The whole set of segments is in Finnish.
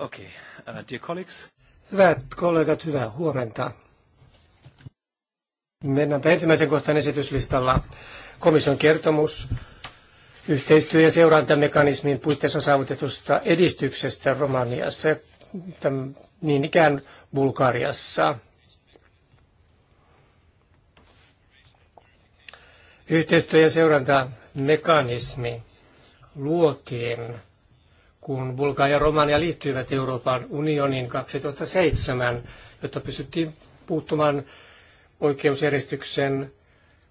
Okay. Uh, dear colleagues. Hyvät kollegat, hyvää huomenta. Mennäänpä ensimmäisen kohtaan esityslistalla. Komission kertomus yhteistyö- ja seurantamekanismin puitteissa saavutetusta edistyksestä Romaniassa ja niin ikään Bulgariassa. Yhteistyö- ja seurantamekanismi luotiin kun Bulgaria ja Romania liittyivät Euroopan unioniin 2007, jotta pystyttiin puuttumaan oikeusjärjestyksen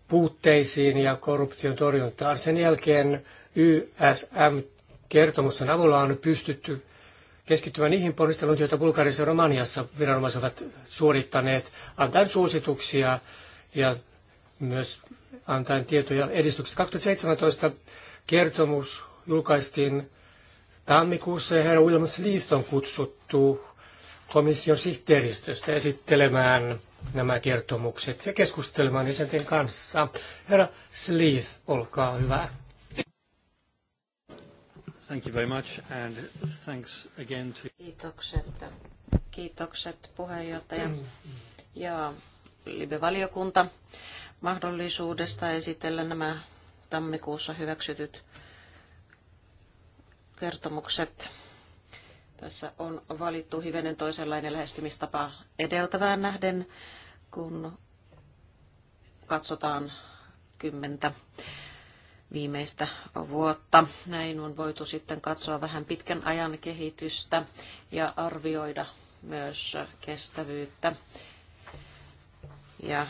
puutteisiin ja korruption torjuntaan. Sen jälkeen YSM-kertomusten avulla on pystytty keskittymään niihin ponnisteluihin, joita Bulgariassa ja Romaniassa viranomaiset ovat suorittaneet, antaen suosituksia ja myös antaen tietoja edistyksestä. 2017 kertomus julkaistiin Tammikuussa herra Williams Least on kutsuttu komission sihteeristöstä esittelemään nämä kertomukset ja keskustelemaan jäsenten kanssa. Herra Sleeth, olkaa hyvä. Thank you very much and thanks again to... Kiitokset. Kiitokset puheenjohtaja ja Libe-valiokunta mahdollisuudesta esitellä nämä tammikuussa hyväksytyt kertomukset. Tässä on valittu hivenen toisenlainen lähestymistapa edeltävään nähden, kun katsotaan kymmentä viimeistä vuotta. Näin on voitu sitten katsoa vähän pitkän ajan kehitystä ja arvioida myös kestävyyttä ja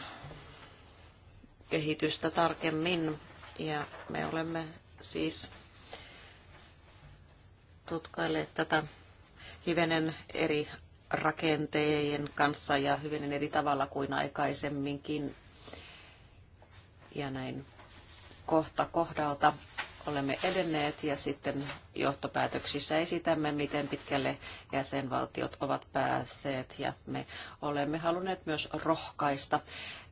kehitystä tarkemmin. Ja me olemme siis tutkailleet tätä hivenen eri rakenteen kanssa ja hyvin eri tavalla kuin aikaisemminkin. Ja näin kohta kohdalta olemme edenneet ja sitten johtopäätöksissä esitämme, miten pitkälle jäsenvaltiot ovat päässeet. Ja me olemme halunneet myös rohkaista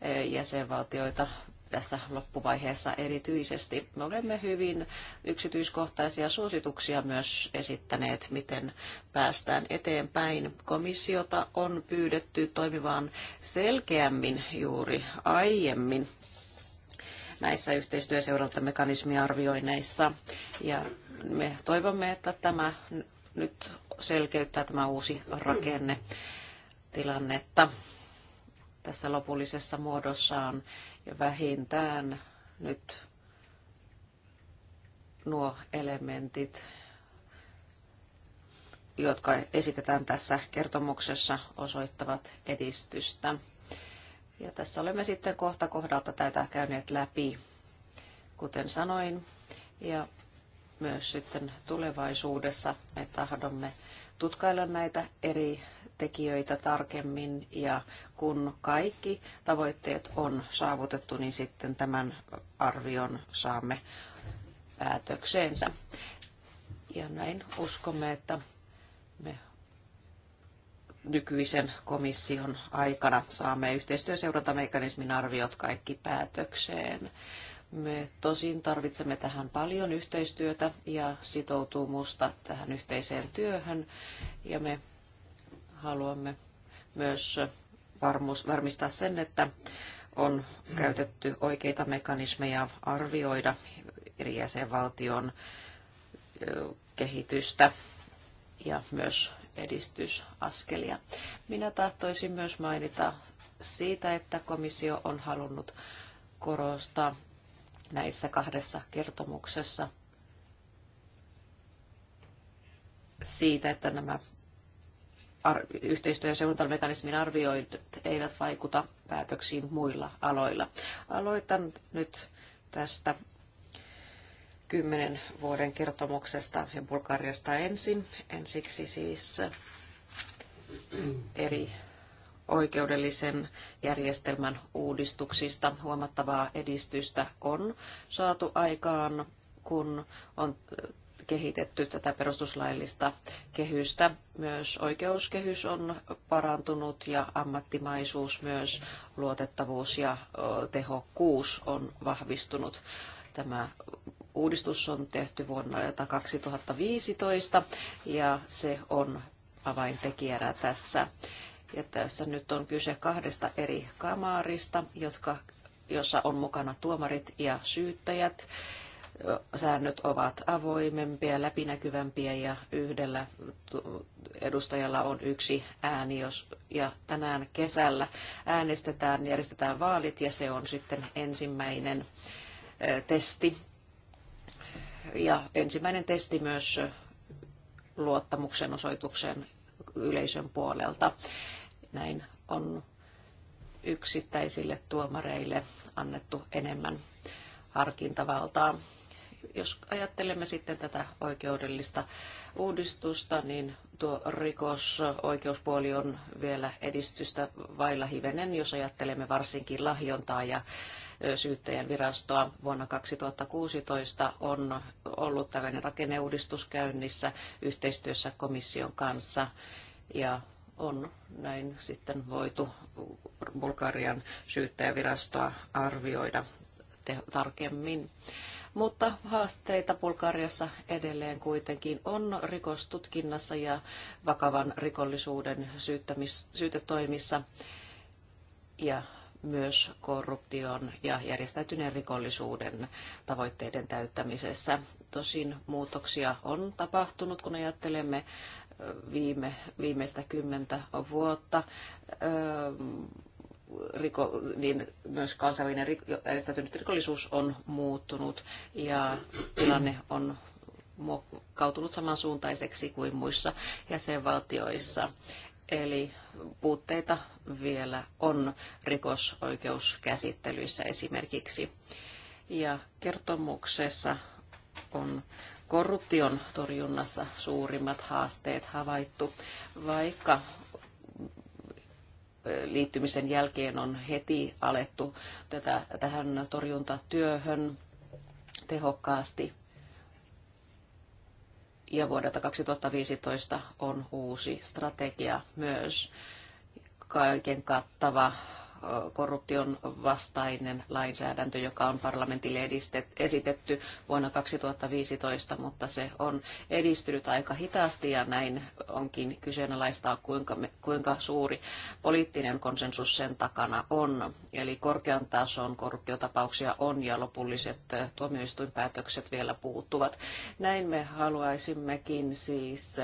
eh, jäsenvaltioita tässä loppuvaiheessa erityisesti. Me olemme hyvin yksityiskohtaisia suosituksia myös esittäneet, miten päästään eteenpäin. Komissiota on pyydetty toimimaan selkeämmin juuri aiemmin näissä yhteistyöseurantamekanismiarvioineissa. Ja me toivomme, että tämä nyt selkeyttää tämä uusi rakenne tilannetta tässä lopullisessa muodossaan ja vähintään nyt nuo elementit, jotka esitetään tässä kertomuksessa, osoittavat edistystä. Ja tässä olemme sitten kohta kohdalta tätä käyneet läpi, kuten sanoin. Ja myös sitten tulevaisuudessa me tahdomme tutkailla näitä eri tekijöitä tarkemmin ja kun kaikki tavoitteet on saavutettu, niin sitten tämän arvion saamme päätökseensä. Ja näin uskomme, että me nykyisen komission aikana saamme yhteistyöseurantamekanismin arviot kaikki päätökseen. Me tosin tarvitsemme tähän paljon yhteistyötä ja sitoutumusta tähän yhteiseen työhön ja me haluamme myös varmus, varmistaa sen, että on käytetty oikeita mekanismeja arvioida eri jäsenvaltion kehitystä ja myös edistysaskelia. Minä tahtoisin myös mainita siitä, että komissio on halunnut korostaa näissä kahdessa kertomuksessa siitä, että nämä ar- yhteistyö- ja seurantamekanismin arvioidut eivät vaikuta päätöksiin muilla aloilla. Aloitan nyt tästä kymmenen vuoden kertomuksesta ja Bulgariasta ensin. Ensiksi siis eri oikeudellisen järjestelmän uudistuksista. Huomattavaa edistystä on saatu aikaan, kun on kehitetty tätä perustuslaillista kehystä. Myös oikeuskehys on parantunut ja ammattimaisuus, myös luotettavuus ja tehokkuus on vahvistunut. Tämä uudistus on tehty vuonna 2015 ja se on avaintekijänä tässä ja tässä nyt on kyse kahdesta eri kamarista, jotka, jossa on mukana tuomarit ja syyttäjät. Säännöt ovat avoimempia, läpinäkyvämpiä ja yhdellä edustajalla on yksi ääni. Jos, ja tänään kesällä äänestetään, järjestetään vaalit ja se on sitten ensimmäinen testi. Ja ensimmäinen testi myös luottamuksen osoituksen yleisön puolelta näin on yksittäisille tuomareille annettu enemmän harkintavaltaa. Jos ajattelemme sitten tätä oikeudellista uudistusta, niin tuo rikosoikeuspuoli on vielä edistystä vailla hivenen, jos ajattelemme varsinkin lahjontaa ja syyttäjän virastoa. Vuonna 2016 on ollut tällainen rakenneuudistus käynnissä yhteistyössä komission kanssa ja on näin sitten voitu Bulgarian syyttäjävirastoa arvioida tarkemmin. Mutta haasteita Bulgariassa edelleen kuitenkin on rikostutkinnassa ja vakavan rikollisuuden syytetoimissa ja myös korruption ja järjestäytyneen rikollisuuden tavoitteiden täyttämisessä. Tosin muutoksia on tapahtunut, kun ajattelemme viime, viimeistä kymmentä vuotta. Riko, niin myös kansainvälinen järjestäytynyt rikollisuus on muuttunut ja tilanne on muokkautunut samansuuntaiseksi kuin muissa jäsenvaltioissa. Eli puutteita vielä on rikosoikeuskäsittelyissä esimerkiksi. Ja kertomuksessa on korruption torjunnassa suurimmat haasteet havaittu, vaikka liittymisen jälkeen on heti alettu tätä, tähän torjuntatyöhön tehokkaasti. Ja vuodelta 2015 on uusi strategia myös, kaiken kattava korruption vastainen lainsäädäntö, joka on parlamentille esitetty vuonna 2015, mutta se on edistynyt aika hitaasti ja näin onkin kyseenalaistaa, kuinka, me, kuinka suuri poliittinen konsensus sen takana on. Eli korkean tason korruptiotapauksia on ja lopulliset tuomioistuinpäätökset vielä puuttuvat. Näin me haluaisimmekin siis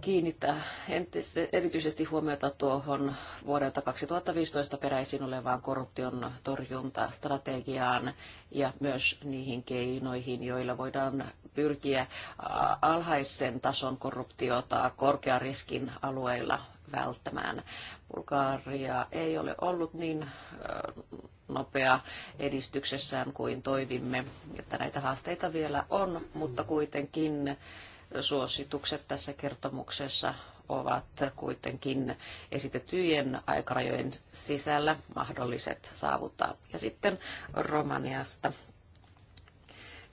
kiinnittää entistä, erityisesti huomiota tuohon vuodelta 2015 peräisin olevaan korruption torjuntastrategiaan ja myös niihin keinoihin, joilla voidaan pyrkiä alhaisen tason korruptiota korkean riskin alueilla välttämään. Bulgaria ei ole ollut niin nopea edistyksessään kuin toivimme, että näitä haasteita vielä on, mutta kuitenkin suositukset tässä kertomuksessa ovat kuitenkin esitettyjen aikarajojen sisällä mahdolliset saavuttaa. Ja sitten Romaniasta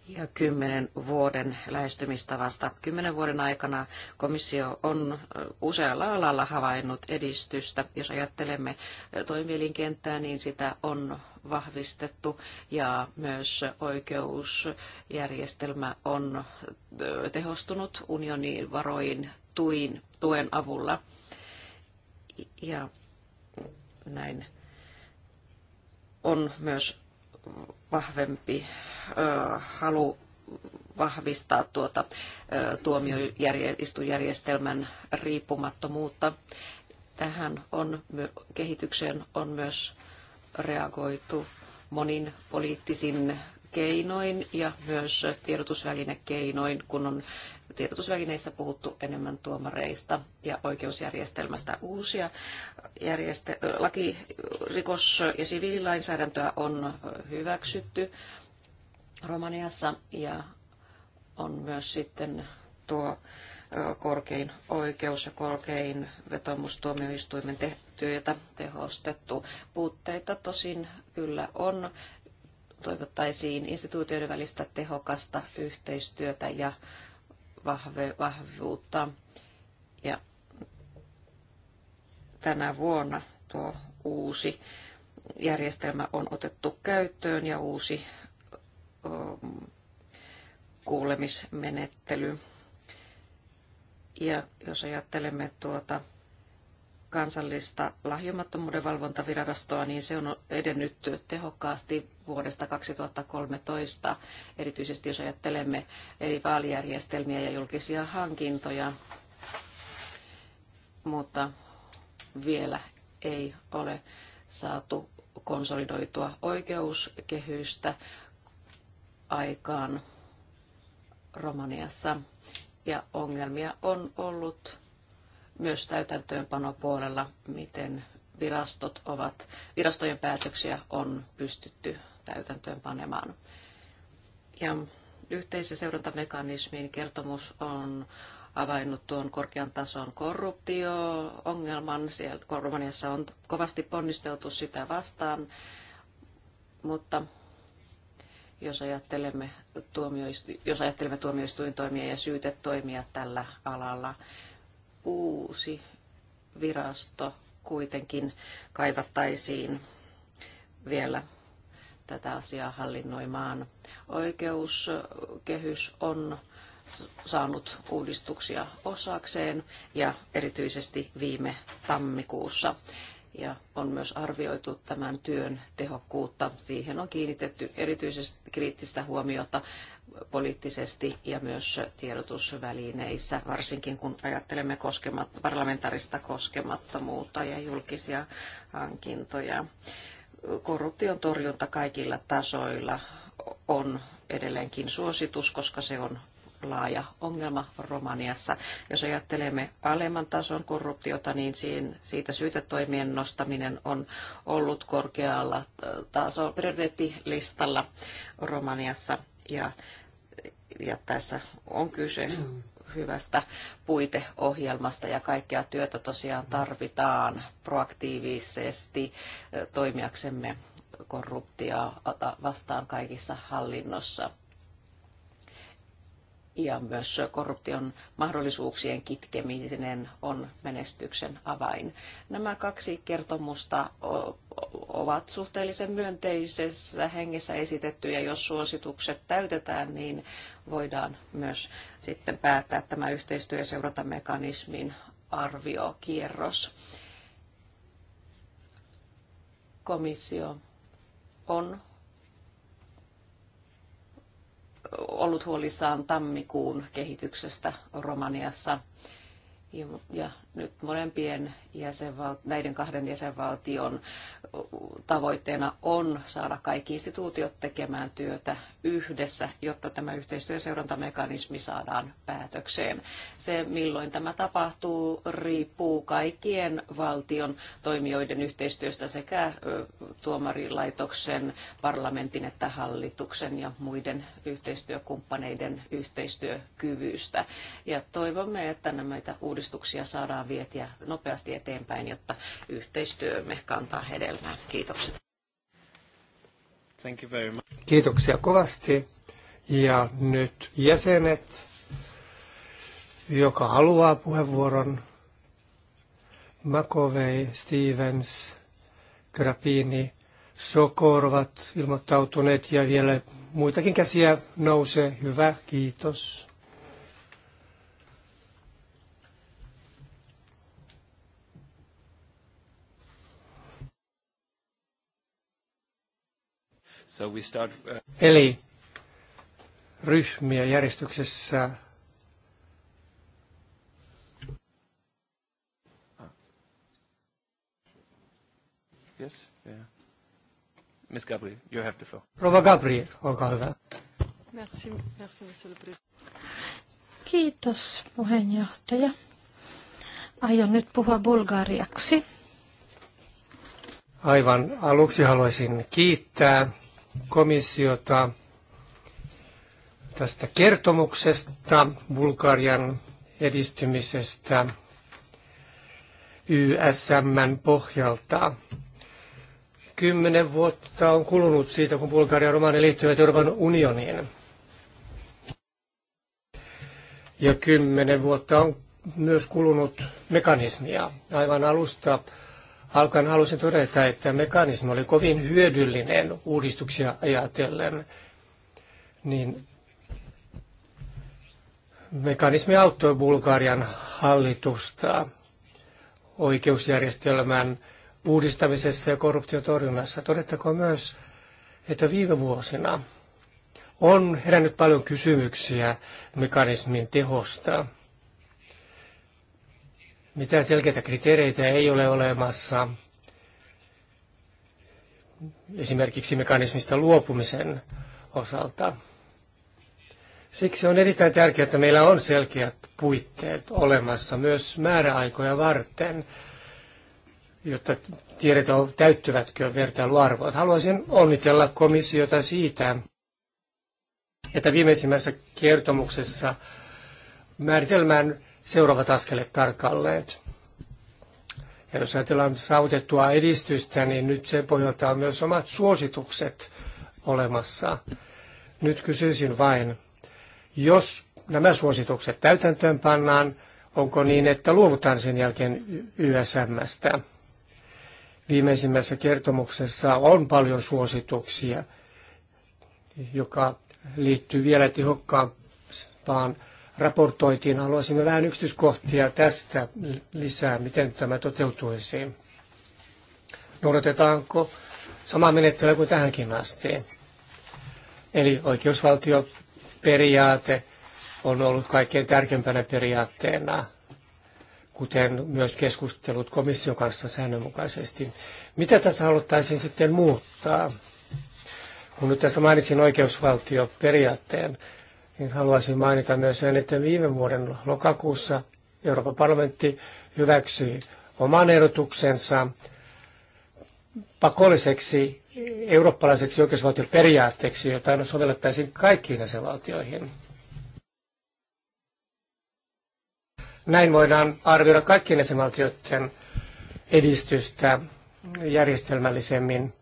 ja kymmenen vuoden lähestymistavasta. Kymmenen vuoden aikana komissio on usealla alalla havainnut edistystä. Jos ajattelemme toimielinkenttää, niin sitä on vahvistettu ja myös oikeusjärjestelmä on tehostunut unionin varoin tuin, tuen avulla. Ja näin on myös vahvempi halu vahvistaa tuota tuomioistuinjärjestelmän riippumattomuutta. Tähän on, kehitykseen on myös reagoitu monin poliittisin keinoin ja myös tiedotusvälinekeinoin, kun on tiedotusvälineissä puhuttu enemmän tuomareista ja oikeusjärjestelmästä uusia Järjestel- laki, rikos- ja siviililainsäädäntöä on hyväksytty Romaniassa ja on myös sitten tuo korkein oikeus ja korkein vetomustuomioistuimen työtä tehostettu. Puutteita tosin kyllä on. Toivottaisiin instituutioiden välistä tehokasta yhteistyötä ja vahve, vahvuutta. Ja tänä vuonna tuo uusi järjestelmä on otettu käyttöön ja uusi kuulemismenettely. Ja jos ajattelemme tuota kansallista lahjomattomuuden valvontavirastoa, niin se on edennyt tehokkaasti vuodesta 2013, erityisesti jos ajattelemme eri vaalijärjestelmiä ja julkisia hankintoja, mutta vielä ei ole saatu konsolidoitua oikeuskehystä aikaan Romaniassa. Ja ongelmia on ollut myös täytäntöönpanopuolella, miten virastot ovat, virastojen päätöksiä on pystytty täytäntöönpanemaan. Ja yhteisöseurantamekanismin kertomus on avainnut tuon korkean tason korruptio-ongelman. Siellä Romaniassa on kovasti ponnisteltu sitä vastaan, mutta jos ajattelemme, tuomioistu- jos ajattelemme tuomioistuintoimia ja syytetoimia tällä alalla. Uusi virasto kuitenkin kaivattaisiin vielä tätä asiaa hallinnoimaan. Oikeuskehys on saanut uudistuksia osakseen ja erityisesti viime tammikuussa ja on myös arvioitu tämän työn tehokkuutta. Siihen on kiinnitetty erityisesti kriittistä huomiota poliittisesti ja myös tiedotusvälineissä, varsinkin kun ajattelemme koskemat, parlamentaarista koskemattomuutta ja julkisia hankintoja. Korruption torjunta kaikilla tasoilla on edelleenkin suositus, koska se on laaja ongelma Romaniassa. Jos ajattelemme alemman tason korruptiota, niin siitä syytetoimien nostaminen on ollut korkealla äh, taso prioriteettilistalla Romaniassa. Ja, ja tässä on kyse hyvästä puiteohjelmasta ja kaikkea työtä tosiaan tarvitaan proaktiivisesti äh, toimijaksemme korruptia vastaan kaikissa hallinnossa ja myös korruption mahdollisuuksien kitkeminen on menestyksen avain. Nämä kaksi kertomusta ovat suhteellisen myönteisessä hengessä esitetty ja jos suositukset täytetään, niin voidaan myös sitten päättää tämä yhteistyö- ja seurantamekanismin arviokierros. Komissio on ollut huolissaan tammikuun kehityksestä Romaniassa. Ja nyt molempien jäsenval- näiden kahden jäsenvaltion tavoitteena on saada kaikki instituutiot tekemään työtä yhdessä, jotta tämä yhteistyö- seurantamekanismi saadaan päätökseen. Se, milloin tämä tapahtuu, riippuu kaikkien valtion toimijoiden yhteistyöstä sekä tuomarilaitoksen, parlamentin että hallituksen ja muiden yhteistyökumppaneiden yhteistyökyvystä. Ja toivomme, että näitä uudistuksia saadaan saadaan vietiä nopeasti eteenpäin, jotta yhteistyömme kantaa hedelmää. Kiitokset. Thank you very much. Kiitoksia kovasti. Ja nyt jäsenet, joka haluaa puheenvuoron, Makovei, Stevens, Grappini, Sokorvat, ilmoittautuneet ja vielä muitakin käsiä nousee. Hyvä, kiitos. So we start, uh... Eli ryhmiä järjestyksessä ah. Yes, yeah. Miss Gabriel, you have the floor. Rova Gabriel, olkaa hyvä. Merci, merci, monsieur le président. Kiitos, puheenjohtaja. Aion nyt puhua bulgariaksi. Aivan aluksi haluaisin kiittää komissiota tästä kertomuksesta Bulgarian edistymisestä YSMn pohjalta. Kymmenen vuotta on kulunut siitä, kun Bulgaria ja Romania liittyivät Euroopan unioniin. Ja kymmenen vuotta on myös kulunut mekanismia. Aivan alusta Alkaen halusin todeta, että mekanismi oli kovin hyödyllinen uudistuksia ajatellen. Niin mekanismi auttoi Bulgarian hallitusta oikeusjärjestelmän uudistamisessa ja korruptiotorjunnassa. Todettakoon myös, että viime vuosina on herännyt paljon kysymyksiä mekanismin tehosta. Mitään selkeitä kriteereitä ei ole olemassa esimerkiksi mekanismista luopumisen osalta. Siksi on erittäin tärkeää, että meillä on selkeät puitteet olemassa myös määräaikoja varten, jotta tiedetään, täyttyvätkö vertailuarvot. Haluaisin onnitella komissiota siitä, että viimeisimmässä kertomuksessa määritelmään seuraavat askeleet tarkalleet. Ja jos ajatellaan saavutettua edistystä, niin nyt sen pohjalta on myös omat suositukset olemassa. Nyt kysyisin vain, jos nämä suositukset täytäntöön pannaan, onko niin, että luovutaan sen jälkeen YSMstä? Viimeisimmässä kertomuksessa on paljon suosituksia, joka liittyy vielä tehokkaampaan raportoitiin. Haluaisimme vähän yksityiskohtia tästä lisää, miten tämä toteutuisi. Noudatetaanko samaa menettelyä kuin tähänkin asti? Eli oikeusvaltioperiaate on ollut kaikkein tärkeimpänä periaatteena, kuten myös keskustelut komission kanssa säännönmukaisesti. Mitä tässä haluttaisiin sitten muuttaa? Kun nyt tässä mainitsin oikeusvaltioperiaatteen, niin haluaisin mainita myös sen, että viime vuoden lokakuussa Euroopan parlamentti hyväksyi oman ehdotuksensa pakolliseksi eurooppalaiseksi oikeusvaltioperiaatteeksi, jota sovellettaisiin kaikkiin jäsenvaltioihin. Näin voidaan arvioida kaikkien jäsenvaltioiden edistystä järjestelmällisemmin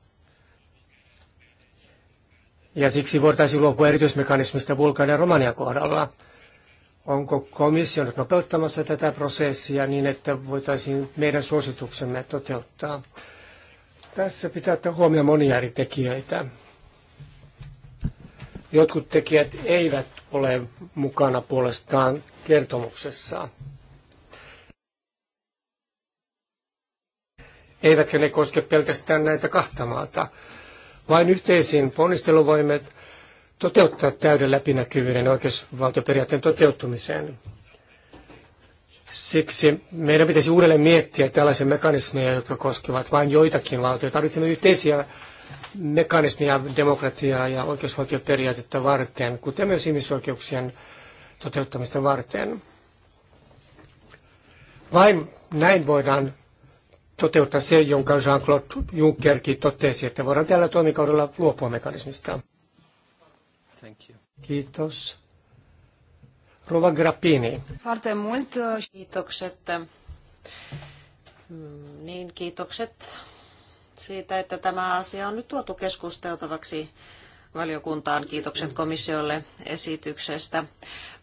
ja siksi voitaisiin luopua erityismekanismista Bulgarian ja Romanian kohdalla. Onko komissio nyt nopeuttamassa tätä prosessia niin, että voitaisiin meidän suosituksemme toteuttaa? Tässä pitää ottaa huomioon monia eri tekijöitä. Jotkut tekijät eivät ole mukana puolestaan kertomuksessa. Eivätkä ne koske pelkästään näitä kahta maata vain yhteisin ponnistelun voimme toteuttaa täyden läpinäkyvyyden oikeusvaltioperiaatteen toteuttamiseen. Siksi meidän pitäisi uudelleen miettiä tällaisia mekanismeja, jotka koskevat vain joitakin valtioita. Tarvitsemme yhteisiä mekanismeja demokratiaa ja oikeusvaltioperiaatetta varten, kuten myös ihmisoikeuksien toteuttamista varten. Vain näin voidaan toteuttaa se, jonka Jean-Claude Junckerkin totesi, että voidaan tällä toimikaudella luopua mekanismista. Thank you. Kiitos. Rova Grappini. Kiitokset. Mm, niin, kiitokset siitä, että tämä asia on nyt tuotu keskusteltavaksi valiokuntaan. Kiitokset komissiolle esityksestä.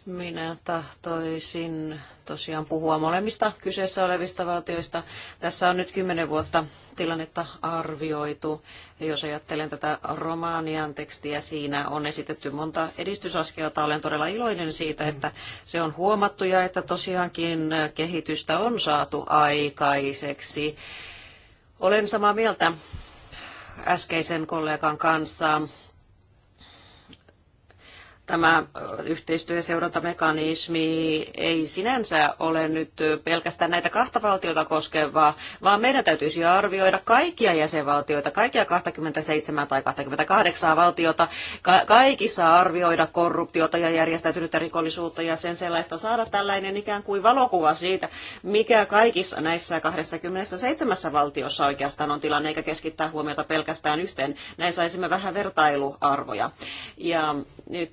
Minä tahtoisin tosiaan puhua molemmista kyseessä olevista valtioista. Tässä on nyt kymmenen vuotta tilannetta arvioitu. Ja jos ajattelen tätä romaanian tekstiä, siinä on esitetty monta edistysaskelta. Olen todella iloinen siitä, että se on huomattu ja että tosiaankin kehitystä on saatu aikaiseksi. Olen samaa mieltä äskeisen kollegan kanssa tämä yhteistyö- ja seurantamekanismi ei sinänsä ole nyt pelkästään näitä kahta valtiota koskevaa, vaan meidän täytyisi arvioida kaikkia jäsenvaltioita, kaikkia 27 tai 28 valtiota, ka- kaikissa arvioida korruptiota ja järjestäytynyttä rikollisuutta ja sen sellaista saada tällainen ikään kuin valokuva siitä, mikä kaikissa näissä 27 valtiossa oikeastaan on tilanne, eikä keskittää huomiota pelkästään yhteen. Näin saisimme vähän vertailuarvoja. Ja nyt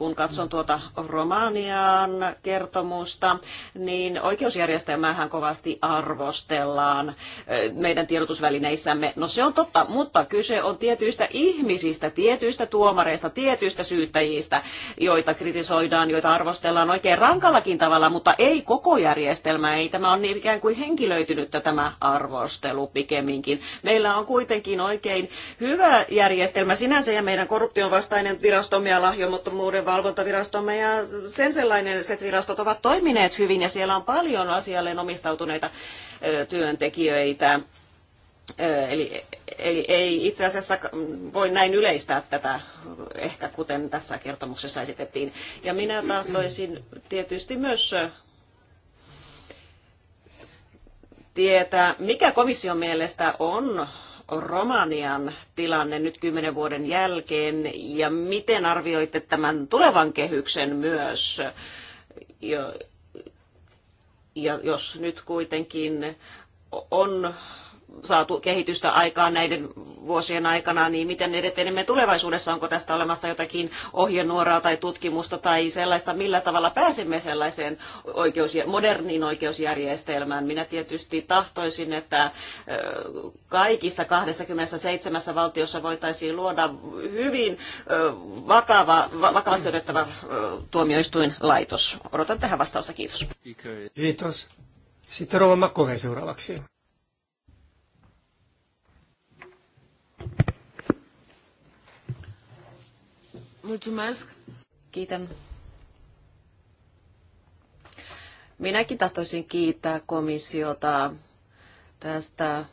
kun katson tuota Romanian kertomusta, niin oikeusjärjestelmähän kovasti arvostellaan eh, meidän tiedotusvälineissämme. No se on totta, mutta kyse on tietyistä ihmisistä, tietyistä tuomareista, tietyistä syyttäjistä, joita kritisoidaan, joita arvostellaan oikein rankallakin tavalla, mutta ei koko järjestelmää. Ei tämä on niin ikään kuin henkilöitynyttä tämä arvostelu pikemminkin. Meillä on kuitenkin oikein hyvä järjestelmä sinänsä ja meidän korruption vastainen virastomme lahjomattomuuden valvontavirastomme ja sen sellaiset virastot ovat toimineet hyvin ja siellä on paljon asialleen omistautuneita työntekijöitä. Eli, eli ei itse asiassa voi näin yleistää tätä, ehkä kuten tässä kertomuksessa esitettiin. Ja minä tahtoisin tietysti myös tietää, mikä komission mielestä on Romanian tilanne nyt kymmenen vuoden jälkeen ja miten arvioitte tämän tulevan kehyksen myös? Ja, ja jos nyt kuitenkin on saatu kehitystä aikaan näiden vuosien aikana, niin miten edetenemme tulevaisuudessa? Onko tästä olemassa jotakin ohjenuoraa tai tutkimusta tai sellaista, millä tavalla pääsemme sellaiseen oikeus, moderniin oikeusjärjestelmään? Minä tietysti tahtoisin, että kaikissa 27 valtiossa voitaisiin luoda hyvin vakava, vakavasti otettava tuomioistuinlaitos. Odotan tähän vastausta. Kiitos. Kiitos. Sitten Rova Makoven seuraavaksi. Mulțumesc. Kiitän. Minäkin tahtoisin kiittää komissiota tästä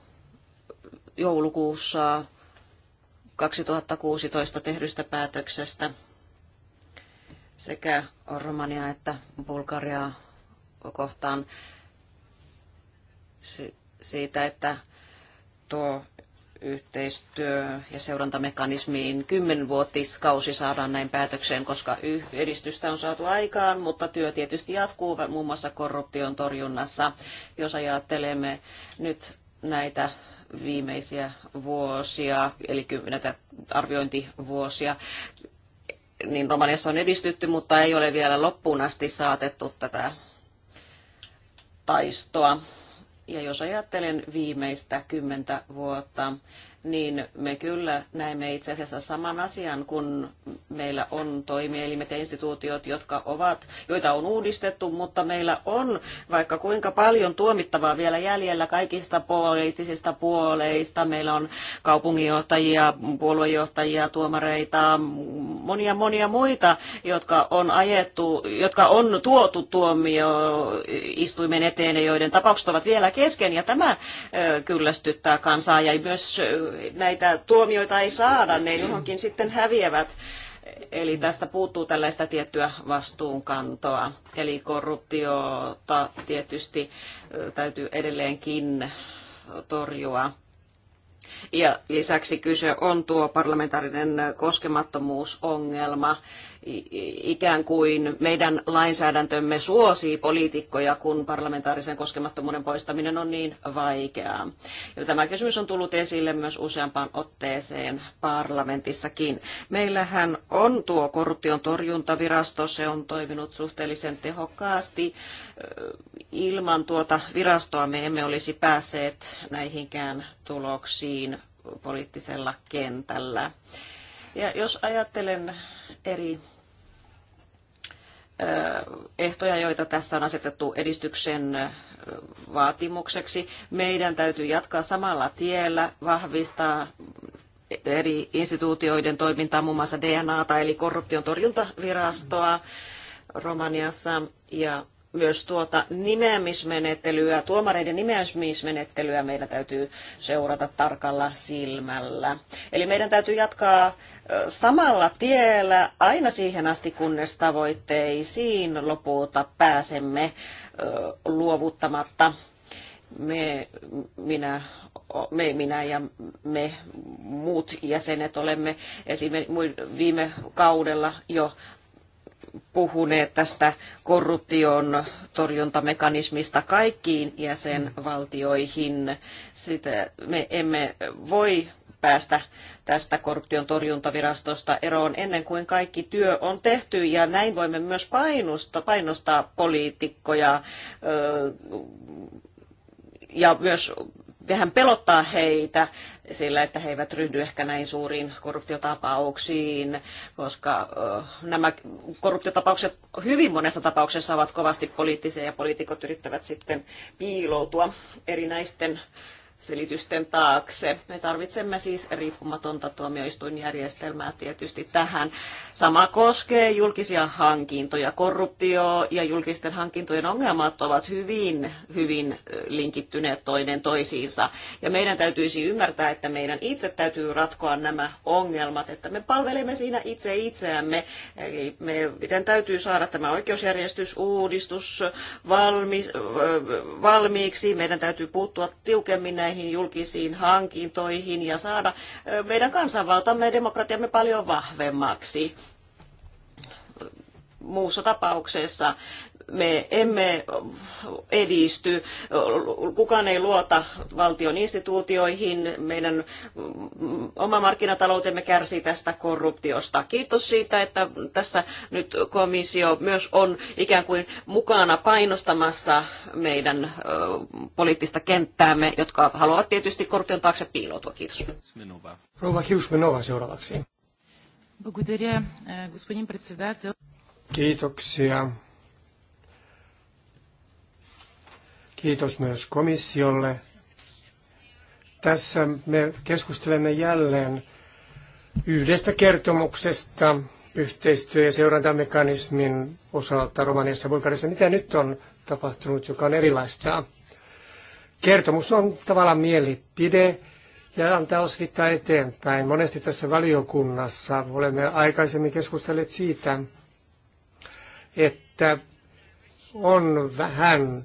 joulukuussa 2016 tehdystä päätöksestä sekä Romania että Bulgariaa kohtaan siitä, että tuo yhteistyö- ja seurantamekanismiin kymmenvuotiskausi saadaan näin päätökseen, koska edistystä on saatu aikaan, mutta työ tietysti jatkuu muun muassa korruption torjunnassa. Jos ajattelemme nyt näitä viimeisiä vuosia, eli näitä arviointivuosia, niin Romaniassa on edistytty, mutta ei ole vielä loppuun asti saatettu tätä taistoa ja jos ajattelen viimeistä kymmentä vuotta, niin me kyllä näemme itse asiassa saman asian, kun meillä on toimielimet ja instituutiot, jotka ovat, joita on uudistettu, mutta meillä on vaikka kuinka paljon tuomittavaa vielä jäljellä kaikista poliittisista puoleista. Meillä on kaupunginjohtajia, puoluejohtajia, tuomareita, monia monia muita, jotka on ajettu, jotka on tuotu tuomioistuimen eteen ja joiden tapaukset ovat vielä kesken. Ja tämä kyllästyttää kansaa ja myös näitä tuomioita ei saada, ne johonkin sitten häviävät. Eli tästä puuttuu tällaista tiettyä vastuunkantoa. Eli korruptiota tietysti täytyy edelleenkin torjua. Ja lisäksi kyse on tuo parlamentaarinen koskemattomuusongelma, ikään kuin meidän lainsäädäntömme suosii poliitikkoja, kun parlamentaarisen koskemattomuuden poistaminen on niin vaikeaa. Ja tämä kysymys on tullut esille myös useampaan otteeseen parlamentissakin. Meillähän on tuo korruption torjuntavirasto, se on toiminut suhteellisen tehokkaasti. Ilman tuota virastoa me emme olisi päässeet näihinkään tuloksiin poliittisella kentällä. Ja jos ajattelen eri ehtoja, joita tässä on asetettu edistyksen vaatimukseksi. Meidän täytyy jatkaa samalla tiellä, vahvistaa eri instituutioiden toimintaa, muun muassa DNAta eli korruption torjuntavirastoa Romaniassa ja myös tuota nimeämismenettelyä, tuomareiden nimeämismenettelyä meidän täytyy seurata tarkalla silmällä. Eli meidän täytyy jatkaa samalla tiellä aina siihen asti, kunnes tavoitteisiin lopulta pääsemme luovuttamatta me, minä, me, minä ja me muut jäsenet olemme esimerkiksi viime kaudella jo puhuneet tästä korruption torjuntamekanismista kaikkiin jäsenvaltioihin. Sitä me emme voi päästä tästä korruption torjuntavirastosta eroon ennen kuin kaikki työ on tehty ja näin voimme myös painostaa, painostaa poliitikkoja ja myös vähän pelottaa heitä sillä, että he eivät ryhdy ehkä näin suuriin korruptiotapauksiin, koska nämä korruptiotapaukset hyvin monessa tapauksessa ovat kovasti poliittisia ja poliitikot yrittävät sitten piiloutua erinäisten selitysten taakse. Me tarvitsemme siis riippumatonta tuomioistuinjärjestelmää tietysti tähän. Sama koskee julkisia hankintoja. Korruptio ja julkisten hankintojen ongelmat ovat hyvin, hyvin linkittyneet toinen toisiinsa. Ja meidän täytyisi ymmärtää, että meidän itse täytyy ratkoa nämä ongelmat, että me palvelemme siinä itse itseämme. Eli meidän täytyy saada tämä oikeusjärjestysuudistus valmi, valmiiksi. Meidän täytyy puuttua tiukemmin näihin julkisiin hankintoihin ja saada meidän kansanvaltamme ja demokratiamme paljon vahvemmaksi muussa tapauksessa me emme edisty, kukaan ei luota valtion instituutioihin, meidän oma markkinataloutemme kärsii tästä korruptiosta. Kiitos siitä, että tässä nyt komissio myös on ikään kuin mukana painostamassa meidän poliittista kenttäämme, jotka haluavat tietysti korruption taakse piiloutua. Kiitos. Rouva Hiusmenova seuraavaksi. Kiitoksia, Kiitos myös komissiolle. Tässä me keskustelemme jälleen yhdestä kertomuksesta yhteistyö- ja seurantamekanismin osalta Romaniassa ja Bulgariassa. Mitä nyt on tapahtunut, joka on erilaista? Kertomus on tavallaan mielipide ja antaa osvittaa eteenpäin. Monesti tässä valiokunnassa olemme aikaisemmin keskustelleet siitä, että on vähän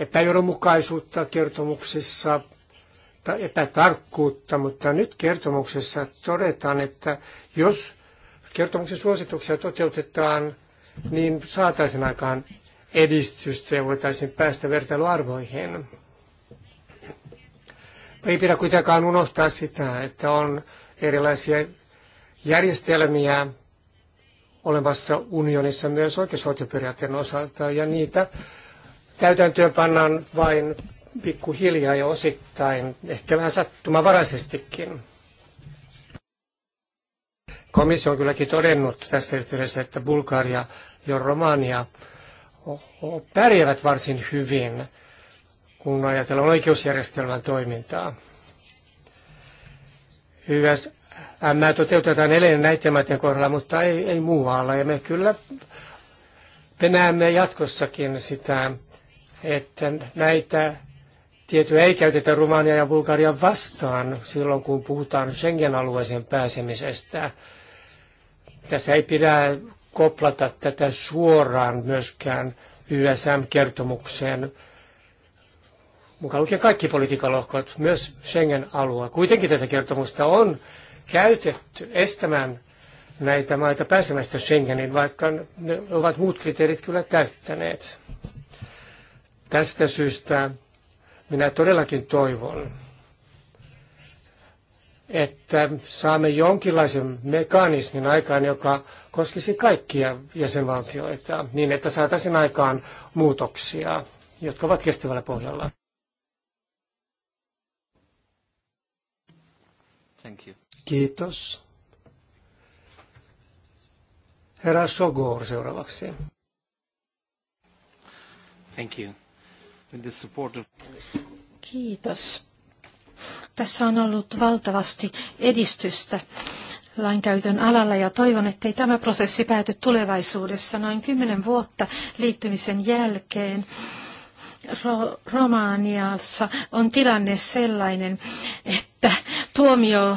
epäjohdonmukaisuutta kertomuksissa tai epätarkkuutta, mutta nyt kertomuksessa todetaan, että jos kertomuksen suosituksia toteutetaan, niin saataisiin aikaan edistystä ja voitaisiin päästä vertailuarvoihin. Ei pidä kuitenkaan unohtaa sitä, että on erilaisia järjestelmiä olemassa unionissa myös oikeusvaltioperiaatteen osalta, ja niitä täytäntöön pannaan vain pikkuhiljaa ja osittain, ehkä vähän sattumavaraisestikin. Komissio on kylläkin todennut tässä yhteydessä, että Bulgaria ja Romania pärjäävät varsin hyvin, kun ajatellaan oikeusjärjestelmän toimintaa. Hyväs M toteutetaan edelleen näiden maiden kohdalla, mutta ei, ei muualla. Ja me kyllä penäämme jatkossakin sitä, että näitä tietoja ei käytetä Rumania ja Bulgarian vastaan silloin, kun puhutaan Schengen-alueeseen pääsemisestä. Tässä ei pidä koplata tätä suoraan myöskään YSM-kertomukseen, mukaan lukien kaikki politiikalohkot, myös Schengen-alue. Kuitenkin tätä kertomusta on käytetty estämään näitä maita pääsemästä Schengeniin, vaikka ne ovat muut kriteerit kyllä täyttäneet. Tästä syystä minä todellakin toivon, että saamme jonkinlaisen mekanismin aikaan, joka koskisi kaikkia jäsenvaltioita, niin että saataisiin aikaan muutoksia, jotka ovat kestävällä pohjalla. Thank you. Kiitos. Herra Sogor seuraavaksi. Thank you. Kiitos. Tässä on ollut valtavasti edistystä lainkäytön alalla ja toivon, ettei tämä prosessi pääty tulevaisuudessa noin kymmenen vuotta liittymisen jälkeen. Ro- Romaniassa on tilanne sellainen, että tuomio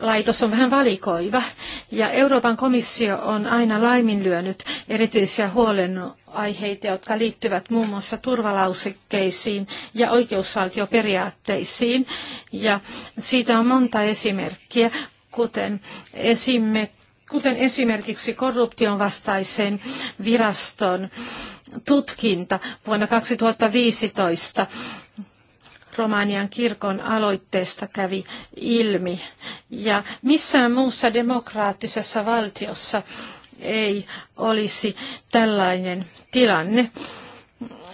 laitos on vähän valikoiva ja Euroopan komissio on aina laiminlyönyt erityisiä huolenaiheita, jotka liittyvät muun muassa turvalausekkeisiin ja oikeusvaltioperiaatteisiin. Ja siitä on monta esimerkkiä, kuten esimerkki kuten esimerkiksi korruption vastaisen viraston tutkinta vuonna 2015 Romanian kirkon aloitteesta kävi ilmi. Ja missään muussa demokraattisessa valtiossa ei olisi tällainen tilanne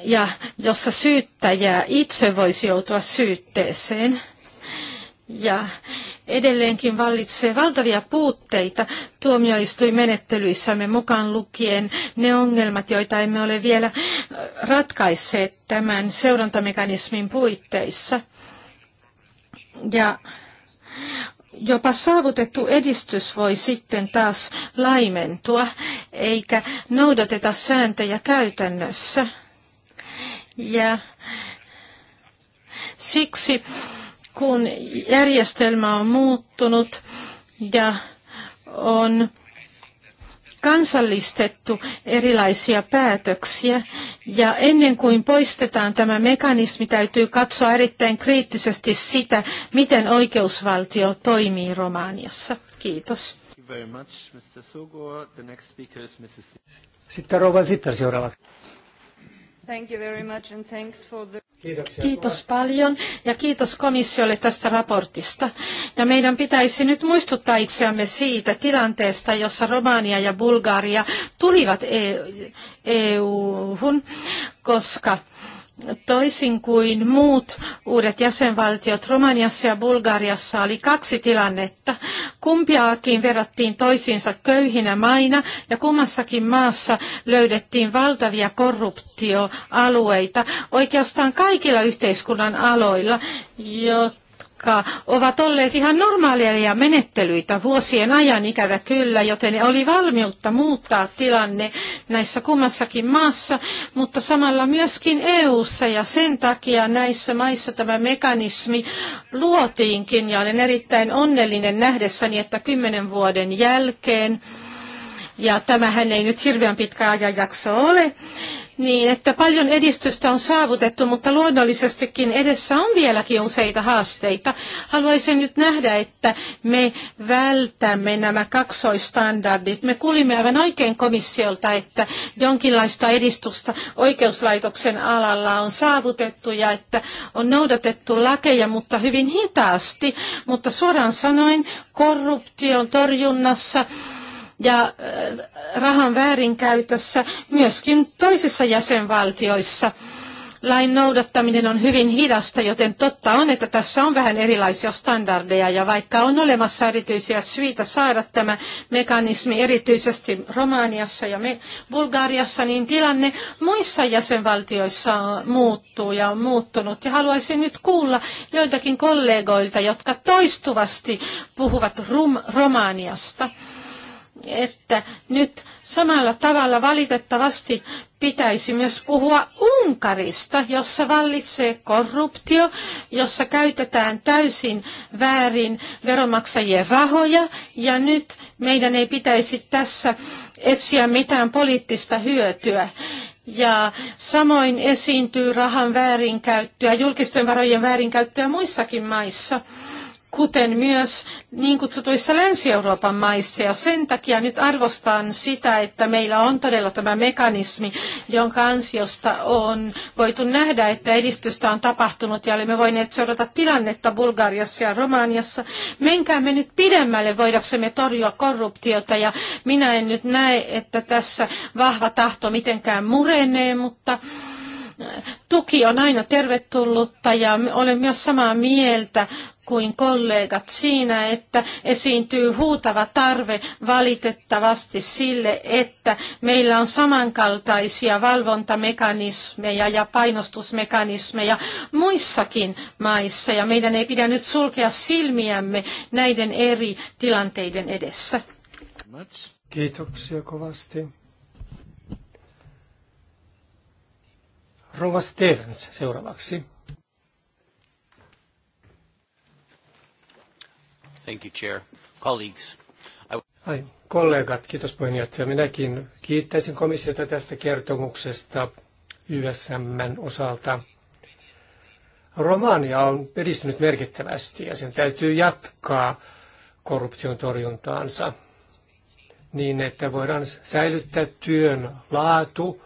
ja jossa syyttäjä itse voisi joutua syytteeseen. Ja edelleenkin vallitsee valtavia puutteita tuomioistuimenettelyissämme mukaan lukien ne ongelmat, joita emme ole vielä äh, ratkaisseet tämän seurantamekanismin puitteissa. Ja jopa saavutettu edistys voi sitten taas laimentua, eikä noudateta sääntöjä käytännössä. Ja siksi kun järjestelmä on muuttunut ja on kansallistettu erilaisia päätöksiä. Ja ennen kuin poistetaan tämä mekanismi, täytyy katsoa erittäin kriittisesti sitä, miten oikeusvaltio toimii Romaniassa. Kiitos. Sitten Rova Zipper seuraavaksi. Kiitos paljon ja kiitos komissiolle tästä raportista. Ja meidän pitäisi nyt muistuttaa itseämme siitä tilanteesta, jossa Romania ja Bulgaria tulivat e- e-, EU-hun, koska Toisin kuin muut uudet jäsenvaltiot Romaniassa ja Bulgariassa oli kaksi tilannetta. Kumpiakin verrattiin toisiinsa köyhinä maina ja kummassakin maassa löydettiin valtavia korruptioalueita oikeastaan kaikilla yhteiskunnan aloilla, jotta jotka ovat olleet ihan normaaleja menettelyitä vuosien ajan ikävä kyllä, joten oli valmiutta muuttaa tilanne näissä kummassakin maassa, mutta samalla myöskin EU:ssa ja sen takia näissä maissa tämä mekanismi luotiinkin ja olen erittäin onnellinen nähdessäni, että kymmenen vuoden jälkeen ja tämähän ei nyt hirveän pitkä ajanjakso ole, niin että paljon edistystä on saavutettu, mutta luonnollisestikin edessä on vieläkin useita haasteita. Haluaisin nyt nähdä, että me vältämme nämä kaksoistandardit. Me kuulimme aivan oikein komissiolta, että jonkinlaista edistusta oikeuslaitoksen alalla on saavutettu ja että on noudatettu lakeja, mutta hyvin hitaasti. Mutta suoraan sanoen korruption torjunnassa ja äh, rahan väärinkäytössä myöskin toisissa jäsenvaltioissa. Lain noudattaminen on hyvin hidasta, joten totta on, että tässä on vähän erilaisia standardeja ja vaikka on olemassa erityisiä syitä saada tämä mekanismi erityisesti Romaniassa ja Bulgariassa, niin tilanne muissa jäsenvaltioissa muuttuu ja on muuttunut. Ja haluaisin nyt kuulla joiltakin kollegoilta, jotka toistuvasti puhuvat rum- Romaniasta että nyt samalla tavalla valitettavasti pitäisi myös puhua Unkarista, jossa vallitsee korruptio, jossa käytetään täysin väärin veronmaksajien rahoja ja nyt meidän ei pitäisi tässä etsiä mitään poliittista hyötyä. Ja samoin esiintyy rahan väärinkäyttöä, julkisten varojen väärinkäyttöä muissakin maissa kuten myös niin kutsutuissa Länsi-Euroopan maissa. Ja sen takia nyt arvostan sitä, että meillä on todella tämä mekanismi, jonka ansiosta on voitu nähdä, että edistystä on tapahtunut ja olemme voineet seurata tilannetta Bulgariassa ja Romaniassa. Menkäämme nyt pidemmälle, voidaksemme torjua korruptiota ja minä en nyt näe, että tässä vahva tahto mitenkään murenee, mutta äh, tuki on aina tervetullutta ja olen myös samaa mieltä kuin kollegat siinä, että esiintyy huutava tarve valitettavasti sille, että meillä on samankaltaisia valvontamekanismeja ja painostusmekanismeja muissakin maissa ja meidän ei pidä nyt sulkea silmiämme näiden eri tilanteiden edessä. Kiitoksia kovasti. Rova Stevens seuraavaksi. Thank you, Chair. Colleagues. I... Ai, kollegat, kiitos puheenjohtaja. Minäkin kiittäisin komissiota tästä kertomuksesta YSMn osalta. Romania on edistynyt merkittävästi ja sen täytyy jatkaa korruption torjuntaansa niin, että voidaan säilyttää työn laatu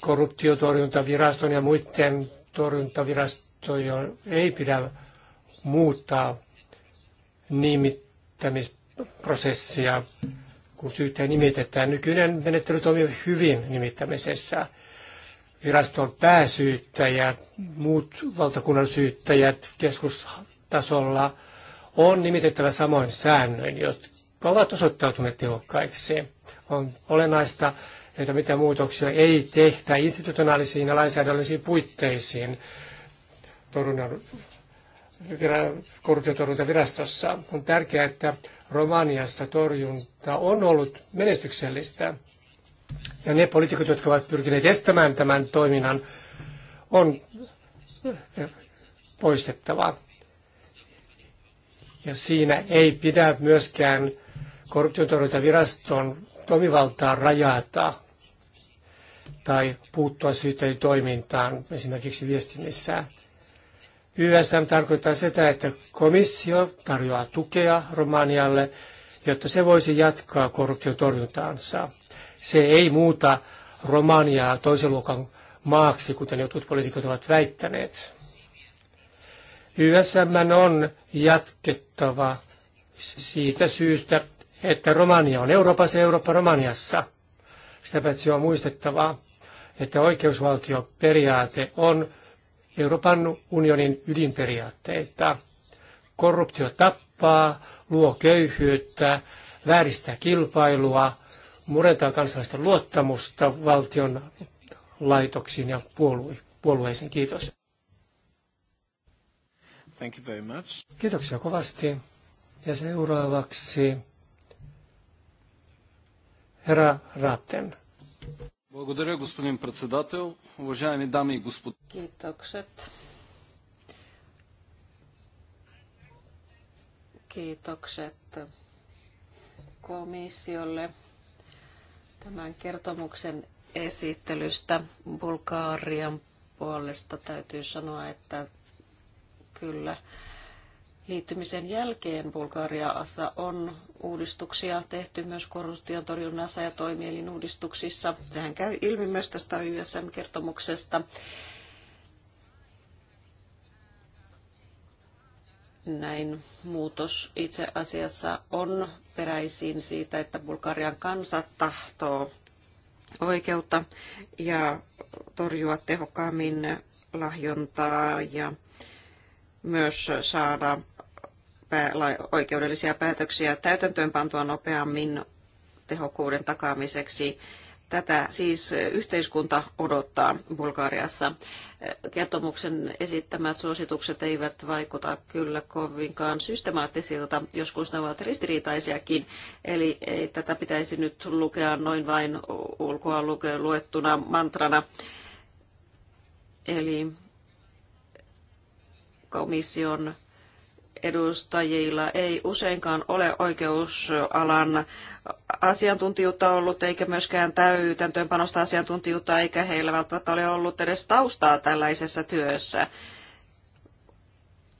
korruptiotorjuntaviraston ja muiden torjuntavirastojen ei pidä muuttaa nimittämisprosessia, kun syyttäjä nimitetään. Nykyinen menettely toimii hyvin nimittämisessä. Viraston pääsyyttäjä, muut valtakunnan syyttäjät keskustasolla on nimitettävä samoin säännöin, jotka ovat osoittautuneet tehokkaiksi. On olennaista, että mitä muutoksia ei tehdä institutionaalisiin ja lainsäädännöllisiin puitteisiin torjunnan korruptiotorjuntavirastossa. On tärkeää, että Romaniassa torjunta on ollut menestyksellistä. Ja ne poliitikot, jotka ovat pyrkineet estämään tämän toiminnan, on eh, poistettava. Ja siinä ei pidä myöskään korruptiotorjuntaviraston toimivaltaa rajata tai puuttua syyttäjien toimintaan esimerkiksi viestinnissä. YSM tarkoittaa sitä, että komissio tarjoaa tukea Romanialle, jotta se voisi jatkaa korruptiotorjuntaansa. Se ei muuta Romaniaa toisen luokan maaksi, kuten jotkut poliitikot ovat väittäneet. YSM on jatkettava siitä syystä, että Romania on Euroopassa ja Eurooppa Romaniassa. Sitä paitsi on muistettava, että oikeusvaltioperiaate on Euroopan unionin ydinperiaatteita. Korruptio tappaa, luo köyhyyttä, vääristää kilpailua, murentaa kansalaisten luottamusta valtion laitoksiin ja puolue- puolueisiin. Kiitos. Thank you very much. Kiitoksia kovasti. Ja seuraavaksi herra Ratten. Благодаря, господин председател. Уважаеми дами и господа. Kiitokset. komissiolle tämän kertomuksen esittelystä. Bulgarian puolesta täytyy sanoa, että kyllä liittymisen jälkeen Bulgaria on uudistuksia tehty myös korruption torjunnassa ja toimielin uudistuksissa. Sehän käy ilmi myös tästä YSM-kertomuksesta. näin muutos itse asiassa on peräisin siitä, että Bulgarian kansa tahtoo oikeutta ja torjua tehokkaammin lahjontaa ja myös saada oikeudellisia päätöksiä täytäntöönpantua nopeammin tehokkuuden takaamiseksi. Tätä siis yhteiskunta odottaa Bulgariassa. Kertomuksen esittämät suositukset eivät vaikuta kyllä kovinkaan systemaattisilta, joskus ne ovat ristiriitaisiakin, eli ei tätä pitäisi nyt lukea noin vain ulkoa luettuna mantrana. Eli komission edustajilla ei useinkaan ole oikeusalan asiantuntijuutta ollut, eikä myöskään täytäntöönpanosta asiantuntijuutta, eikä heillä välttämättä ole ollut edes taustaa tällaisessa työssä.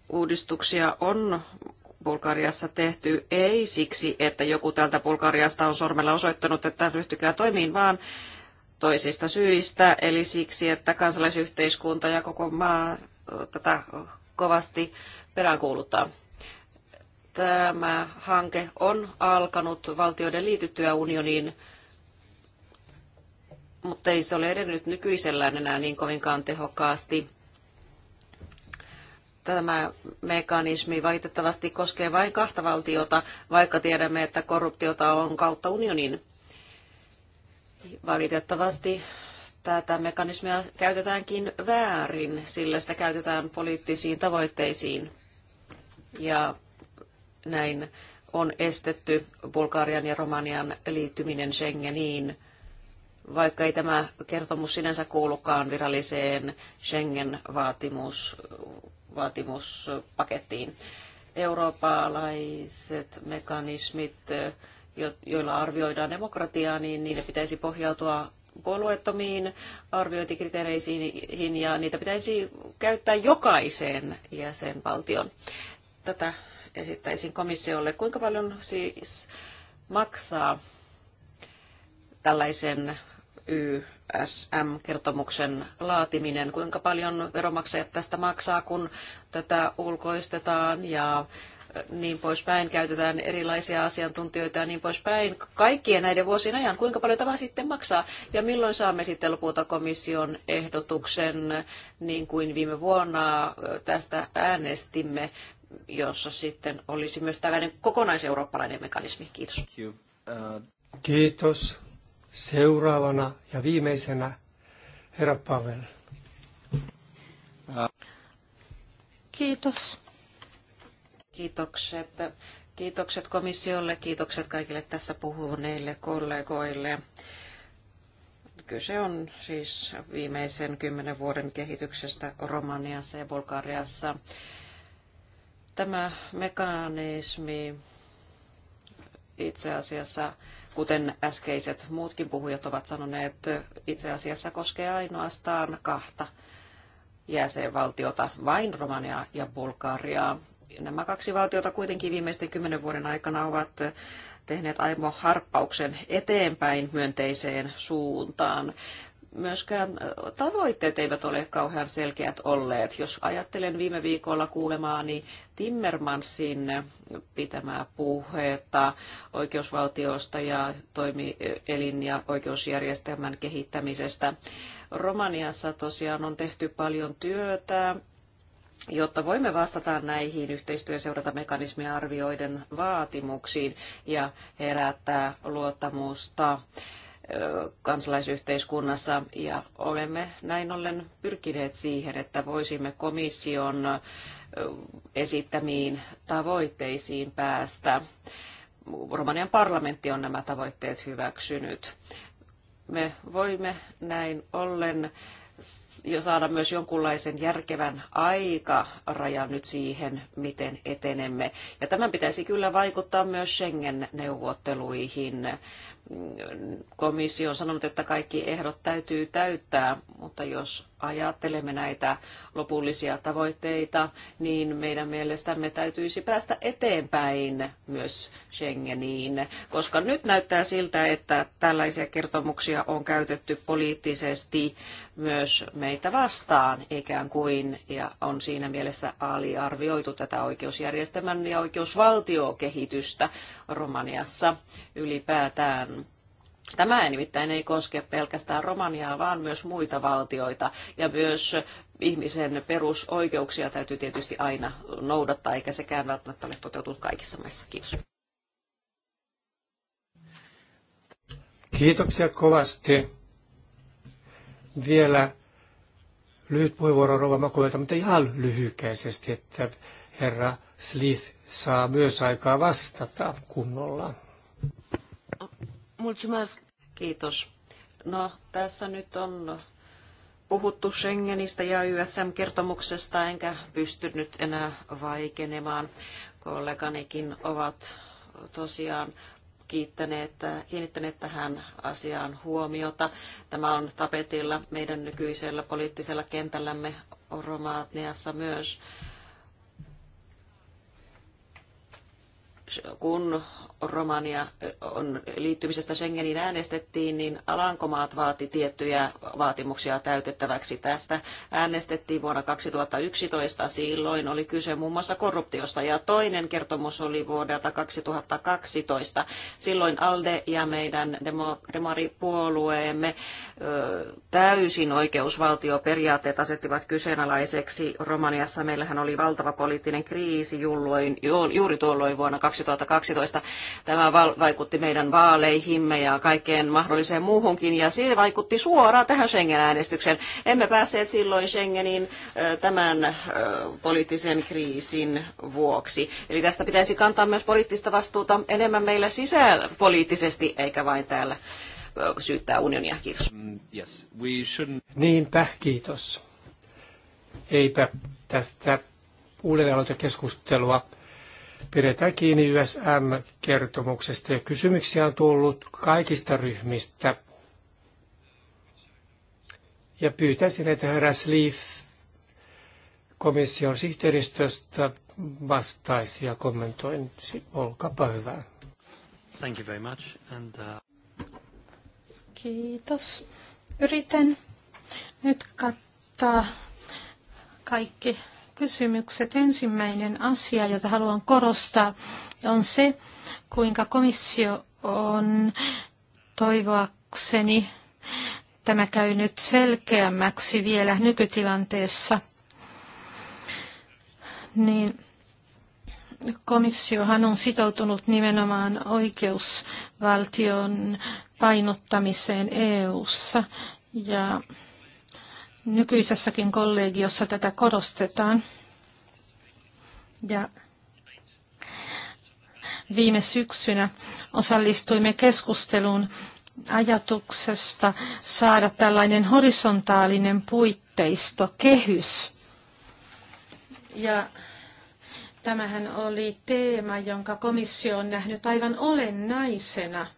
Uudistuksia on Bulgariassa tehty ei siksi, että joku täältä Bulgariasta on sormella osoittanut, että ryhtykää toimiin, vaan toisista syistä, eli siksi, että kansalaisyhteiskunta ja koko maa tätä kovasti peräänkuuluttaa. Tämä hanke on alkanut valtioiden liityttyä unioniin, mutta ei se ole edennyt nykyisellään enää niin kovinkaan tehokkaasti. Tämä mekanismi valitettavasti koskee vain kahta valtiota, vaikka tiedämme, että korruptiota on kautta unionin. Valitettavasti tätä mekanismia käytetäänkin väärin, sillä sitä käytetään poliittisiin tavoitteisiin ja näin on estetty Bulgarian ja Romanian liittyminen Schengeniin, vaikka ei tämä kertomus sinänsä kuulukaan viralliseen Schengen-vaatimuspakettiin. Eurooppalaiset mekanismit, joilla arvioidaan demokratiaa, niin niiden pitäisi pohjautua puolueettomiin arviointikriteereisiin ja niitä pitäisi käyttää jokaiseen jäsenvaltion tätä esittäisin komissiolle. Kuinka paljon siis maksaa tällaisen YSM-kertomuksen laatiminen, kuinka paljon veromaksajat tästä maksaa, kun tätä ulkoistetaan ja niin poispäin, käytetään erilaisia asiantuntijoita ja niin poispäin. Kaikkien näiden vuosien ajan, kuinka paljon tämä sitten maksaa ja milloin saamme sitten lopulta komission ehdotuksen, niin kuin viime vuonna tästä äänestimme, jossa sitten olisi myös tällainen kokonaiseurooppalainen mekanismi. Kiitos. Uh, Kiitos. Seuraavana ja viimeisenä herra Pavel. Uh. Kiitos. Kiitokset. Kiitokset komissiolle, kiitokset kaikille tässä puhuneille kollegoille. Kyse on siis viimeisen kymmenen vuoden kehityksestä Romaniassa ja Bulgariassa Tämä mekanismi itse asiassa, kuten äskeiset muutkin puhujat ovat sanoneet, itse asiassa koskee ainoastaan kahta jäsenvaltiota, vain Romaniaa ja Bulgariaa. Nämä kaksi valtiota kuitenkin viimeisten kymmenen vuoden aikana ovat tehneet aimo harppauksen eteenpäin myönteiseen suuntaan myöskään tavoitteet eivät ole kauhean selkeät olleet. Jos ajattelen viime viikolla kuulemaani Timmermansin pitämää puhetta oikeusvaltiosta ja toimielin ja oikeusjärjestelmän kehittämisestä, Romaniassa tosiaan on tehty paljon työtä jotta voimme vastata näihin yhteistyöseurantamekanismia arvioiden vaatimuksiin ja herättää luottamusta kansalaisyhteiskunnassa ja olemme näin ollen pyrkineet siihen, että voisimme komission esittämiin tavoitteisiin päästä. Romanian parlamentti on nämä tavoitteet hyväksynyt. Me voimme näin ollen jo saada myös jonkunlaisen järkevän aikarajan nyt siihen, miten etenemme. Ja tämän pitäisi kyllä vaikuttaa myös Schengen-neuvotteluihin. Komissio on sanonut, että kaikki ehdot täytyy täyttää, mutta jos ajattelemme näitä lopullisia tavoitteita, niin meidän mielestämme täytyisi päästä eteenpäin myös Schengeniin, koska nyt näyttää siltä, että tällaisia kertomuksia on käytetty poliittisesti myös meitä vastaan ikään kuin, ja on siinä mielessä aliarvioitu tätä oikeusjärjestelmän ja oikeusvaltiokehitystä Romaniassa ylipäätään. Tämä nimittäin ei koske pelkästään Romaniaa, vaan myös muita valtioita ja myös ihmisen perusoikeuksia täytyy tietysti aina noudattaa, eikä sekään välttämättä ole toteutunut kaikissa maissa. Kiitos. Kiitoksia kovasti. Vielä lyhyt puheenvuoro Rova Makuvelta, mutta ihan lyhykäisesti, että herra Slith saa myös aikaa vastata kunnolla. Mulțumesc. Kiitos. No, tässä nyt on puhuttu Schengenistä ja YSM-kertomuksesta, enkä pystynyt enää vaikenemaan. Kolleganikin ovat tosiaan kiittäneet, kiinnittäneet tähän asiaan huomiota. Tämä on tapetilla meidän nykyisellä poliittisella kentällämme Romaatniassa myös. Kun Romania on liittymisestä Schengeniin äänestettiin, niin Alankomaat vaati tiettyjä vaatimuksia täytettäväksi. Tästä äänestettiin vuonna 2011. Silloin oli kyse muun muassa korruptiosta ja toinen kertomus oli vuodelta 2012. Silloin ALDE ja meidän demaripuolueemme täysin oikeusvaltioperiaatteet asettivat kyseenalaiseksi Romaniassa. Meillähän oli valtava poliittinen kriisi julloin, juuri tuolloin vuonna 2012. Tämä vaikutti meidän vaaleihimme ja kaikkeen mahdolliseen muuhunkin ja se vaikutti suoraan tähän Schengen-äänestykseen. Emme päässeet silloin Schengenin tämän poliittisen kriisin vuoksi. Eli tästä pitäisi kantaa myös poliittista vastuuta enemmän meillä sisällä poliittisesti eikä vain täällä syyttää unionia. Kiitos. Mm, yes, we Niinpä, kiitos. Eipä tästä uudelleenaloitekeskustelua keskustelua pidetään kiinni YSM-kertomuksesta ja kysymyksiä on tullut kaikista ryhmistä. Ja pyytäisin, että herra Sleaf komission sihteeristöstä vastaisi ja kommentoisi. Olkaapa hyvä. Thank you very much. And, uh... Kiitos. Yritän nyt kattaa kaikki kysymykset. Ensimmäinen asia, jota haluan korostaa, on se, kuinka komissio on toivoakseni tämä käy nyt selkeämmäksi vielä nykytilanteessa. Niin komissiohan on sitoutunut nimenomaan oikeusvaltion painottamiseen EU:ssa ja Nykyisessäkin kollegiossa tätä korostetaan. Ja viime syksynä osallistuimme keskusteluun ajatuksesta saada tällainen horisontaalinen puitteisto, kehys. Ja tämähän oli teema, jonka komissio on nähnyt aivan olennaisena –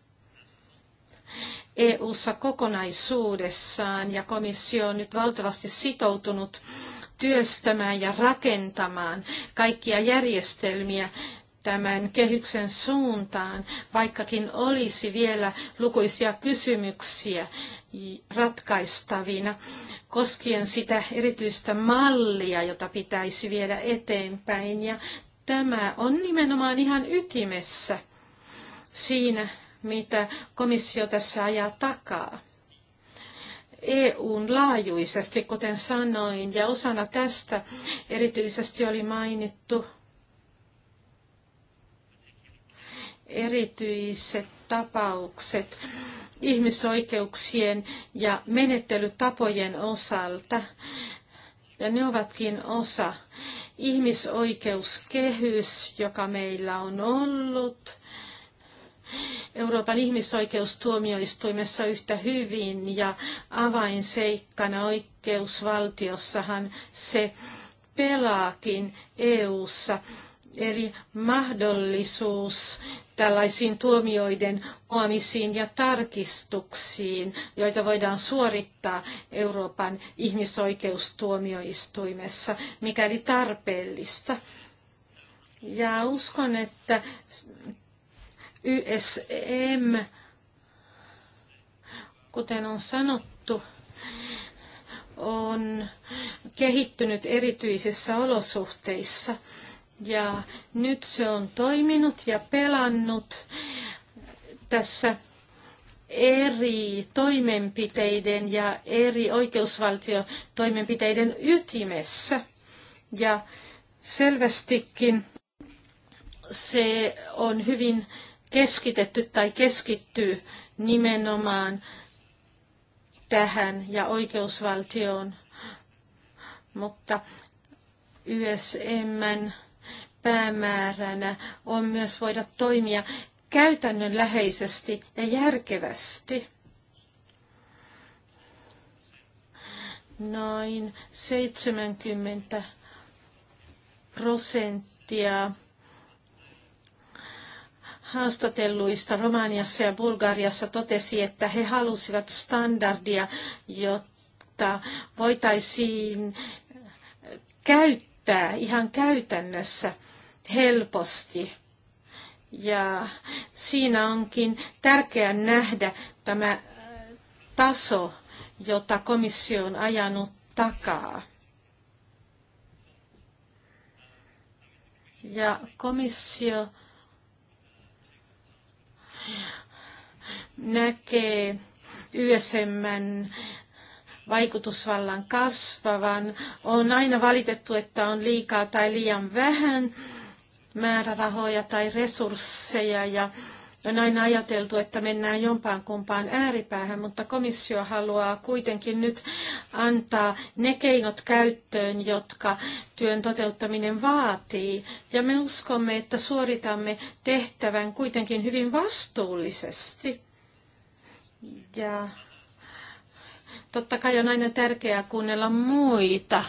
EU-ssa kokonaisuudessaan ja komissio on nyt valtavasti sitoutunut työstämään ja rakentamaan kaikkia järjestelmiä tämän kehyksen suuntaan, vaikkakin olisi vielä lukuisia kysymyksiä ratkaistavina koskien sitä erityistä mallia, jota pitäisi viedä eteenpäin. Ja tämä on nimenomaan ihan ytimessä siinä, mitä komissio tässä ajaa takaa. EUn laajuisesti, kuten sanoin, ja osana tästä erityisesti oli mainittu erityiset tapaukset ihmisoikeuksien ja menettelytapojen osalta. Ja ne ovatkin osa ihmisoikeuskehys, joka meillä on ollut Euroopan ihmisoikeustuomioistuimessa yhtä hyvin ja avainseikkana oikeusvaltiossahan se pelaakin EU:ssa eli mahdollisuus tällaisiin tuomioiden omisiin ja tarkistuksiin, joita voidaan suorittaa Euroopan ihmisoikeustuomioistuimessa, mikäli tarpeellista. Ja uskon, että YSM, kuten on sanottu, on kehittynyt erityisissä olosuhteissa. Ja nyt se on toiminut ja pelannut tässä eri toimenpiteiden ja eri oikeusvaltiotoimenpiteiden ytimessä. Ja selvästikin se on hyvin keskitetty tai keskittyy nimenomaan tähän ja oikeusvaltioon. Mutta YSMn päämääränä on myös voida toimia käytännönläheisesti ja järkevästi. Noin 70 prosenttia haastatelluista Romaniassa ja Bulgariassa totesi, että he halusivat standardia, jotta voitaisiin käyttää ihan käytännössä helposti. Ja siinä onkin tärkeää nähdä tämä taso, jota komissio on ajanut takaa. Ja komissio näkee YSMn vaikutusvallan kasvavan. On aina valitettu, että on liikaa tai liian vähän määrärahoja tai resursseja ja on aina ajateltu, että mennään jompaan kumpaan ääripäähän, mutta komissio haluaa kuitenkin nyt antaa ne keinot käyttöön, jotka työn toteuttaminen vaatii. Ja me uskomme, että suoritamme tehtävän kuitenkin hyvin vastuullisesti. Ja totta kai on aina tärkeää kuunnella muita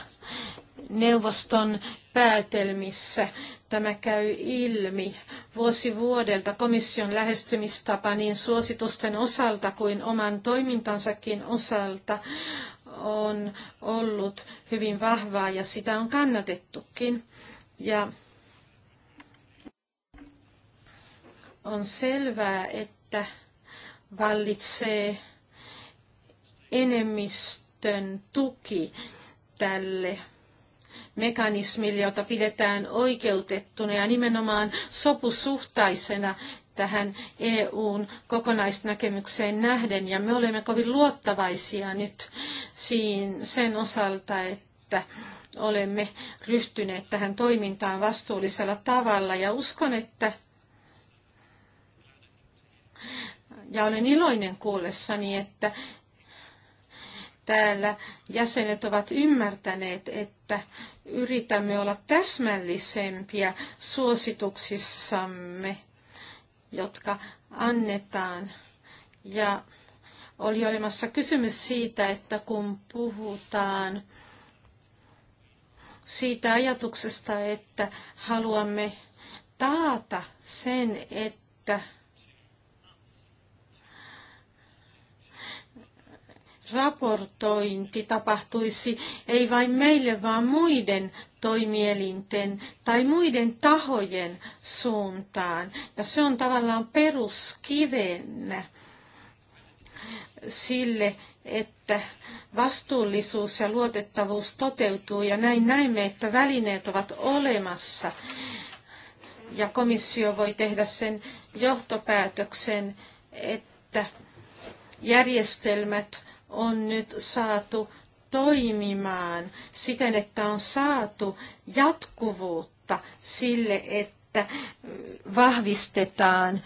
neuvoston päätelmissä tämä käy ilmi vuosi vuodelta komission lähestymistapa niin suositusten osalta kuin oman toimintansakin osalta on ollut hyvin vahvaa ja sitä on kannatettukin. Ja on selvää, että vallitsee enemmistön tuki tälle mekanismille, jota pidetään oikeutettuna ja nimenomaan sopusuhtaisena tähän EUn kokonaisnäkemykseen nähden. Ja me olemme kovin luottavaisia nyt siin, sen osalta, että olemme ryhtyneet tähän toimintaan vastuullisella tavalla. Ja uskon, että ja olen iloinen kuullessani, että täällä jäsenet ovat ymmärtäneet, että yritämme olla täsmällisempiä suosituksissamme, jotka annetaan. Ja oli olemassa kysymys siitä, että kun puhutaan siitä ajatuksesta, että haluamme taata sen, että raportointi tapahtuisi ei vain meille, vaan muiden toimielinten tai muiden tahojen suuntaan. Ja se on tavallaan peruskiven sille, että vastuullisuus ja luotettavuus toteutuu ja näin näemme, että välineet ovat olemassa ja komissio voi tehdä sen johtopäätöksen, että järjestelmät on nyt saatu toimimaan siten, että on saatu jatkuvuutta sille, että vahvistetaan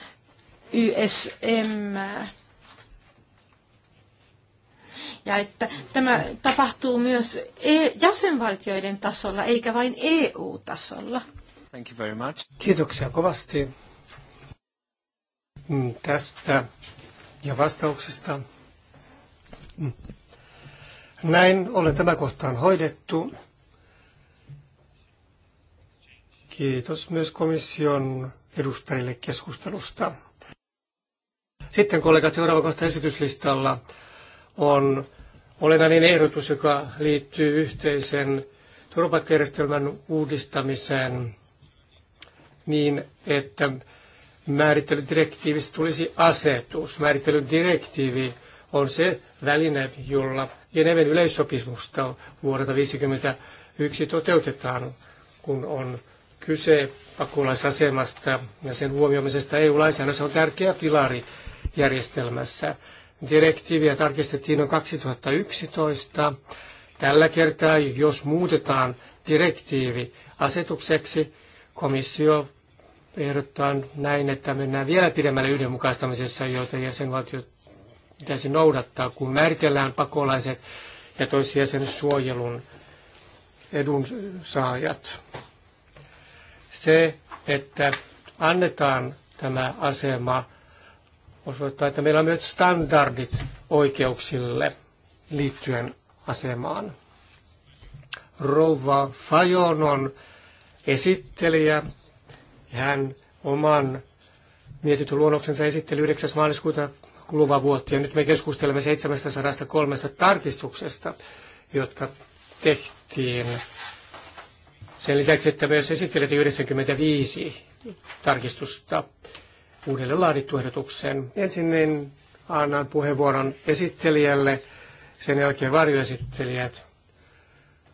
YSM. Ja että tämä tapahtuu myös e- jäsenvaltioiden tasolla, eikä vain EU-tasolla. Thank you very much. Kiitoksia kovasti mm, tästä ja vastauksesta. Mm. Näin ollen tämä kohta on hoidettu. Kiitos myös komission edustajille keskustelusta. Sitten kollegat, seuraava kohta esityslistalla on olennainen ehdotus, joka liittyy yhteisen turvapaikkajärjestelmän uudistamiseen niin, että määrittelydirektiivistä tulisi asetus. Määrittelydirektiivi on se väline, jolla Geneven yleissopimusta vuodelta 1951 toteutetaan, kun on kyse pakolaisasemasta ja sen huomioimisesta EU-lainsäädännössä on tärkeä pilari järjestelmässä. Direktiiviä tarkistettiin noin 2011. Tällä kertaa, jos muutetaan direktiivi asetukseksi, komissio ehdottaa näin, että mennään vielä pidemmälle yhdenmukaistamisessa, joita jäsenvaltiot pitäisi noudattaa, kun määritellään pakolaiset ja toissijaisen suojelun edunsaajat. Se, että annetaan tämä asema, osoittaa, että meillä on myös standardit oikeuksille liittyen asemaan. Rouva Fajon on esittelijä. Hän oman mietityn luonnoksensa esitteli 9. maaliskuuta kuluva vuotta. Ja nyt me keskustelemme 703 tarkistuksesta, jotka tehtiin. Sen lisäksi, että myös esitteltiin 95 tarkistusta uudelle laadittu ehdotukseen. Ensin niin annan puheenvuoron esittelijälle, sen jälkeen varjoesittelijät,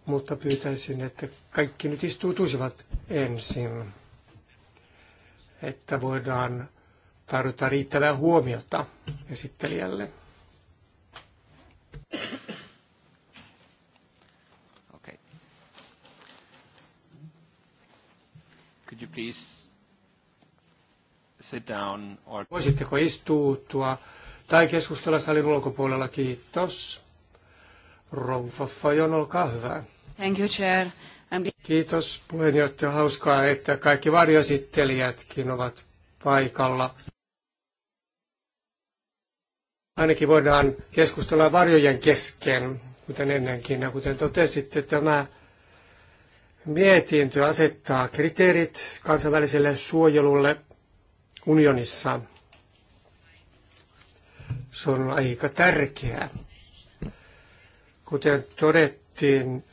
mutta pyytäisin, että kaikki nyt istuutuisivat ensin, että voidaan tarjotaan riittävää huomiota esittelijälle. Okay. Could you please sit down or... Voisitteko istuutua tai keskustella salin ulkopuolella? Kiitos. Rouva Fajon, olkaa hyvä. Thank you, Chair. Kiitos puheenjohtaja. Hauskaa, että kaikki varjoesittelijätkin ovat paikalla. Ainakin voidaan keskustella varjojen kesken, kuten ennenkin. Ja kuten totesitte, tämä mietintö asettaa kriteerit kansainväliselle suojelulle unionissa. Se on aika tärkeää. Kuten todettiin,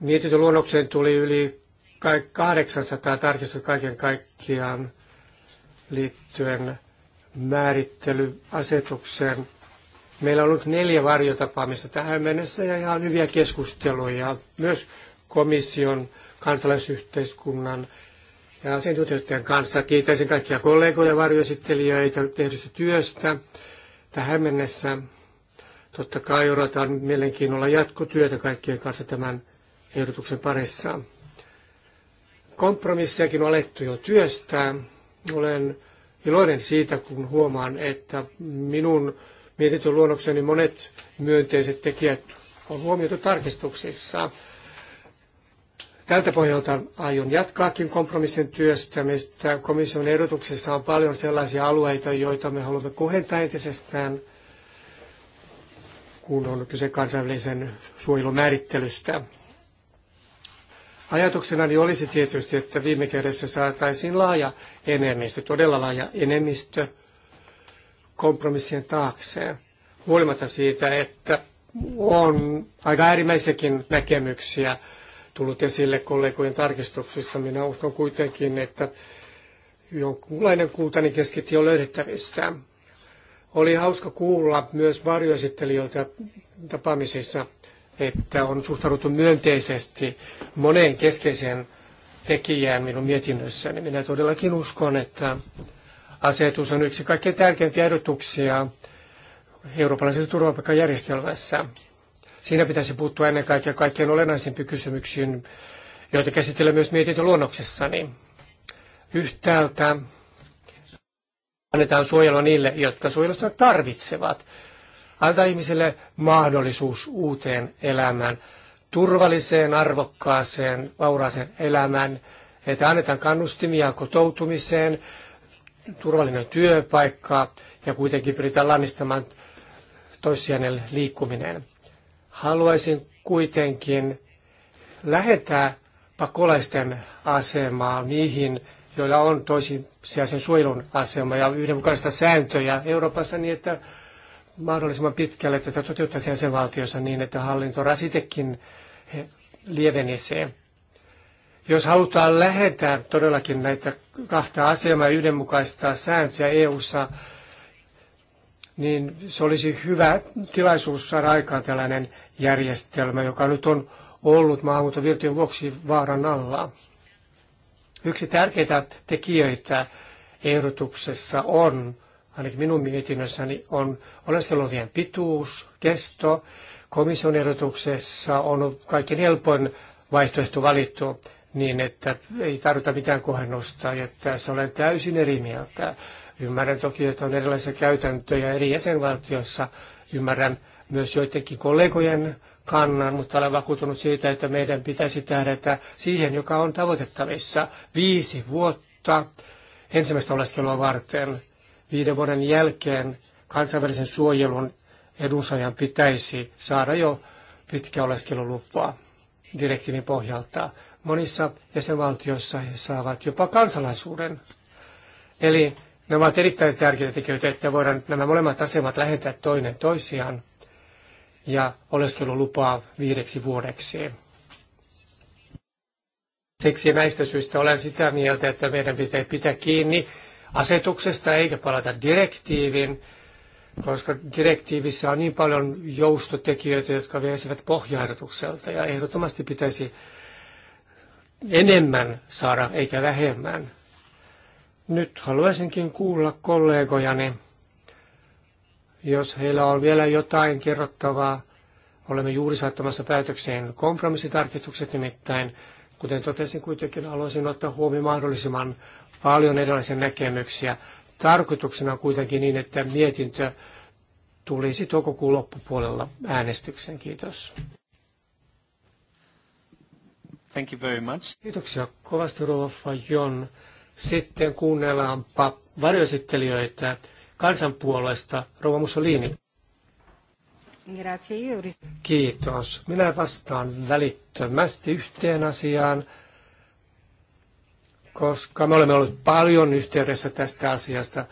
mietintöluonnokseen tuli yli 800 tarkistusta kaiken kaikkiaan liittyen määrittelyasetuksen. Meillä on ollut neljä varjotapaamista tähän mennessä ja ihan hyviä keskusteluja myös komission, kansalaisyhteiskunnan ja asiantuntijoiden kanssa. Kiitäisin kaikkia kollegoja, varjoesittelijöitä tehdystä työstä tähän mennessä. Totta kai odotan mielenkiinnolla jatkotyötä kaikkien kanssa tämän ehdotuksen parissa. Kompromissiakin on alettu jo työstää. Olen iloinen siitä, kun huomaan, että minun mietityn luonnokseni monet myönteiset tekijät on huomioitu tarkistuksissa. Tältä pohjalta aion jatkaakin kompromissin työstämistä. Komission ehdotuksessa on paljon sellaisia alueita, joita me haluamme kohentaa entisestään, kun on kyse kansainvälisen suojelun määrittelystä. Ajatuksenani niin olisi tietysti, että viime kädessä saataisiin laaja enemmistö, todella laaja enemmistö kompromissien taakseen, huolimatta siitä, että on aika äärimmäisiäkin näkemyksiä tullut esille kollegojen tarkistuksissa. Minä uskon kuitenkin, että jonkunlainen kultainen keskitie on löydettävissä. Oli hauska kuulla myös varjoesittelijöiltä tapaamisissa että on suhtauduttu myönteisesti moneen keskeiseen tekijään minun mietinnössäni. Minä todellakin uskon, että asetus on yksi kaikkein tärkeimpiä ehdotuksia eurooppalaisessa turvapaikkajärjestelmässä. Siinä pitäisi puuttua ennen kaikkea kaikkein olennaisimpiin kysymyksiin, joita käsittelen myös mietintöluonnoksessani. Yhtäältä annetaan suojelua niille, jotka suojelusta tarvitsevat antaa ihmiselle mahdollisuus uuteen elämään, turvalliseen, arvokkaaseen, vauraaseen elämään, että annetaan kannustimia kotoutumiseen, turvallinen työpaikka ja kuitenkin pyritään lannistamaan toissijainen liikkuminen. Haluaisin kuitenkin lähettää pakolaisten asemaa niihin, joilla on sijaisen suojelun asema ja yhdenmukaista sääntöjä Euroopassa niin, että mahdollisimman pitkälle tätä toteuttaisi jäsenvaltiossa niin, että hallintorasitekin lievenisee. Jos halutaan lähentää todellakin näitä kahta asemaa ja yhdenmukaistaa sääntöjä EU-ssa, niin se olisi hyvä tilaisuus saada aikaan tällainen järjestelmä, joka nyt on ollut maahanmuuttovirtojen vuoksi vaaran alla. Yksi tärkeitä tekijöitä ehdotuksessa on ainakin minun mietinnössäni, on oleskelulupien pituus, kesto. Komission ehdotuksessa on kaikkein helpoin vaihtoehto valittu niin, että ei tarvita mitään kohennusta. Ja tässä olen täysin eri mieltä. Ymmärrän toki, että on erilaisia käytäntöjä eri jäsenvaltioissa. Ymmärrän myös joidenkin kollegojen kannan, mutta olen vakuutunut siitä, että meidän pitäisi tähdätä siihen, joka on tavoitettavissa viisi vuotta ensimmäistä oleskelua varten viiden vuoden jälkeen kansainvälisen suojelun edunsaajan pitäisi saada jo pitkä oleskelulupa direktiivin pohjalta. Monissa jäsenvaltioissa he saavat jopa kansalaisuuden. Eli nämä ovat erittäin tärkeitä tekijöitä, että voidaan nämä molemmat asemat lähentää toinen toisiaan ja oleskelulupaa viideksi vuodeksi. Siksi näistä syistä olen sitä mieltä, että meidän pitää pitää kiinni asetuksesta eikä palata direktiivin, koska direktiivissä on niin paljon joustotekijöitä, jotka viesivät pohjaehdotukselta ja ehdottomasti pitäisi enemmän saada eikä vähemmän. Nyt haluaisinkin kuulla kollegojani, jos heillä on vielä jotain kerrottavaa. Olemme juuri saattamassa päätökseen kompromissitarkistukset nimittäin. Kuten totesin kuitenkin, haluaisin ottaa huomioon mahdollisimman paljon erilaisia näkemyksiä. Tarkoituksena on kuitenkin niin, että mietintö tulisi toukokuun loppupuolella äänestyksen. Kiitos. Thank you very much. Kiitoksia kovasti Rova Fajon. Sitten kuunnellaanpa varjoesittelijöitä kansanpuolueesta Rova Mussolini. Kiitos. Minä vastaan välittömästi yhteen asiaan, koska me olemme olleet paljon yhteydessä tästä asiasta,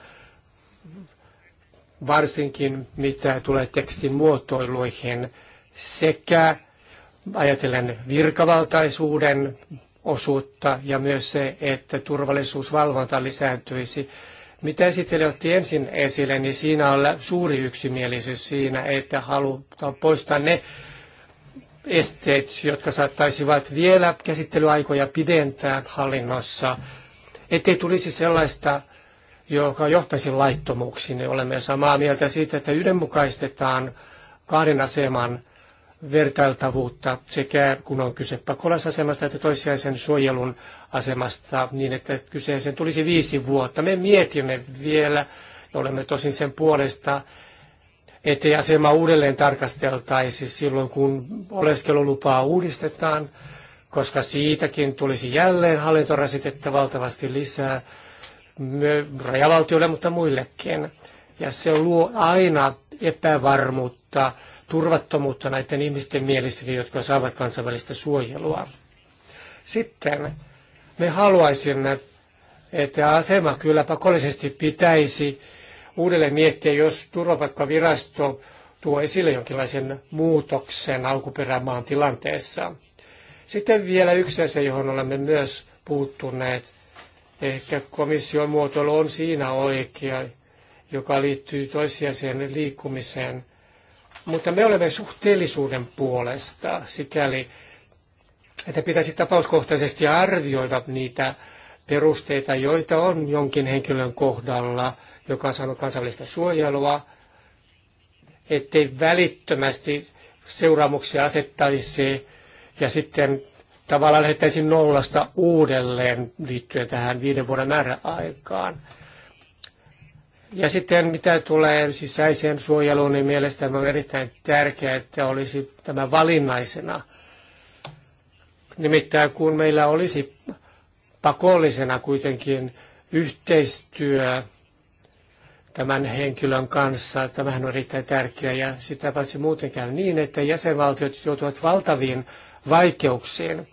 varsinkin mitä tulee tekstin muotoiluihin sekä ajatellen virkavaltaisuuden osuutta ja myös se, että turvallisuusvalvonta lisääntyisi. Mitä esittely otti ensin esille, niin siinä on suuri yksimielisyys siinä, että halutaan poistaa ne esteet, jotka saattaisivat vielä käsittelyaikoja pidentää hallinnossa, ettei tulisi sellaista, joka johtaisi laittomuuksiin. Olemme samaa mieltä siitä, että yhdenmukaistetaan kahden aseman vertailtavuutta sekä kun on kyse pakolaisasemasta että toissijaisen suojelun asemasta niin, että kyseeseen tulisi viisi vuotta. Me mietimme vielä, ja olemme tosin sen puolesta, ettei asema uudelleen tarkasteltaisi silloin, kun oleskelulupaa uudistetaan, koska siitäkin tulisi jälleen hallintorasitetta valtavasti lisää rajavaltioille, mutta muillekin. Ja se luo aina epävarmuutta, turvattomuutta näiden ihmisten mielissäkin, jotka saavat kansainvälistä suojelua. Sitten me haluaisimme, että asema kyllä pakollisesti pitäisi uudelleen miettiä, jos turvapaikkavirasto tuo esille jonkinlaisen muutoksen alkuperämaan tilanteessa. Sitten vielä yksi asia, johon olemme myös puuttuneet. Ehkä komission muotoilu on siinä oikea, joka liittyy toissijaiseen liikkumiseen. Mutta me olemme suhteellisuuden puolesta sikäli, että pitäisi tapauskohtaisesti arvioida niitä perusteita, joita on jonkin henkilön kohdalla – joka on saanut kansainvälistä suojelua, ettei välittömästi seuraamuksia asettaisi ja sitten tavallaan lähettäisiin nollasta uudelleen liittyen tähän viiden vuoden määräaikaan. Ja sitten mitä tulee sisäiseen suojeluun, niin mielestäni on erittäin tärkeää, että olisi tämä valinnaisena. Nimittäin kun meillä olisi pakollisena kuitenkin yhteistyö tämän henkilön kanssa. Tämähän on erittäin tärkeää ja sitä paitsi muuten käy niin, että jäsenvaltiot joutuvat valtaviin vaikeuksiin.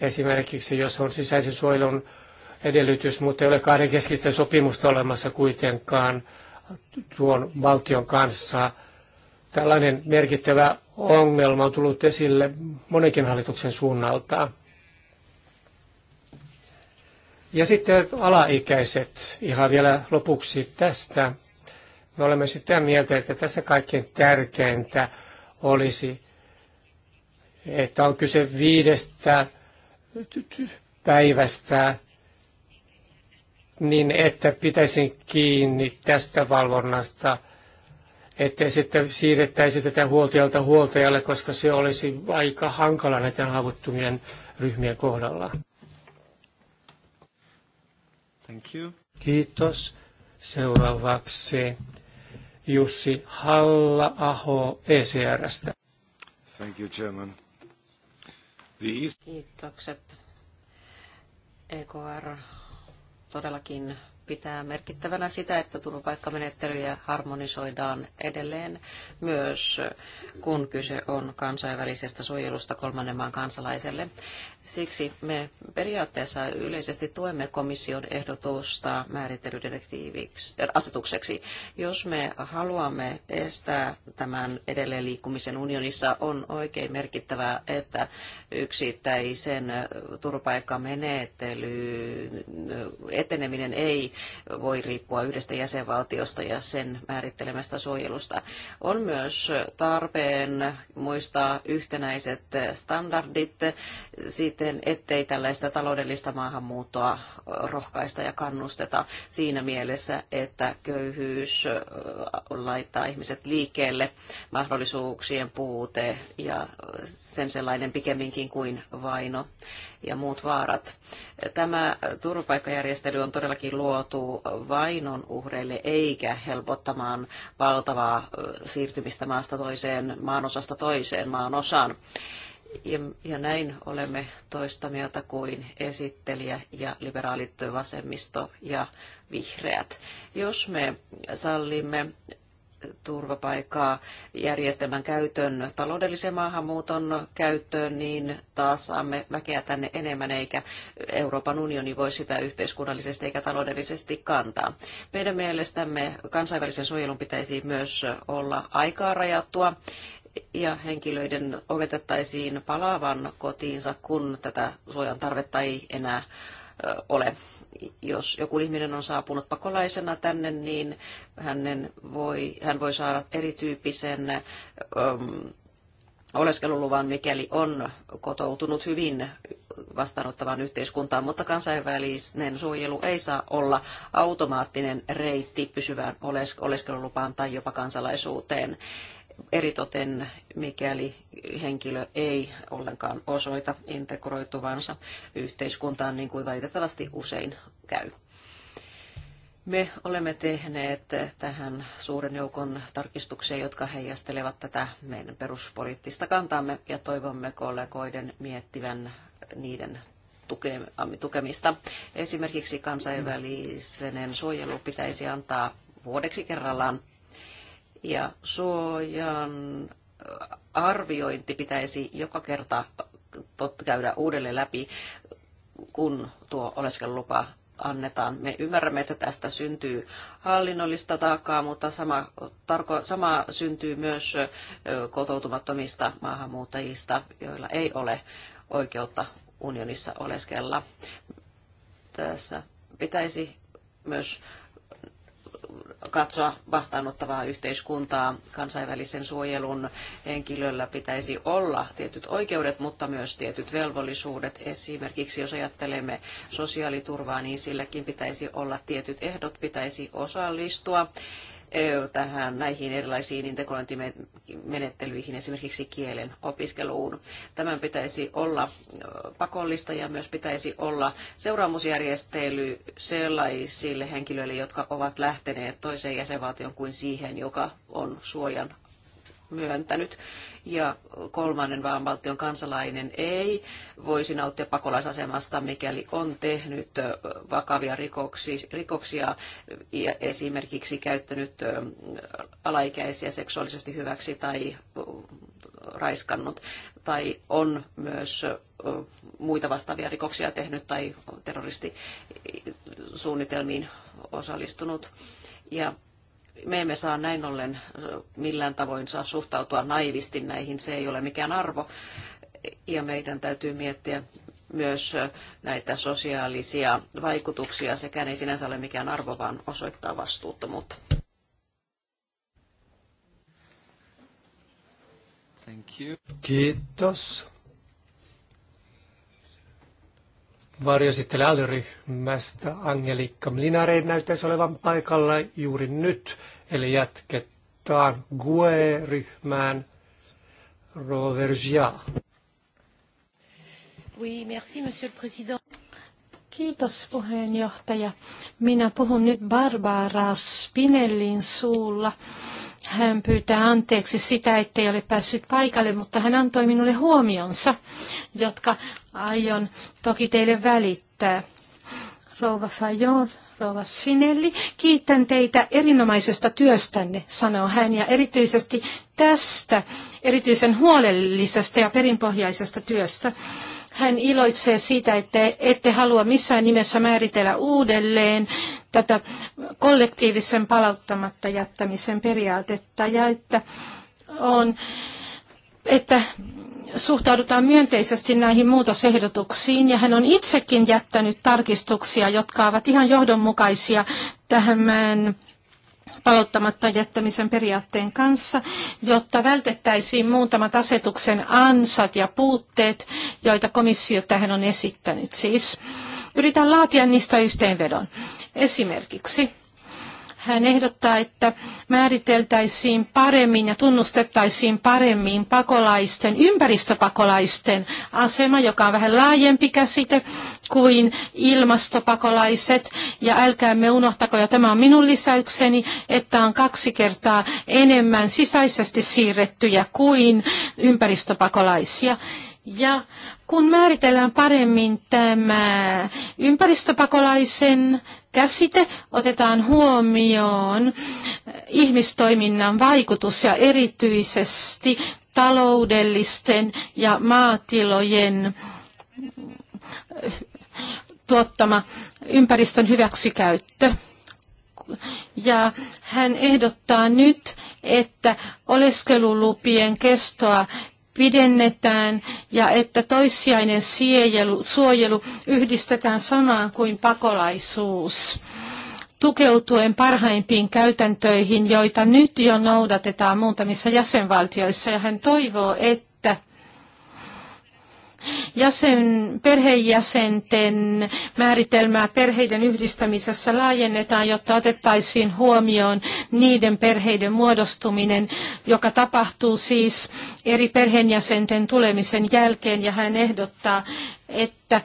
Esimerkiksi jos on sisäisen suojelun edellytys, mutta ei ole kahden keskistä sopimusta olemassa kuitenkaan tuon valtion kanssa. Tällainen merkittävä ongelma on tullut esille monenkin hallituksen suunnalta. Ja sitten alaikäiset, ihan vielä lopuksi tästä. Me olemme sitä mieltä, että tässä kaikkein tärkeintä olisi, että on kyse viidestä päivästä, niin että pitäisin kiinni tästä valvonnasta, että sitten siirrettäisi tätä huoltajalta huoltajalle, koska se olisi aika hankala näiden haavoittumien ryhmien kohdalla. Thank you. Kiitos. Seuraavaksi Jussi Halla-aho ECRstä. Thank you, Chairman. The... Kiitokset. EKR todellakin pitää merkittävänä sitä, että turvapaikkamenettelyjä harmonisoidaan edelleen myös, kun kyse on kansainvälisestä suojelusta kolmannen maan kansalaiselle. Siksi me periaatteessa yleisesti tuemme komission ehdotusta määrittelydirektiiviksi äh, asetukseksi. Jos me haluamme estää tämän edelleen liikkumisen unionissa, on oikein merkittävää, että yksittäisen äh, turvapaikkamenettelyn äh, eteneminen ei voi riippua yhdestä jäsenvaltiosta ja sen määrittelemästä suojelusta. On myös tarpeen muistaa yhtenäiset standardit siitä, siten, ettei tällaista taloudellista maahanmuuttoa rohkaista ja kannusteta siinä mielessä, että köyhyys laittaa ihmiset liikkeelle, mahdollisuuksien puute ja sen sellainen pikemminkin kuin vaino ja muut vaarat. Tämä turvapaikkajärjestely on todellakin luotu vainon uhreille eikä helpottamaan valtavaa siirtymistä maasta toiseen, maanosasta toiseen maanosaan. Ja, ja näin olemme toista mieltä kuin esittelijä ja liberaalit vasemmisto ja vihreät. Jos me sallimme turvapaikkaa järjestelmän käytön taloudellisen maahanmuuton käyttöön, niin taas saamme väkeä tänne enemmän, eikä Euroopan unioni voi sitä yhteiskunnallisesti eikä taloudellisesti kantaa. Meidän mielestämme kansainvälisen suojelun pitäisi myös olla aikaa rajattua ja henkilöiden oletettaisiin palaavan kotiinsa, kun tätä suojan tarvetta ei enää ole. Jos joku ihminen on saapunut pakolaisena tänne, niin hänen voi, hän voi saada erityyppisen äm, oleskeluluvan, mikäli on kotoutunut hyvin vastaanottavaan yhteiskuntaan, mutta kansainvälinen suojelu ei saa olla automaattinen reitti pysyvään oleskelulupaan tai jopa kansalaisuuteen eritoten mikäli henkilö ei ollenkaan osoita integroituvansa yhteiskuntaan, niin kuin valitettavasti usein käy. Me olemme tehneet tähän suuren joukon tarkistuksia, jotka heijastelevat tätä meidän peruspoliittista kantaamme ja toivomme kollegoiden miettivän niiden tukemista. Esimerkiksi kansainvälisen suojelu pitäisi antaa vuodeksi kerrallaan ja suojan äh, arviointi pitäisi joka kerta käydä uudelleen läpi, kun tuo oleskelulupa annetaan. Me ymmärrämme, että tästä syntyy hallinnollista taakkaa, mutta sama, tarko, sama syntyy myös äh, kotoutumattomista maahanmuuttajista, joilla ei ole oikeutta unionissa oleskella. Tässä pitäisi myös katsoa vastaanottavaa yhteiskuntaa. Kansainvälisen suojelun henkilöllä pitäisi olla tietyt oikeudet, mutta myös tietyt velvollisuudet. Esimerkiksi jos ajattelemme sosiaaliturvaa, niin silläkin pitäisi olla tietyt ehdot, pitäisi osallistua tähän näihin erilaisiin integrointimenettelyihin, esimerkiksi kielen opiskeluun. Tämän pitäisi olla pakollista ja myös pitäisi olla seuraamusjärjestely sellaisille henkilöille, jotka ovat lähteneet toiseen jäsenvaltioon kuin siihen, joka on suojan myöntänyt. Ja kolmannen valtion kansalainen ei voisi nauttia pakolaisasemasta, mikäli on tehnyt vakavia rikoksia ja esimerkiksi käyttänyt alaikäisiä seksuaalisesti hyväksi tai raiskannut tai on myös muita vastaavia rikoksia tehnyt tai terroristisuunnitelmiin osallistunut. Ja me emme saa näin ollen millään tavoin saa suhtautua naivisti näihin, se ei ole mikään arvo. Ja meidän täytyy miettiä myös näitä sosiaalisia vaikutuksia. Sekään ei sinänsä ole mikään arvo, vaan osoittaa vastuuttomuutta. Thank you. Kiitos. varjosittele alryhmästä Angelikka Mlinare näyttäisi olevan paikalla juuri nyt, eli jatketaan GUE-ryhmään Rovergia. Oui, merci, monsieur le président. Kiitos puheenjohtaja. Minä puhun nyt Barbara Spinellin suulla hän pyytää anteeksi sitä, ettei ole päässyt paikalle, mutta hän antoi minulle huomionsa, jotka aion toki teille välittää. Rouva Fajon, rouva Sfinelli, kiitän teitä erinomaisesta työstänne, sanoo hän, ja erityisesti tästä erityisen huolellisesta ja perinpohjaisesta työstä. Hän iloitsee siitä, että ette halua missään nimessä määritellä uudelleen tätä kollektiivisen palauttamatta jättämisen periaatetta ja että, on, että suhtaudutaan myönteisesti näihin muutosehdotuksiin ja hän on itsekin jättänyt tarkistuksia, jotka ovat ihan johdonmukaisia tähän palauttamatta jättämisen periaatteen kanssa, jotta vältettäisiin muutamat asetuksen ansat ja puutteet, joita komissio tähän on esittänyt. Siis yritän laatia niistä yhteenvedon. Esimerkiksi hän ehdottaa, että määriteltäisiin paremmin ja tunnustettaisiin paremmin pakolaisten, ympäristöpakolaisten asema, joka on vähän laajempi käsite kuin ilmastopakolaiset. Ja älkäämme unohtako, ja tämä on minun lisäykseni, että on kaksi kertaa enemmän sisäisesti siirrettyjä kuin ympäristöpakolaisia. Ja kun määritellään paremmin tämä ympäristöpakolaisen käsite otetaan huomioon eh, ihmistoiminnan vaikutus ja erityisesti taloudellisten ja maatilojen eh, tuottama ympäristön hyväksikäyttö. Ja hän ehdottaa nyt, että oleskelulupien kestoa pidennetään ja että toissijainen siejelu, suojelu yhdistetään sanaan kuin pakolaisuus tukeutuen parhaimpiin käytäntöihin, joita nyt jo noudatetaan muutamissa jäsenvaltioissa. Ja hän toivoo, että jäsen, perheenjäsenten määritelmää perheiden yhdistämisessä laajennetaan, jotta otettaisiin huomioon niiden perheiden muodostuminen, joka tapahtuu siis eri perheenjäsenten tulemisen jälkeen. Ja hän ehdottaa, että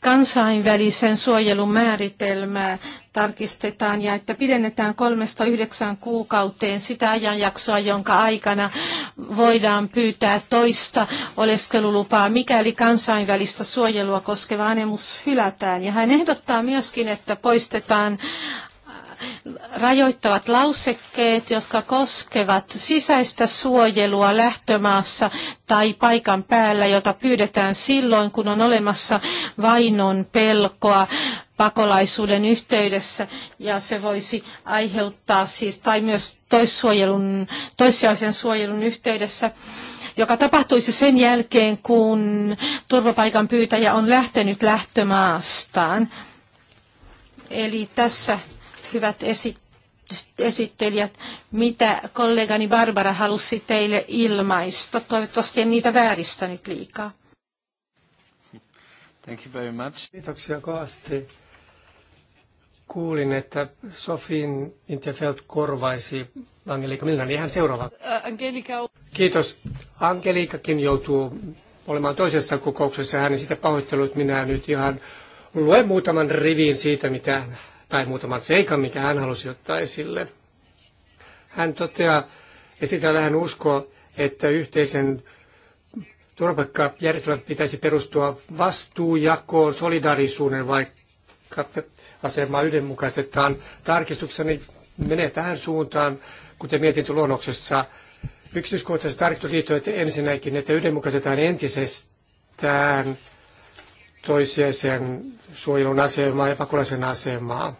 kansainvälisen suojelun määritelmää tarkistetaan ja että pidennetään kolmesta yhdeksään kuukauteen sitä ajanjaksoa, jonka aikana voidaan pyytää toista oleskelulupaa, mikäli kansainvälistä suojelua koskeva anemus hylätään. Ja hän ehdottaa myöskin, että poistetaan rajoittavat lausekkeet, jotka koskevat sisäistä suojelua lähtömaassa tai paikan päällä, jota pyydetään silloin, kun on olemassa vainon pelkoa pakolaisuuden yhteydessä ja se voisi aiheuttaa siis tai myös toissijaisen suojelun yhteydessä joka tapahtuisi sen jälkeen, kun turvapaikan pyytäjä on lähtenyt lähtömaastaan. Eli tässä hyvät esittelijät, mitä kollegani Barbara halusi teille ilmaista. Toivottavasti en niitä vääristänyt liikaa. Thank you very much. Kiitoksia kovasti. Kuulin, että Sofin Interfeld korvaisi Angelika Milnan. Ihan seuraava. Äh, Angelika. Kiitos. Angelikakin joutuu olemaan toisessa kokouksessa. Hän sitä pahoittelut minä nyt ihan luen muutaman rivin siitä, mitä tai muutaman seikan, mikä hän halusi ottaa esille. Hän toteaa, ja sitä hän uskoo, että yhteisen turvapaikkajärjestelmän pitäisi perustua vastuujakoon, solidaarisuuden vaikka asemaa yhdenmukaistetaan. Tarkistukseni menee tähän suuntaan, kuten luonnoksessa. Yksityiskohtaisesti tarkoitus liittyvät ensinnäkin, että yhdenmukaistetaan entisestään toisiaisen suojelun asemaa ja pakolaisen asemaa.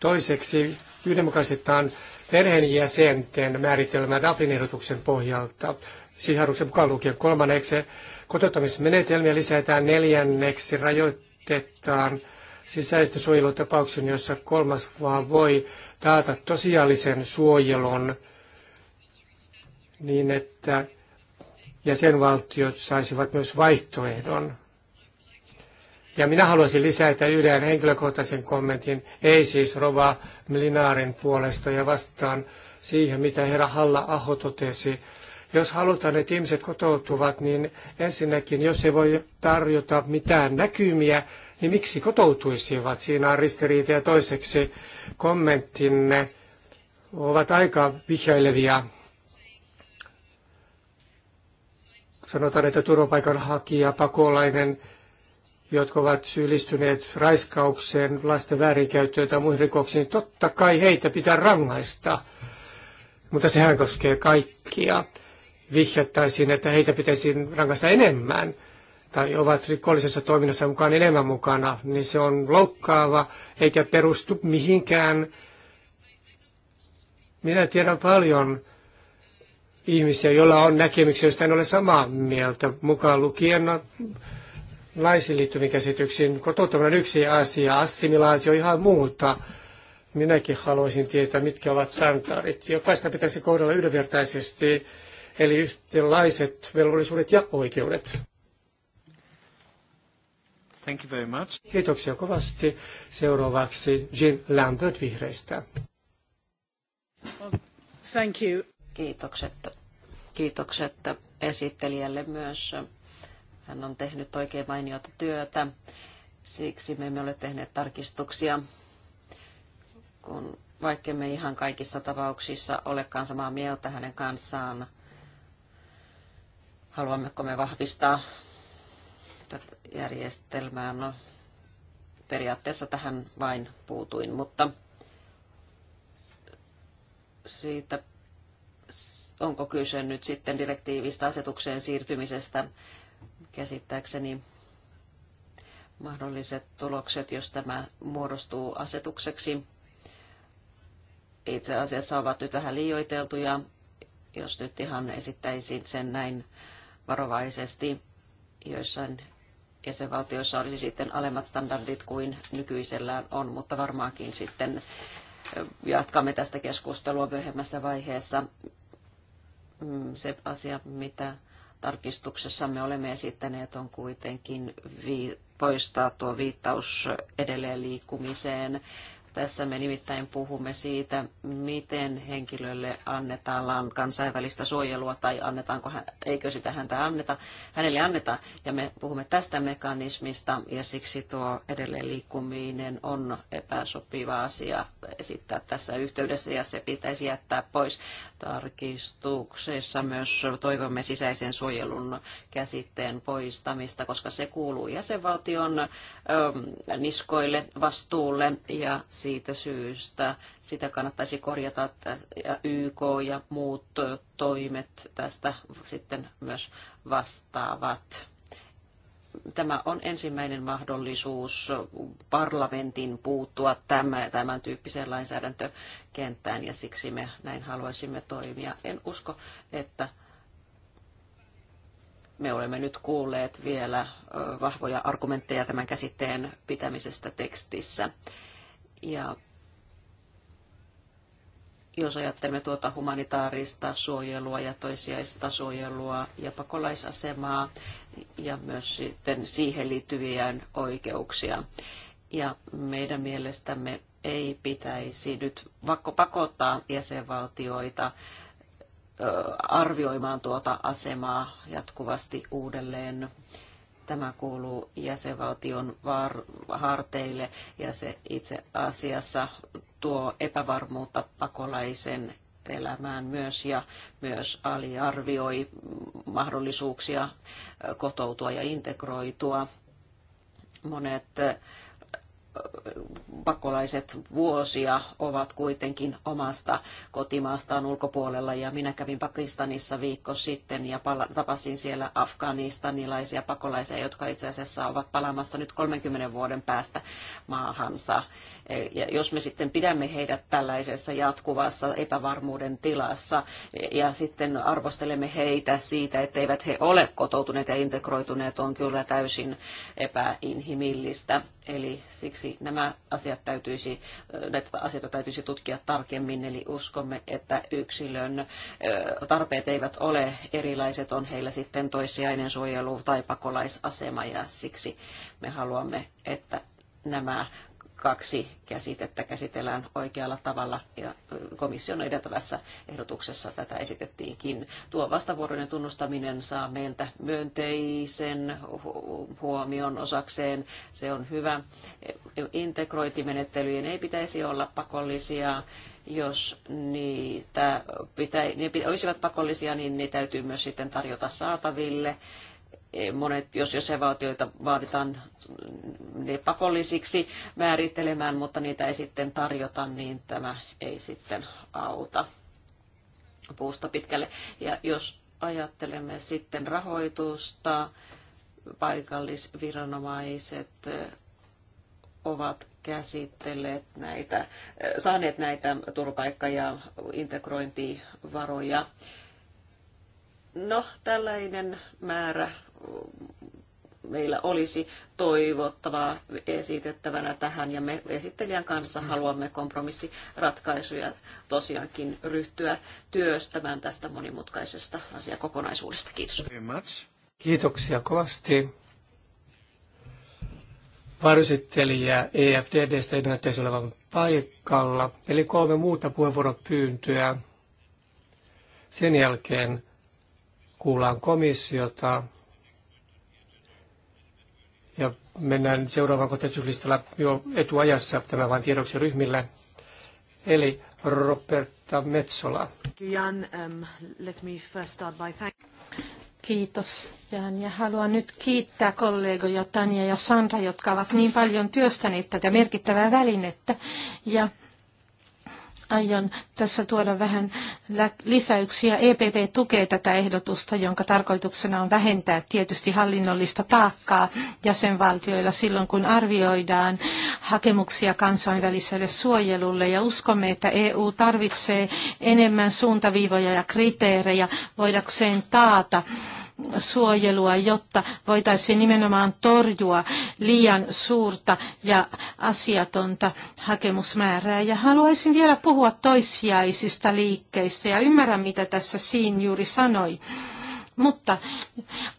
Toiseksi yhdenmukaistetaan perheenjäsenten määritelmä Dublin ehdotuksen pohjalta, sisaruksen mukaan lukien kolmanneksi. Kotouttamismenetelmiä lisätään neljänneksi, rajoitetaan sisäistä suojelutapauksen, jossa kolmas vaan voi taata tosiaalisen suojelun niin, että jäsenvaltiot saisivat myös vaihtoehdon ja minä haluaisin lisätä yhden henkilökohtaisen kommentin, ei siis Rova Mlinaarin puolesta ja vastaan siihen, mitä herra Halla-Aho totesi. Jos halutaan, että ihmiset kotoutuvat, niin ensinnäkin, jos ei voi tarjota mitään näkymiä, niin miksi kotoutuisivat? Siinä on ristiriita ja toiseksi kommenttinne ovat aika vihjailevia. Sanotaan, että turvapaikanhakija, pakolainen, jotka ovat syyllistyneet raiskaukseen, lasten väärinkäyttöön tai muihin rikoksiin, niin totta kai heitä pitää rangaista. Mutta sehän koskee kaikkia. Vihjattaisiin, että heitä pitäisi rangaista enemmän tai ovat rikollisessa toiminnassa mukaan enemmän mukana, niin se on loukkaava eikä perustu mihinkään. Minä tiedän paljon ihmisiä, joilla on näkemyksiä, joista en ole samaa mieltä, mukaan lukien naisiin liittyviin käsityksiin. Kotouttaminen on yksi asia, assimilaatio ihan muuta. Minäkin haluaisin tietää, mitkä ovat santaarit. Jokaista pitäisi kohdella yhdenvertaisesti, eli yhtenlaiset velvollisuudet ja oikeudet. Thank you very much. Kiitoksia kovasti. Seuraavaksi Jean Lambert vihreistä. Thank you. Kiitokset. Kiitokset esittelijälle myös hän on tehnyt oikein mainiota työtä, siksi me emme ole tehneet tarkistuksia, kun vaikka me ihan kaikissa tapauksissa olekaan samaa mieltä hänen kanssaan, haluammeko me vahvistaa tätä järjestelmää. No, periaatteessa tähän vain puutuin, mutta siitä onko kyse nyt sitten direktiivistä asetukseen siirtymisestä, käsittääkseni mahdolliset tulokset, jos tämä muodostuu asetukseksi, itse asiassa ovat nyt vähän liioiteltuja, jos nyt ihan esittäisin sen näin varovaisesti. Joissain jäsenvaltioissa olisi sitten alemmat standardit kuin nykyisellään on, mutta varmaankin sitten jatkamme tästä keskustelua myöhemmässä vaiheessa. Mm, se asia, mitä tarkistuksessa me olemme esittäneet on kuitenkin vi- poistaa tuo viittaus edelleen liikkumiseen tässä me nimittäin puhumme siitä, miten henkilölle annetaan kansainvälistä suojelua tai annetaanko, eikö sitä häntä anneta, hänelle anneta. Ja me puhumme tästä mekanismista ja siksi tuo edelleen liikkuminen on epäsopiva asia esittää tässä yhteydessä ja se pitäisi jättää pois. Tarkistuksessa myös toivomme sisäisen suojelun käsitteen poistamista, koska se kuuluu jäsenvaltion ö, niskoille vastuulle ja si- siitä syystä sitä kannattaisi korjata, että YK ja muut toimet tästä sitten myös vastaavat tämä on ensimmäinen mahdollisuus parlamentin puuttua tämän, tämän tyyppiseen lainsäädäntökenttään ja siksi me näin haluaisimme toimia. En usko, että me olemme nyt kuulleet vielä vahvoja argumentteja tämän käsitteen pitämisestä tekstissä. Ja jos ajattelemme tuota humanitaarista suojelua ja toisiaista suojelua ja pakolaisasemaa ja myös sitten siihen liittyviä oikeuksia. Ja meidän mielestämme ei pitäisi nyt vaikka pakottaa jäsenvaltioita arvioimaan tuota asemaa jatkuvasti uudelleen Tämä kuuluu jäsenvaltion harteille ja se itse asiassa tuo epävarmuutta pakolaisen elämään myös ja myös aliarvioi mahdollisuuksia kotoutua ja integroitua. Monet pakolaiset vuosia ovat kuitenkin omasta kotimaastaan ulkopuolella ja minä kävin Pakistanissa viikko sitten ja tapasin siellä afganistanilaisia pakolaisia, jotka itse asiassa ovat palaamassa nyt 30 vuoden päästä maahansa ja jos me sitten pidämme heidät tällaisessa jatkuvassa epävarmuuden tilassa ja sitten arvostelemme heitä siitä, etteivät he ole kotoutuneet ja integroituneet, on kyllä täysin epäinhimillistä. Eli siksi nämä asiat täytyisi, näitä asioita täytyisi tutkia tarkemmin, eli uskomme, että yksilön tarpeet eivät ole erilaiset, on heillä sitten toissijainen suojelu tai pakolaisasema, ja siksi me haluamme, että nämä kaksi käsitettä käsitellään oikealla tavalla ja komission edeltävässä ehdotuksessa tätä esitettiinkin. Tuo vastavuoroinen tunnustaminen saa meiltä myönteisen huomion osakseen. Se on hyvä. Integrointimenettelyjen ei pitäisi olla pakollisia jos niitä pitä, ne olisivat pakollisia, niin ne täytyy myös sitten tarjota saataville monet, jos jäsenvaltioita vaaditaan ne pakollisiksi määrittelemään, mutta niitä ei sitten tarjota, niin tämä ei sitten auta puusta pitkälle. Ja jos ajattelemme sitten rahoitusta, paikallisviranomaiset ovat käsitelleet näitä, saaneet näitä turvapaikka- ja integrointivaroja. No, tällainen määrä meillä olisi toivottavaa esitettävänä tähän ja me esittelijän kanssa haluamme kompromissiratkaisuja tosiaankin ryhtyä työstämään tästä monimutkaisesta asiakokonaisuudesta. Kiitos. Kiitoksia kovasti. Varsittelijä EFDDstä ei näyttäisi olevan paikalla, eli kolme muuta puheenvuoropyyntöä. Sen jälkeen kuullaan komissiota ja mennään seuraavaan kotiaisuuslistalla jo etuajassa tämä vain tiedoksi ryhmillä. Eli Roberta Metsola. Jan, um, let me first start by thank Kiitos Jan ja haluan nyt kiittää kollegoja Tanja ja Sandra, jotka ovat niin paljon työstäneet tätä merkittävää välinettä. Ja Aion tässä tuoda vähän lisäyksiä. EPP tukee tätä ehdotusta, jonka tarkoituksena on vähentää tietysti hallinnollista taakkaa jäsenvaltioilla silloin, kun arvioidaan hakemuksia kansainväliselle suojelulle. Ja uskomme, että EU tarvitsee enemmän suuntaviivoja ja kriteerejä voidakseen taata suojelua, jotta voitaisiin nimenomaan torjua liian suurta ja asiatonta hakemusmäärää. Ja haluaisin vielä puhua toissijaisista liikkeistä ja ymmärrän, mitä tässä Siin juuri sanoi. Mutta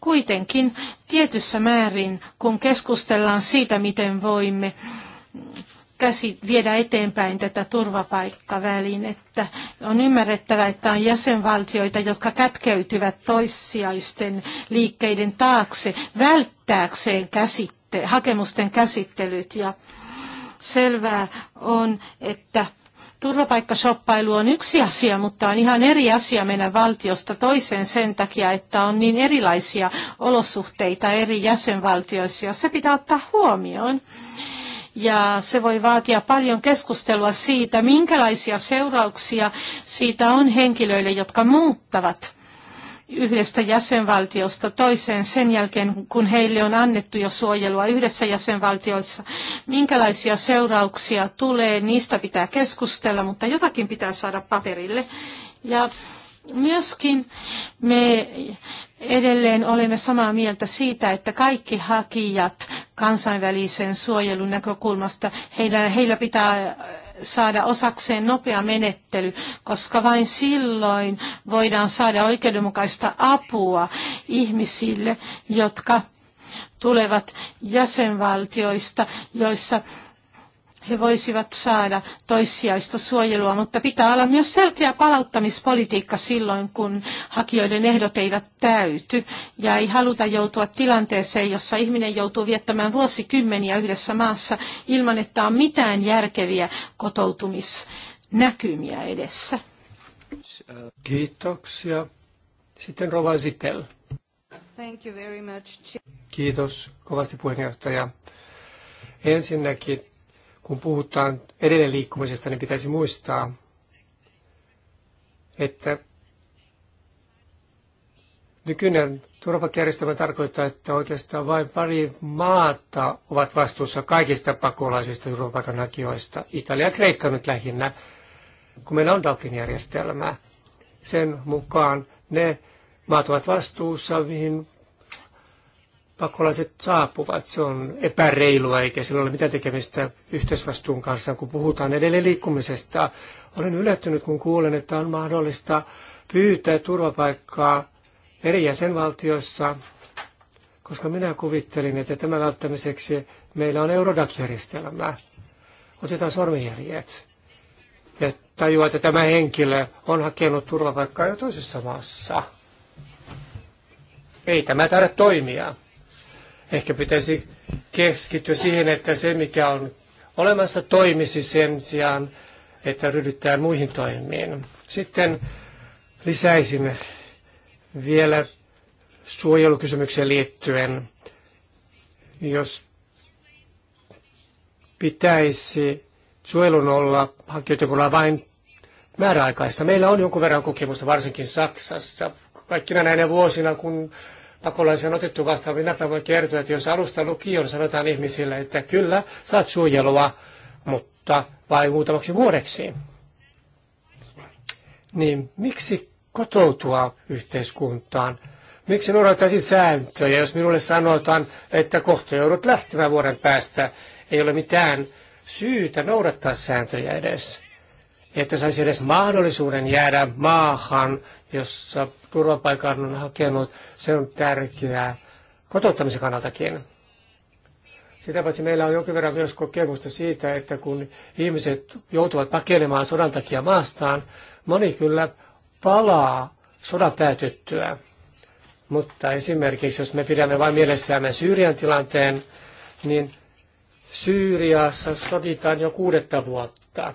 kuitenkin tietyssä määrin, kun keskustellaan siitä, miten voimme käsi, viedä eteenpäin tätä turvapaikkavälinettä. On ymmärrettävä, että on jäsenvaltioita, jotka kätkeytyvät toissijaisten liikkeiden taakse välttääkseen käsitte, hakemusten käsittelyt. Ja selvää on, että turvapaikkashoppailu on yksi asia, mutta on ihan eri asia mennä valtiosta toiseen sen takia, että on niin erilaisia olosuhteita eri jäsenvaltioissa, ja se pitää ottaa huomioon ja se voi vaatia paljon keskustelua siitä, minkälaisia seurauksia siitä on henkilöille, jotka muuttavat yhdestä jäsenvaltiosta toiseen sen jälkeen, kun heille on annettu jo suojelua yhdessä jäsenvaltioissa. Minkälaisia seurauksia tulee, niistä pitää keskustella, mutta jotakin pitää saada paperille. Ja myöskin me Edelleen olemme samaa mieltä siitä, että kaikki hakijat kansainvälisen suojelun näkökulmasta, heillä, heillä pitää saada osakseen nopea menettely, koska vain silloin voidaan saada oikeudenmukaista apua ihmisille, jotka tulevat jäsenvaltioista, joissa he voisivat saada toissijaista suojelua, mutta pitää olla myös selkeä palauttamispolitiikka silloin, kun hakijoiden ehdot eivät täyty. Ja ei haluta joutua tilanteeseen, jossa ihminen joutuu viettämään vuosikymmeniä yhdessä maassa ilman, että on mitään järkeviä kotoutumisnäkymiä edessä. Kiitoksia. Sitten Rova Thank you very much. Kiitos kovasti puheenjohtaja. Ensinnäkin kun puhutaan edelleen liikkumisesta, niin pitäisi muistaa, että nykyinen turvapaikkajärjestelmä tarkoittaa, että oikeastaan vain pari maata ovat vastuussa kaikista pakolaisista turvapaikanhakijoista. Italia ja Kreikka nyt lähinnä, kun meillä on Dublin-järjestelmä. Sen mukaan ne maat ovat vastuussa, mihin pakolaiset saapuvat. Se on epäreilua eikä sillä ole mitään tekemistä yhteisvastuun kanssa, kun puhutaan edelleen liikkumisesta. Olen yllättynyt, kun kuulen, että on mahdollista pyytää turvapaikkaa eri jäsenvaltioissa, koska minä kuvittelin, että tämän välttämiseksi meillä on Eurodac-järjestelmä. Otetaan sormenjäljet ja tajua, että tämä henkilö on hakenut turvapaikkaa jo toisessa maassa. Ei tämä tarvitse toimia. Ehkä pitäisi keskittyä siihen, että se mikä on olemassa toimisi sen sijaan, että ryhdytään muihin toimiin. Sitten lisäisin vielä suojelukysymykseen liittyen, jos pitäisi suojelun olla hakijoita vain määräaikaista. Meillä on jonkun verran kokemusta, varsinkin Saksassa. Kaikkina näinä vuosina, kun pakolaisia on otettu vastaan. Minäpä niin voin kertoa, että jos alusta lukion sanotaan ihmisille, että kyllä, saat suojelua, mutta vain muutamaksi vuodeksi. Niin miksi kotoutua yhteiskuntaan? Miksi noudattaisi sääntöjä, jos minulle sanotaan, että kohta joudut lähtemään vuoden päästä? Ei ole mitään syytä noudattaa sääntöjä edes että saisi edes mahdollisuuden jäädä maahan, jossa turvapaikan on hakenut, se on tärkeää kotouttamisen kannaltakin. Sitä paitsi meillä on jonkin verran myös kokemusta siitä, että kun ihmiset joutuvat pakenemaan sodan takia maastaan, moni kyllä palaa sodan päätyttyä. Mutta esimerkiksi jos me pidämme vain mielessämme Syyrian tilanteen, niin Syyriassa soditaan jo kuudetta vuotta.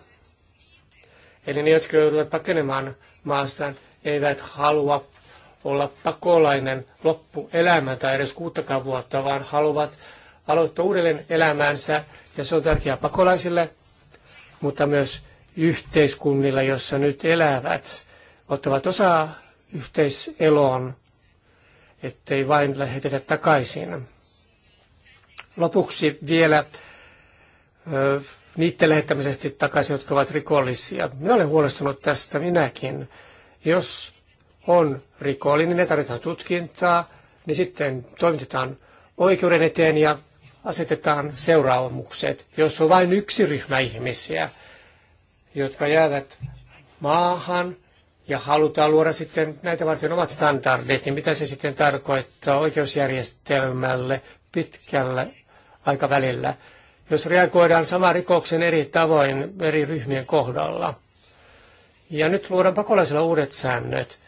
Eli ne, jotka joutuvat pakenemaan maastaan, eivät halua olla pakolainen loppuelämä tai edes kuuttakaan vuotta, vaan haluavat aloittaa uudelleen elämänsä. Ja se on tärkeää pakolaisille, mutta myös yhteiskunnilla, jossa nyt elävät, ottavat osaa yhteiseloon, ettei vain lähetetä takaisin. Lopuksi vielä niiden lähettämisestä takaisin, jotka ovat rikollisia. Minä olen huolestunut tästä minäkin. Jos on rikollinen ja niin tarvitaan tutkintaa, niin sitten toimitetaan oikeuden eteen ja asetetaan seuraamukset. Jos on vain yksi ryhmä ihmisiä, jotka jäävät maahan ja halutaan luoda sitten näitä varten omat standardit, niin mitä se sitten tarkoittaa oikeusjärjestelmälle pitkällä aikavälillä? jos reagoidaan saman rikoksen eri tavoin eri ryhmien kohdalla. Ja nyt luodaan pakolaisilla uudet säännöt.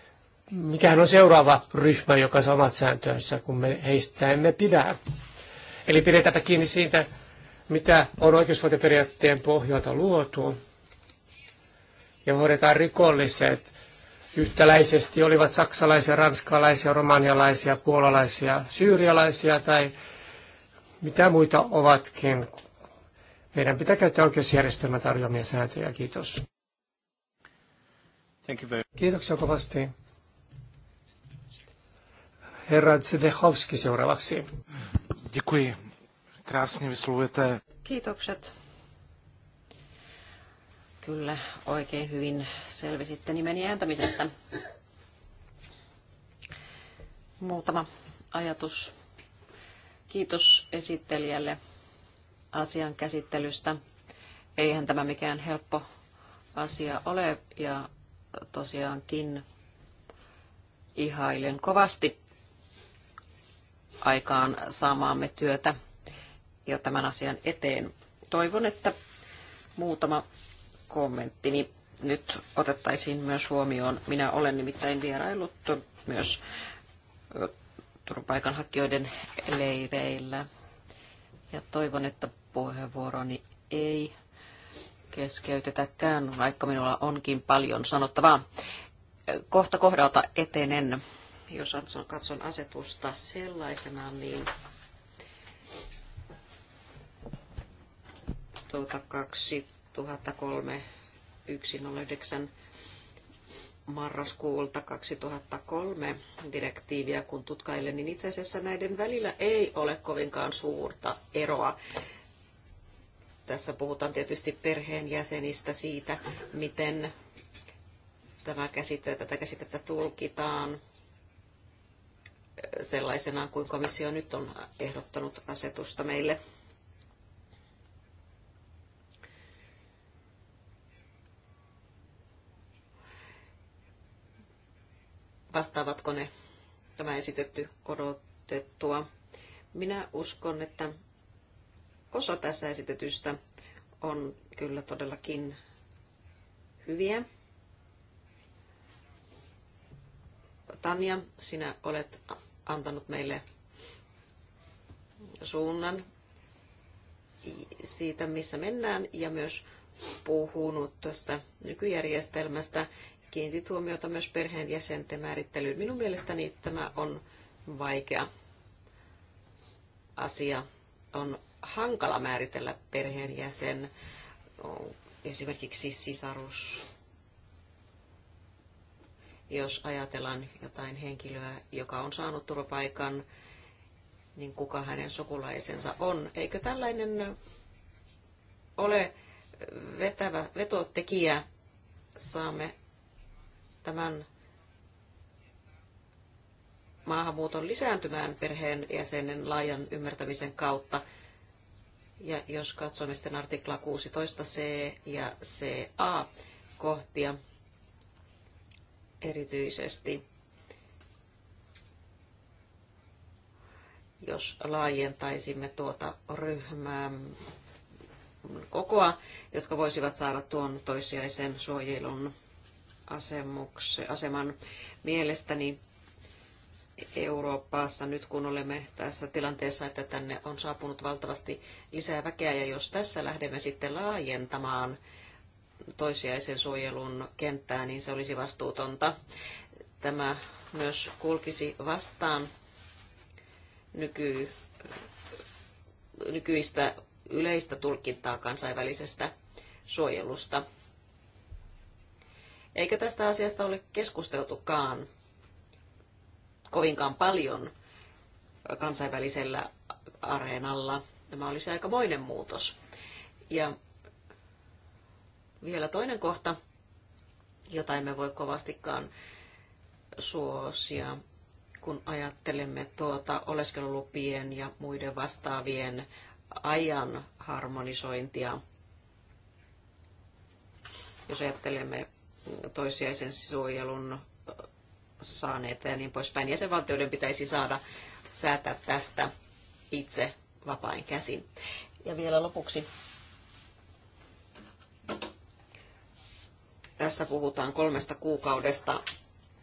Mikähän on seuraava ryhmä, joka saa omat sääntöönsä, kun me heistä emme pidä. Eli pidetäänpä kiinni siitä, mitä on oikeusvaltioperiaatteen pohjalta luotu. Ja hoidetaan rikolliset yhtäläisesti, olivat saksalaisia, ranskalaisia, romanialaisia, puolalaisia, syyrialaisia tai mitä muita ovatkin meidän pitää käyttää oikeusjärjestelmän tarjoamia sääntöjä. Kiitos. Thank you very Kiitoksia kovasti. Herra Zdechowski seuraavaksi. Děkuji. Krásně vyslovujete. Kiitokset. Kyllä, oikein hyvin selvisitte nimeni ääntämisestä. Muutama ajatus. Kiitos esittelijälle asian käsittelystä. Eihän tämä mikään helppo asia ole ja tosiaankin ihailen kovasti aikaan saamaamme työtä jo tämän asian eteen. Toivon, että muutama kommenttini nyt otettaisiin myös huomioon. Minä olen nimittäin vierailut myös turvapaikanhakijoiden leireillä ja toivon, että puheenvuoroni ei keskeytetäkään, vaikka minulla onkin paljon sanottavaa. Kohta kohdalta etenen, jos katson asetusta sellaisena, niin tuota 2003 109 marraskuulta 2003 direktiiviä kun tutkailen, niin itse asiassa näiden välillä ei ole kovinkaan suurta eroa. Tässä puhutaan tietysti perheenjäsenistä siitä, miten tämä käsite, tätä käsitettä tulkitaan sellaisenaan kuin komissio nyt on ehdottanut asetusta meille. Vastaavatko ne tämä esitetty odotettua? Minä uskon, että osa tässä esitetystä on kyllä todellakin hyviä. Tanja, sinä olet antanut meille suunnan siitä, missä mennään ja myös puhunut tästä nykyjärjestelmästä. Kiintit huomiota myös perheenjäsenten määrittelyyn. Minun mielestäni tämä on vaikea asia. On hankala määritellä perheenjäsen, esimerkiksi sisarus. Jos ajatellaan jotain henkilöä, joka on saanut turvapaikan, niin kuka hänen sukulaisensa on. Eikö tällainen ole vetävä, vetotekijä? Saamme tämän maahanmuuton lisääntymään perheen jäsenen laajan ymmärtämisen kautta. Ja jos katsomme sitten artikla 16 C ja CA kohtia erityisesti, jos laajentaisimme tuota ryhmää kokoa, jotka voisivat saada tuon toissijaisen suojelun asemuksen, aseman mielestäni Euroopassa nyt, kun olemme tässä tilanteessa, että tänne on saapunut valtavasti lisää väkeä. Ja jos tässä lähdemme sitten laajentamaan toissijaisen suojelun kenttää, niin se olisi vastuutonta. Tämä myös kulkisi vastaan nyky, nykyistä yleistä tulkintaa kansainvälisestä suojelusta. Eikä tästä asiasta ole keskusteltukaan kovinkaan paljon kansainvälisellä areenalla. Tämä olisi moinen muutos. Ja vielä toinen kohta, jota emme voi kovastikaan suosia, kun ajattelemme tuota oleskelulupien ja muiden vastaavien ajan harmonisointia. Jos ajattelemme toissijaisen suojelun saaneet ja niin poispäin. Jäsenvaltioiden pitäisi saada säätää tästä itse vapain käsin. Ja vielä lopuksi. Tässä puhutaan kolmesta kuukaudesta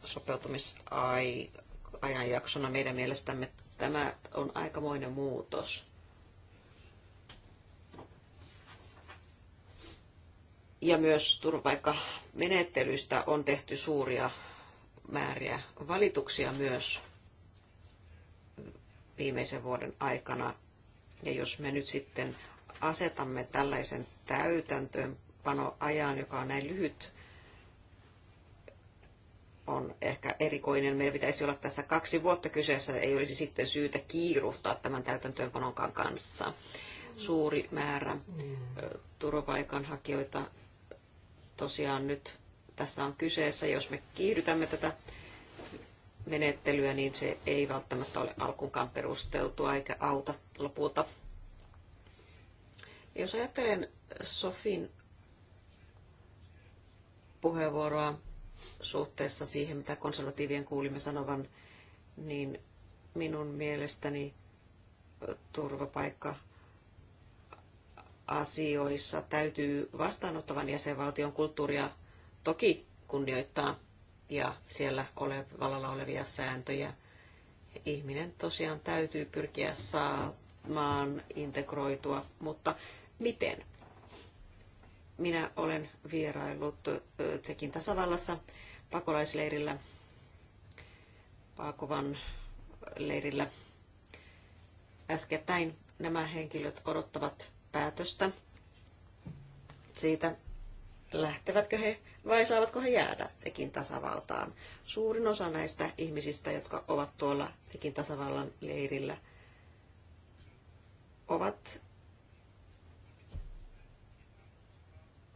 sopeutumisajanjaksona. Meidän mielestämme tämä on aikamoinen muutos. Ja myös turvapaikkamenettelystä on tehty suuria määriä valituksia myös viimeisen vuoden aikana. Ja jos me nyt sitten asetamme tällaisen täytäntöönpanoajan, joka on näin lyhyt, on ehkä erikoinen. Meillä pitäisi olla tässä kaksi vuotta kyseessä, ei olisi sitten syytä kiiruhtaa tämän täytäntöönpanonkaan kanssa. Suuri määrä mm. turvapaikanhakijoita tosiaan nyt tässä on kyseessä. Jos me kiihdytämme tätä menettelyä, niin se ei välttämättä ole alkunkaan perusteltua eikä auta lopulta. Jos ajattelen Sofin puheenvuoroa suhteessa siihen, mitä konservatiivien kuulimme sanovan, niin minun mielestäni turvapaikka asioissa täytyy vastaanottavan jäsenvaltion kulttuuria toki kunnioittaa ja siellä ole, valalla olevia sääntöjä. Ihminen tosiaan täytyy pyrkiä saamaan integroitua, mutta miten? Minä olen vieraillut Tsekin tasavallassa pakolaisleirillä, Paakovan leirillä äskettäin. Nämä henkilöt odottavat päätöstä siitä, lähtevätkö he vai saavatko he jäädä sekin tasavaltaan? Suurin osa näistä ihmisistä, jotka ovat tuolla sekin tasavallan leirillä, ovat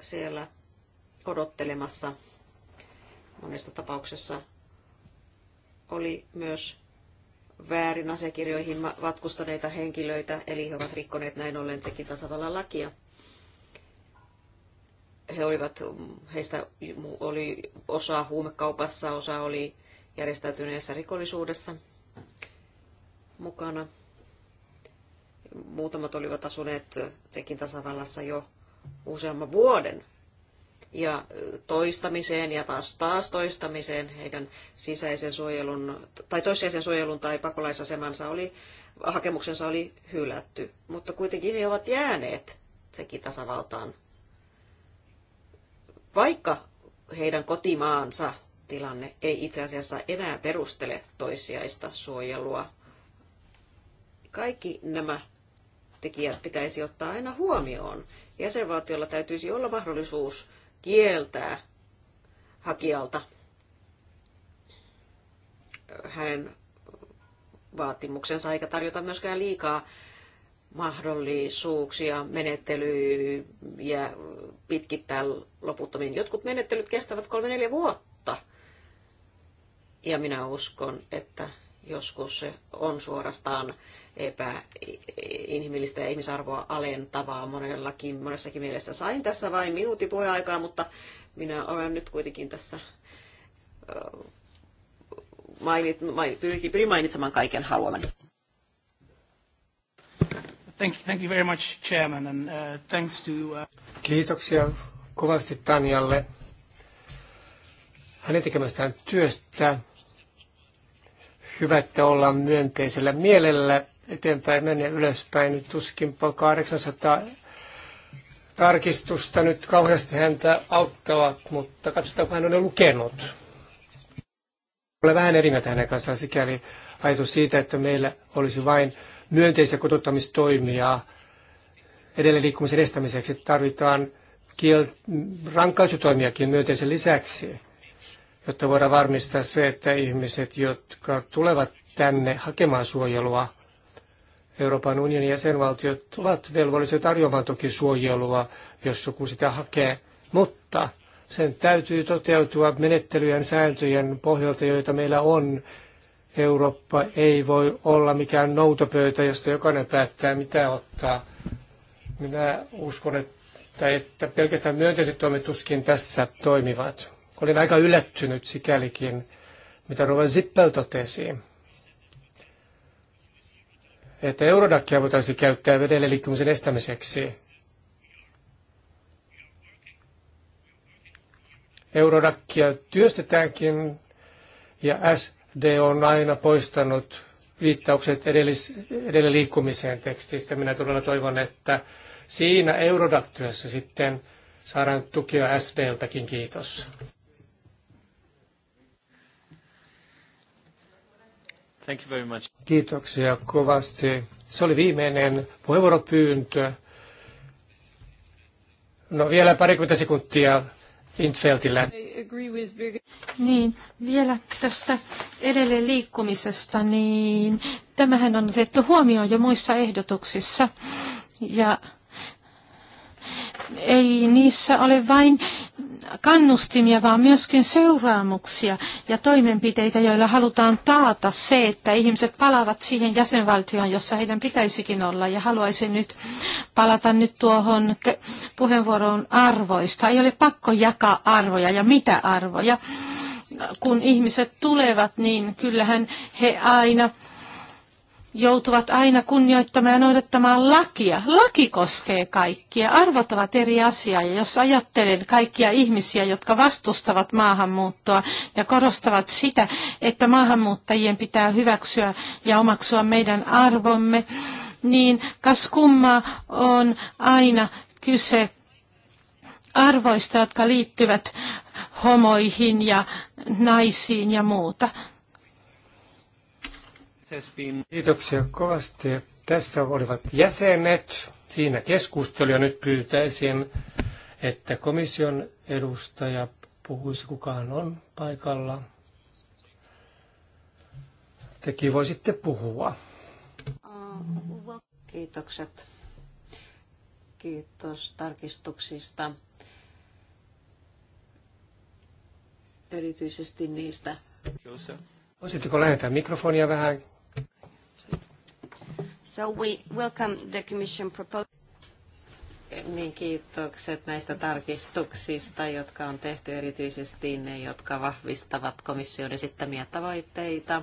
siellä odottelemassa. Monessa tapauksessa oli myös väärin asiakirjoihin vatkustaneita henkilöitä, eli he ovat rikkoneet näin ollen sekin tasavallan lakia he olivat, heistä oli osa huumekaupassa, osa oli järjestäytyneessä rikollisuudessa mukana. Muutamat olivat asuneet Tsekin tasavallassa jo useamman vuoden. Ja toistamiseen ja taas taas toistamiseen heidän sisäisen suojelun tai toissijaisen suojelun tai pakolaisasemansa oli, hakemuksensa oli hylätty. Mutta kuitenkin he ovat jääneet Tsekin tasavaltaan vaikka heidän kotimaansa tilanne ei itse asiassa enää perustele toissijaista suojelua. Kaikki nämä tekijät pitäisi ottaa aina huomioon. Jäsenvaltiolla täytyisi olla mahdollisuus kieltää hakijalta hänen vaatimuksensa eikä tarjota myöskään liikaa mahdollisuuksia menettelyjä pitkittää loputtomiin. Jotkut menettelyt kestävät kolme neljä vuotta. Ja minä uskon, että joskus se on suorastaan epäinhimillistä ja ihmisarvoa alentavaa monellakin, monessakin mielessä. Sain tässä vain minuutin aikaa mutta minä olen nyt kuitenkin tässä mainit, mainit, pyrin mainitsemaan kaiken haluamani. Thank, thank you very much, Chairman, and uh, thanks to... Uh... Kiitoksia kovasti Tanjalle hänen tekemästään työstä. Hyvä, että ollaan myönteisellä mielellä eteenpäin mennä ylöspäin. Nyt tuskinpa 800 tarkistusta nyt kauheasti häntä auttavat, mutta kun hän on ne lukenut. Olen vähän eri mieltä hänen kanssaan sikäli ajatus siitä, että meillä olisi vain myönteisiä kotouttamistoimia edelleen liikkumisen estämiseksi. Tarvitaan kiel- rankaisutoimiakin myönteisen lisäksi, jotta voidaan varmistaa se, että ihmiset, jotka tulevat tänne hakemaan suojelua, Euroopan unionin jäsenvaltiot ovat velvollisia tarjoamaan toki suojelua, jos joku sitä hakee, mutta sen täytyy toteutua menettelyjen sääntöjen pohjalta, joita meillä on Eurooppa ei voi olla mikään noutopöytä, josta jokainen päättää, mitä ottaa. Minä uskon, että, että pelkästään myönteiset toimet tuskin tässä toimivat. Olin aika yllättynyt sikälikin, mitä Rovan Zippel totesi, että Eurodakkia voitaisiin käyttää vedelle liikkumisen estämiseksi. Eurodakkia työstetäänkin ja S D on aina poistanut viittaukset edellis, edellä liikkumiseen tekstistä. Minä todella toivon, että siinä Eurodac-työssä sitten saadaan tukea SDltäkin. Kiitos. Thank you very much. Kiitoksia kovasti. Se oli viimeinen puheenvuoropyyntö. No vielä parikymmentä sekuntia Intfeltillä. Niin, vielä tästä edelleen liikkumisesta, niin tämähän on otettu huomioon jo muissa ehdotuksissa. Ja ei niissä ole vain kannustimia, vaan myöskin seuraamuksia ja toimenpiteitä, joilla halutaan taata se, että ihmiset palaavat siihen jäsenvaltioon, jossa heidän pitäisikin olla. Ja haluaisin nyt palata nyt tuohon puheenvuoroon arvoista. Ei ole pakko jakaa arvoja ja mitä arvoja. Kun ihmiset tulevat, niin kyllähän he aina joutuvat aina kunnioittamaan ja noudattamaan lakia. Laki koskee kaikkia. Arvot ovat eri asia. Ja jos ajattelen kaikkia ihmisiä, jotka vastustavat maahanmuuttoa ja korostavat sitä, että maahanmuuttajien pitää hyväksyä ja omaksua meidän arvomme, niin kas kumma on aina kyse arvoista, jotka liittyvät homoihin ja naisiin ja muuta. Kiitoksia kovasti. Tässä olivat jäsenet. Siinä keskustelu ja nyt pyytäisin, että komission edustaja puhuisi, kukaan on paikalla. Tekin voisitte puhua. Kiitokset. Kiitos tarkistuksista. Erityisesti niistä. Voisitteko lähettää mikrofonia vähän we welcome the commission niin, kiitokset näistä tarkistuksista, jotka on tehty erityisesti ne, jotka vahvistavat komission esittämiä tavoitteita.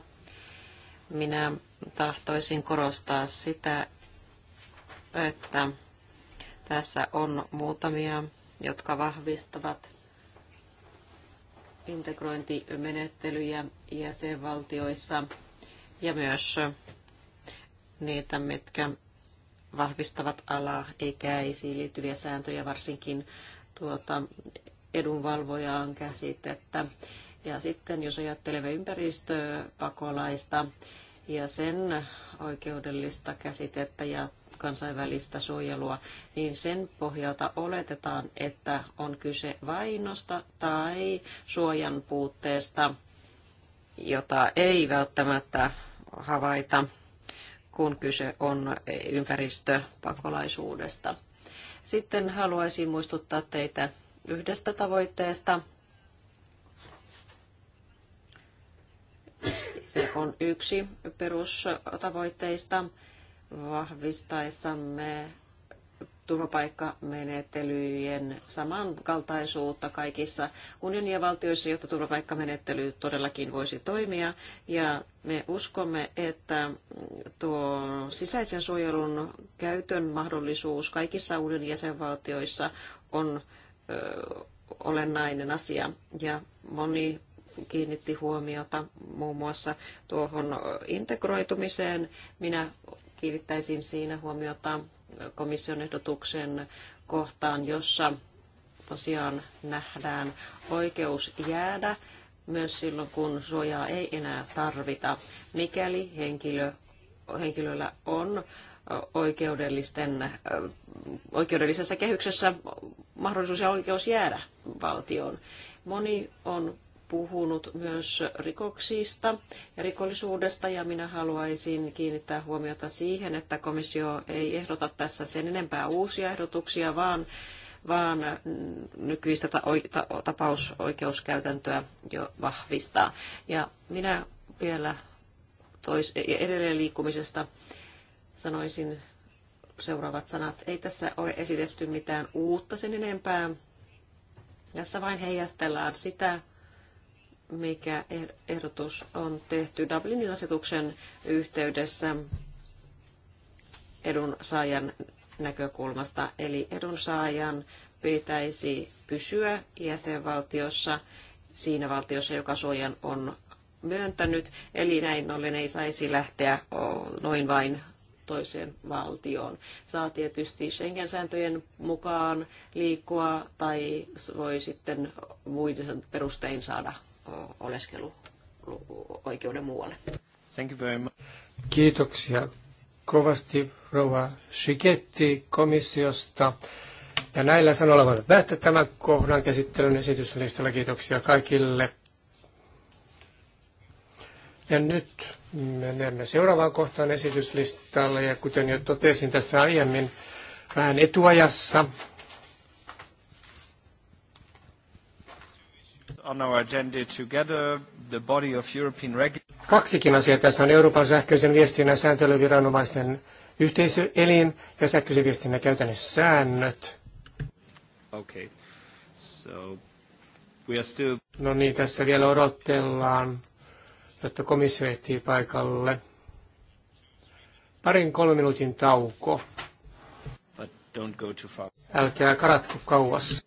Minä tahtoisin korostaa sitä, että tässä on muutamia, jotka vahvistavat integrointimenettelyjä jäsenvaltioissa ja myös niitä, mitkä vahvistavat alaa ikäisiin liittyviä sääntöjä, varsinkin tuota, edunvalvojaan käsitettä. Ja sitten jos ajattelemme ympäristöpakolaista ja sen oikeudellista käsitettä ja kansainvälistä suojelua, niin sen pohjalta oletetaan, että on kyse vainosta tai suojan puutteesta, jota ei välttämättä havaita kun kyse on ympäristöpakolaisuudesta. Sitten haluaisin muistuttaa teitä yhdestä tavoitteesta. Se on yksi perustavoitteista vahvistaessamme turvapaikkamenettelyjen samankaltaisuutta kaikissa unionin valtioissa, jotta turvapaikkamenettely todellakin voisi toimia. Ja me uskomme, että tuo sisäisen suojelun käytön mahdollisuus kaikissa unionin jäsenvaltioissa on ö, olennainen asia. Ja moni kiinnitti huomiota muun muassa tuohon integroitumiseen. Minä kiinnittäisin siinä huomiota komission ehdotuksen kohtaan, jossa tosiaan nähdään oikeus jäädä myös silloin, kun suojaa ei enää tarvita, mikäli henkilö, henkilöllä on oikeudellisten, oikeudellisessa kehyksessä mahdollisuus ja oikeus jäädä valtioon. Moni on puhunut myös rikoksista ja rikollisuudesta, ja minä haluaisin kiinnittää huomiota siihen, että komissio ei ehdota tässä sen enempää uusia ehdotuksia, vaan vaan nykyistä tapausoikeuskäytäntöä jo vahvistaa. Ja minä vielä tois, edelleen liikkumisesta sanoisin seuraavat sanat. Ei tässä ole esitetty mitään uutta sen enempää. Tässä vain heijastellaan sitä, mikä er- ehdotus on tehty Dublinin asetuksen yhteydessä edunsaajan näkökulmasta. Eli edunsaajan pitäisi pysyä jäsenvaltiossa, siinä valtiossa, joka suojan on myöntänyt, eli näin ollen ei saisi lähteä noin vain toiseen valtioon. Saa tietysti Schengen-sääntöjen mukaan liikkua tai voi sitten muiden perustein saada oleskeluoikeuden muualle. Thank you very much. Kiitoksia kovasti rouva Shiketti komissiosta. Ja näillä sanoilla voimme päättää tämän kohdan käsittelyn esityslistalla. Kiitoksia kaikille. Ja nyt menemme seuraavaan kohtaan esityslistalle. Ja kuten jo totesin tässä aiemmin, vähän etuajassa on our agenda together the body of European Kaksikin asiaa tässä on Euroopan sähköisen viestinnän sääntelyviranomaisten yhteisöelin ja sähköisen viestinnän käytännön säännöt. Okay. So we are still... No niin, tässä vielä odotellaan, jotta komissio ehtii paikalle. Parin kolmen minuutin tauko. But don't go too far. Älkää karatko kauas.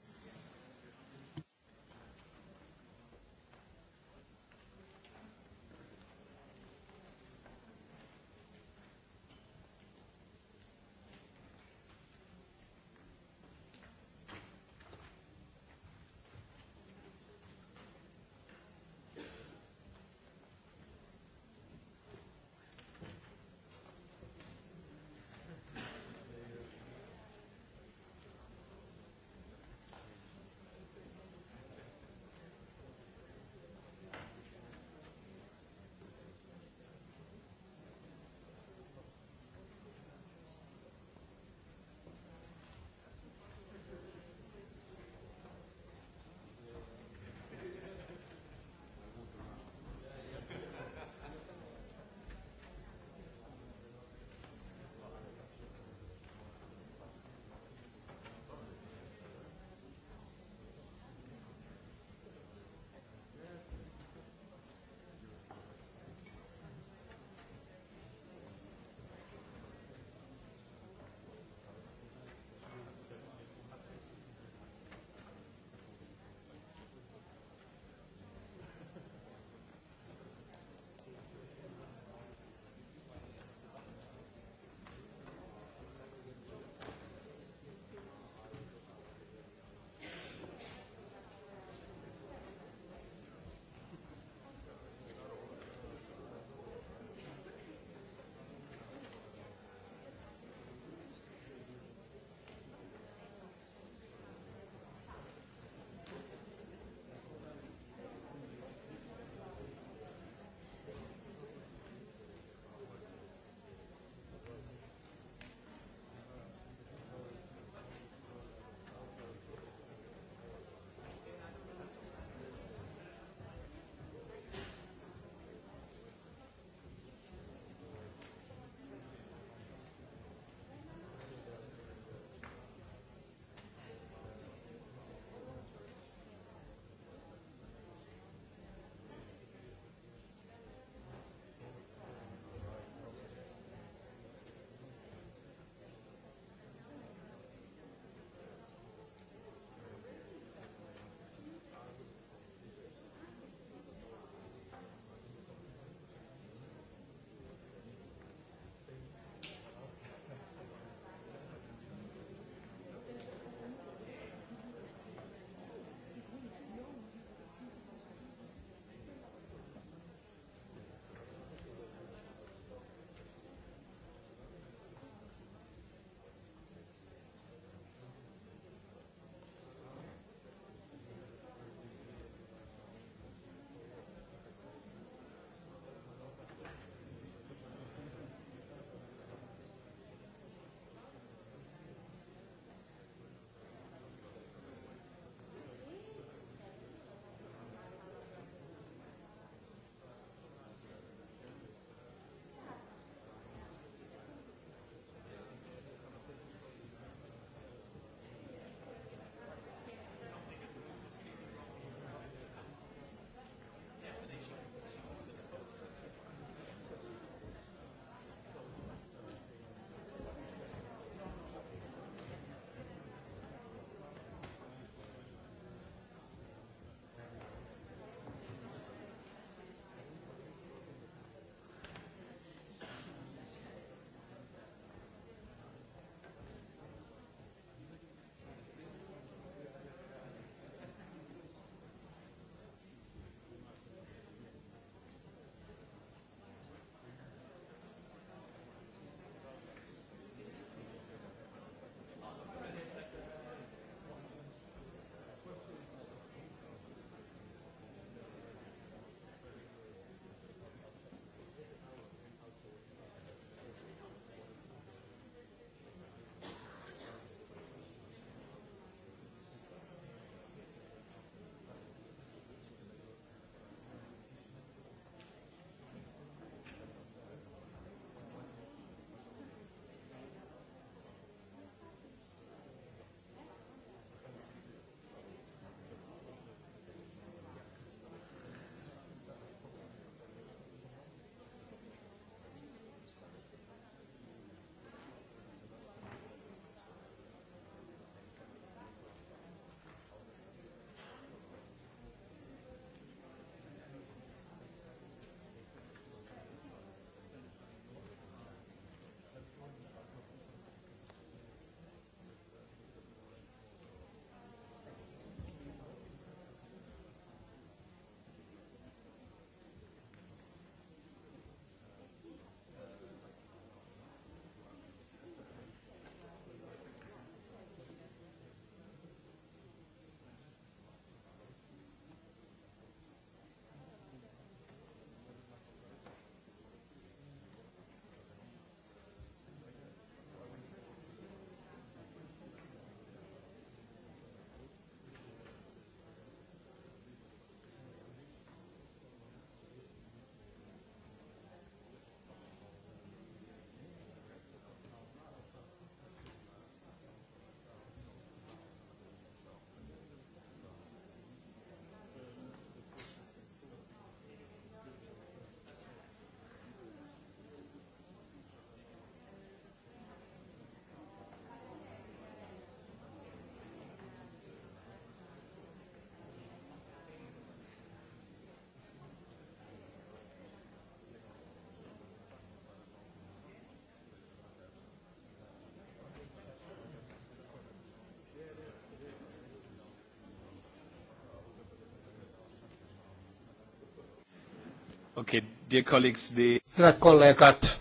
Okay, dear colleagues, the... Hyvät kollegat,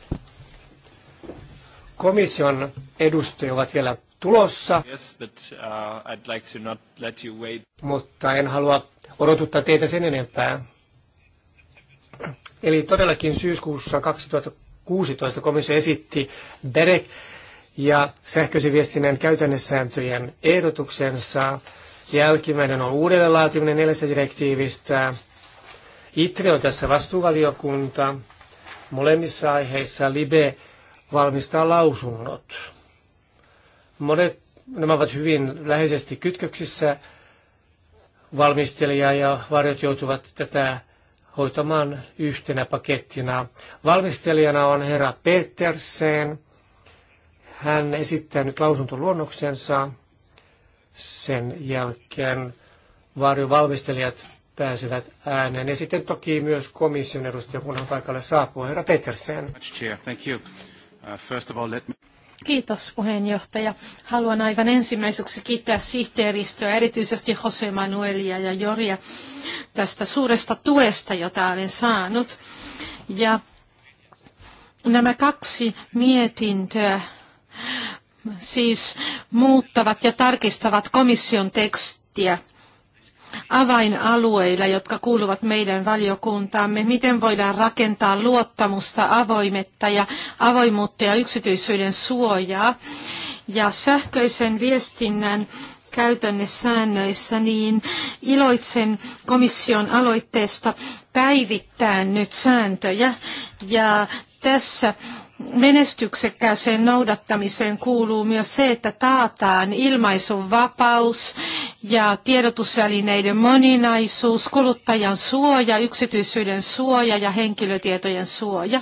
komission edustajat ovat vielä tulossa. Yes, but, uh, I'd like to not let you wait. Mutta en halua odotuttaa teitä sen enempää. Eli todellakin syyskuussa 2016 komissio esitti BEREC ja sähköisen viestinnän käytännössääntöjen ehdotuksensa. Jälkimmäinen on uudelleenlaatiminen neljästä direktiivistä ITRE on tässä vastuuvaliokunta. Molemmissa aiheissa LIBE valmistaa lausunnot. Monet, nämä ovat hyvin läheisesti kytköksissä. Valmistelija ja varjot joutuvat tätä hoitamaan yhtenä pakettina. Valmistelijana on herra Petersen. Hän esittää nyt lausuntoluonnoksensa. Sen jälkeen varjovalmistelijat pääsevät ääneen. Ja sitten toki myös komission edustaja, kun on paikalle saapuu, herra Petersen. Uh, Kiitos puheenjohtaja. Haluan aivan ensimmäiseksi kiittää sihteeristöä, erityisesti Jose Manuelia ja Joria tästä suuresta tuesta, jota olen saanut. Ja nämä kaksi mietintöä siis muuttavat ja tarkistavat komission tekstiä avainalueilla, jotka kuuluvat meidän valiokuntaamme, miten voidaan rakentaa luottamusta, avoimetta ja avoimuutta ja yksityisyyden suojaa. Ja sähköisen viestinnän käytännössäännöissä, niin iloitsen komission aloitteesta päivittää nyt sääntöjä. Ja tässä menestyksekkääseen noudattamiseen kuuluu myös se, että taataan ilmaisun vapaus ja tiedotusvälineiden moninaisuus, kuluttajan suoja, yksityisyyden suoja ja henkilötietojen suoja.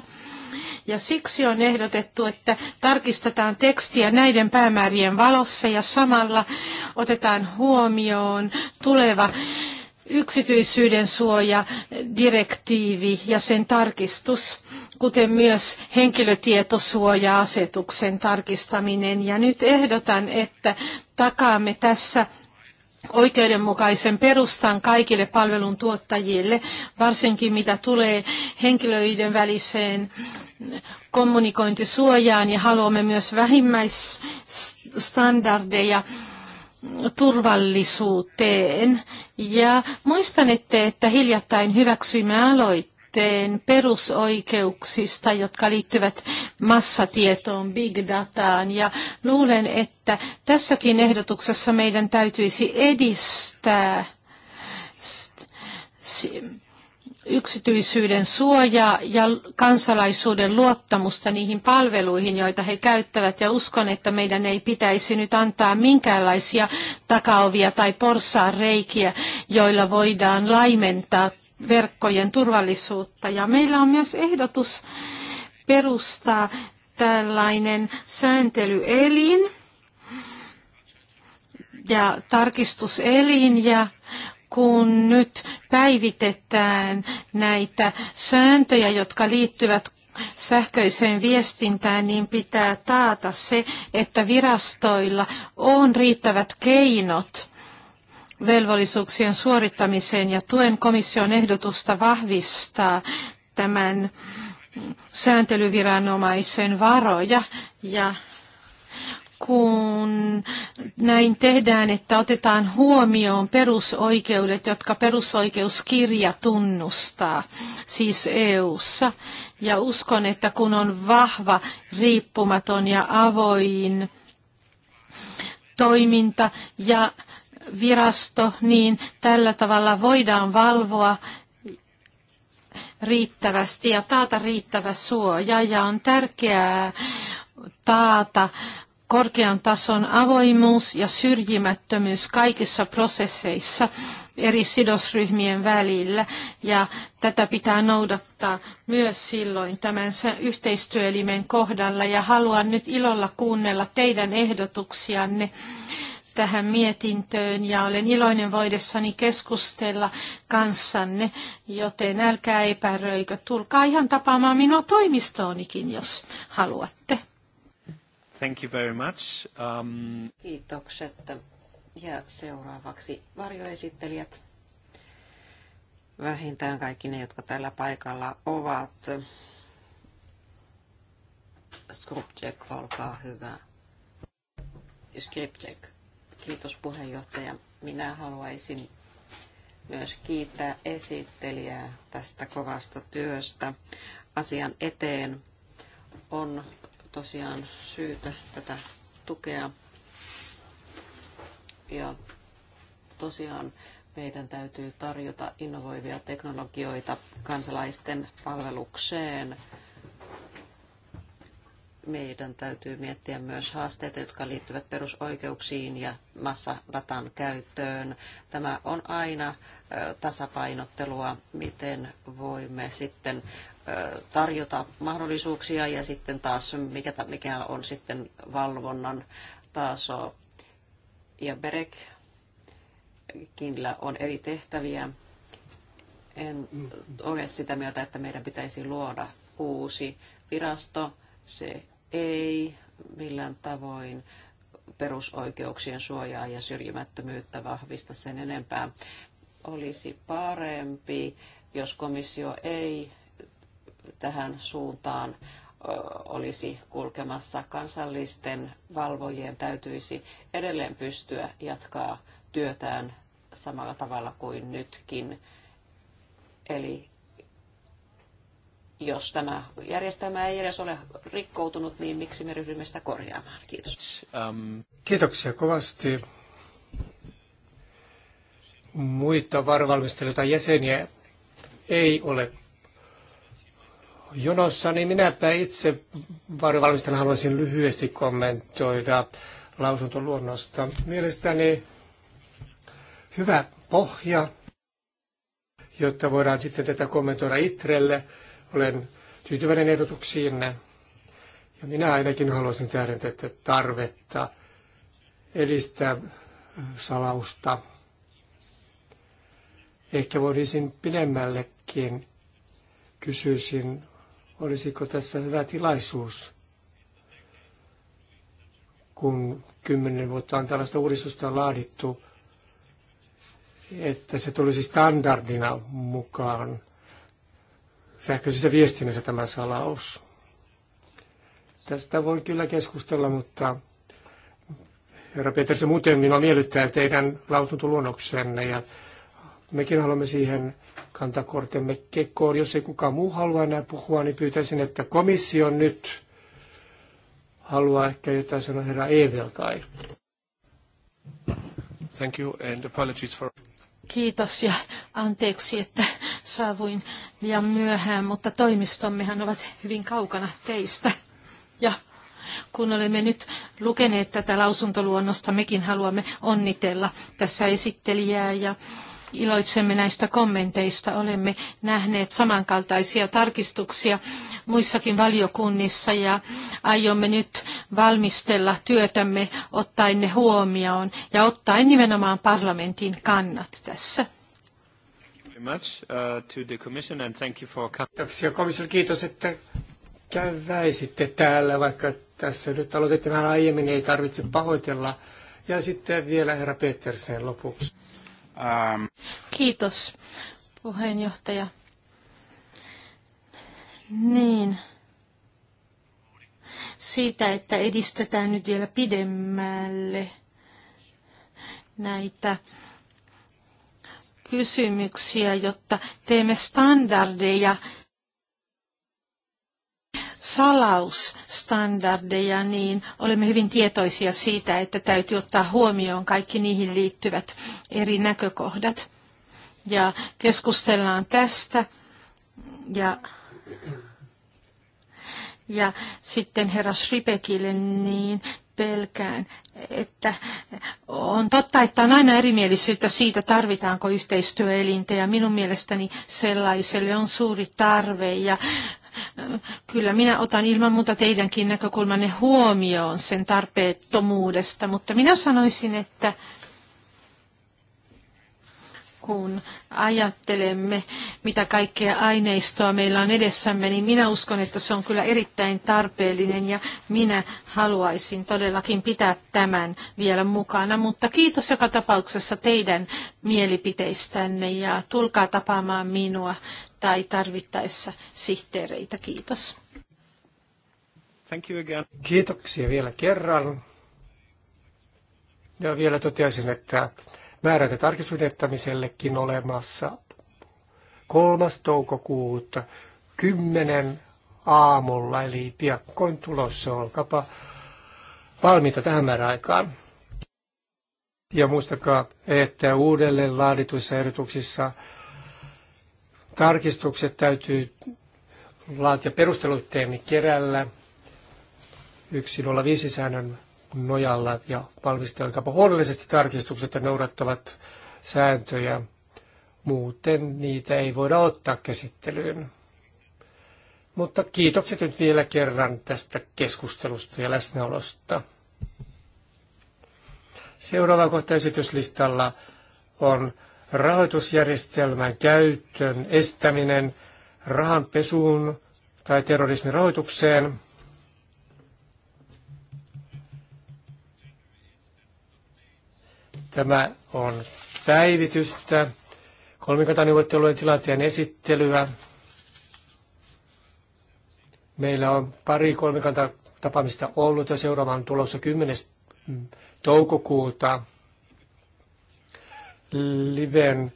Ja siksi on ehdotettu, että tarkistetaan tekstiä näiden päämäärien valossa ja samalla otetaan huomioon tuleva yksityisyyden suoja, direktiivi ja sen tarkistus kuten myös henkilötietosuoja-asetuksen tarkistaminen. Ja nyt ehdotan, että takaamme tässä oikeudenmukaisen perustan kaikille palveluntuottajille, varsinkin mitä tulee henkilöiden väliseen kommunikointisuojaan ja haluamme myös vähimmäisstandardeja turvallisuuteen. Ja muistanette, että hiljattain hyväksyimme aloitteen yhteen perusoikeuksista, jotka liittyvät massatietoon, big dataan. Ja luulen, että tässäkin ehdotuksessa meidän täytyisi edistää yksityisyyden suojaa ja kansalaisuuden luottamusta niihin palveluihin, joita he käyttävät. Ja uskon, että meidän ei pitäisi nyt antaa minkäänlaisia takaovia tai porsaa reikiä, joilla voidaan laimentaa verkkojen turvallisuutta. Ja meillä on myös ehdotus perustaa tällainen sääntelyelin ja tarkistuselin ja kun nyt päivitetään näitä sääntöjä, jotka liittyvät sähköiseen viestintään, niin pitää taata se, että virastoilla on riittävät keinot velvollisuuksien suorittamiseen ja tuen komission ehdotusta vahvistaa tämän sääntelyviranomaisen varoja ja kun näin tehdään, että otetaan huomioon perusoikeudet, jotka perusoikeuskirja tunnustaa, siis EU:ssa. Ja uskon, että kun on vahva, riippumaton ja avoin toiminta ja virasto, niin tällä tavalla voidaan valvoa riittävästi ja taata riittävä suoja. Ja on tärkeää taata korkean tason avoimuus ja syrjimättömyys kaikissa prosesseissa eri sidosryhmien välillä ja tätä pitää noudattaa myös silloin tämän yhteistyöelimen kohdalla ja haluan nyt ilolla kuunnella teidän ehdotuksianne tähän mietintöön ja olen iloinen voidessani keskustella kanssanne, joten älkää epäröikö. Tulkaa ihan tapaamaan minua toimistoonikin, jos haluatte. Thank you very much. Um... Kiitokset. Ja seuraavaksi varjoesittelijät. Vähintään kaikki ne, jotka tällä paikalla ovat. Skrupček, olkaa hyvä. Skrupček. Kiitos puheenjohtaja. Minä haluaisin myös kiittää esittelijää tästä kovasta työstä asian eteen. On tosiaan syytä tätä tukea. Ja tosiaan meidän täytyy tarjota innovoivia teknologioita kansalaisten palvelukseen meidän täytyy miettiä myös haasteita, jotka liittyvät perusoikeuksiin ja massadatan käyttöön. Tämä on aina tasapainottelua, miten voimme sitten tarjota mahdollisuuksia ja sitten taas mikä, mikä on sitten valvonnan taso. Ja Berekillä on eri tehtäviä. En mm. ole sitä mieltä, että meidän pitäisi luoda uusi virasto. Se ei millään tavoin perusoikeuksien suojaa ja syrjimättömyyttä vahvista sen enempää. Olisi parempi, jos komissio ei tähän suuntaan olisi kulkemassa. Kansallisten valvojien täytyisi edelleen pystyä jatkaa työtään samalla tavalla kuin nytkin. Eli jos tämä järjestelmä ei edes ole rikkoutunut, niin miksi me ryhdymme sitä korjaamaan? Kiitos. Ähm. Kiitoksia kovasti. Muita varvalmistelijoita jäseniä ei ole jonossa, niin minäpä itse varjovalmistelijana haluaisin lyhyesti kommentoida lausuntoluonnosta. Mielestäni hyvä pohja, jotta voidaan sitten tätä kommentoida itrelle – olen tyytyväinen ehdotuksiin. Ja minä ainakin haluaisin tähdentää että tarvetta edistää salausta. Ehkä voisin pidemmällekin kysyisin, olisiko tässä hyvä tilaisuus, kun kymmenen vuotta on tällaista uudistusta laadittu, että se tulisi standardina mukaan – sähköisessä viestinnässä tämä salaus. Tästä voi kyllä keskustella, mutta herra se muuten minua miellyttää teidän lausuntoluonnoksenne ja mekin haluamme siihen kantaa kortemme kekoon. Jos ei kukaan muu halua enää puhua, niin pyytäisin, että komissio nyt haluaa ehkä jotain sanoa herra Evel kai. Thank you and apologies for... Kiitos ja anteeksi, että saavuin ja myöhään, mutta toimistommehan ovat hyvin kaukana teistä. Ja kun olemme nyt lukeneet tätä lausuntoluonnosta, mekin haluamme onnitella tässä esittelijää ja iloitsemme näistä kommenteista. Olemme nähneet samankaltaisia tarkistuksia muissakin valiokunnissa ja aiomme nyt valmistella työtämme ottaen ne huomioon ja ottaen nimenomaan parlamentin kannat tässä much uh, to the commission and thank you for coming. Kiitoksia komission. Kiitos, että käväisitte täällä, vaikka tässä nyt aloitettiin vähän aiemmin, ei tarvitse pahoitella. Ja sitten vielä herra Petersen lopuksi. Um. Kiitos, puheenjohtaja. Niin. Siitä, että edistetään nyt vielä pidemmälle näitä kysymyksiä, jotta teemme standardeja, salausstandardeja, niin olemme hyvin tietoisia siitä, että täytyy ottaa huomioon kaikki niihin liittyvät eri näkökohdat. Ja keskustellaan tästä. Ja, ja sitten herra Sripekille, niin pelkään, että on totta, että on aina erimielisyyttä siitä, tarvitaanko yhteistyöelintä ja minun mielestäni sellaiselle on suuri tarve ja äh, Kyllä minä otan ilman muuta teidänkin näkökulmanne huomioon sen tarpeettomuudesta, mutta minä sanoisin, että kun ajattelemme, mitä kaikkea aineistoa meillä on edessämme, niin minä uskon, että se on kyllä erittäin tarpeellinen ja minä haluaisin todellakin pitää tämän vielä mukana. Mutta kiitos joka tapauksessa teidän mielipiteistänne ja tulkaa tapaamaan minua tai tarvittaessa sihteereitä. Kiitos. Thank you again. Kiitoksia vielä kerran. Ja vielä toteaisin, että määräaika tarkistusnettämisellekin olemassa. 3. toukokuuta 10 aamulla, eli piakkoin tulossa, olkapa valmiita tähän määräaikaan. Ja muistakaa, että uudelleen laadituissa ehdotuksissa tarkistukset täytyy laatia perusteluteemi kerällä 105 säännön nojalla ja valmistelkaapa huolellisesti tarkistukset ja noudattavat sääntöjä. Muuten niitä ei voida ottaa käsittelyyn. Mutta kiitokset nyt vielä kerran tästä keskustelusta ja läsnäolosta. Seuraava kohta esityslistalla on rahoitusjärjestelmän käytön estäminen rahanpesuun tai terrorismin rahoitukseen. Tämä on päivitystä, kolmikantaneuvottelujen tilanteen esittelyä. Meillä on pari kolmikantatapaamista ollut ja seuraava on tulossa 10. toukokuuta. Liven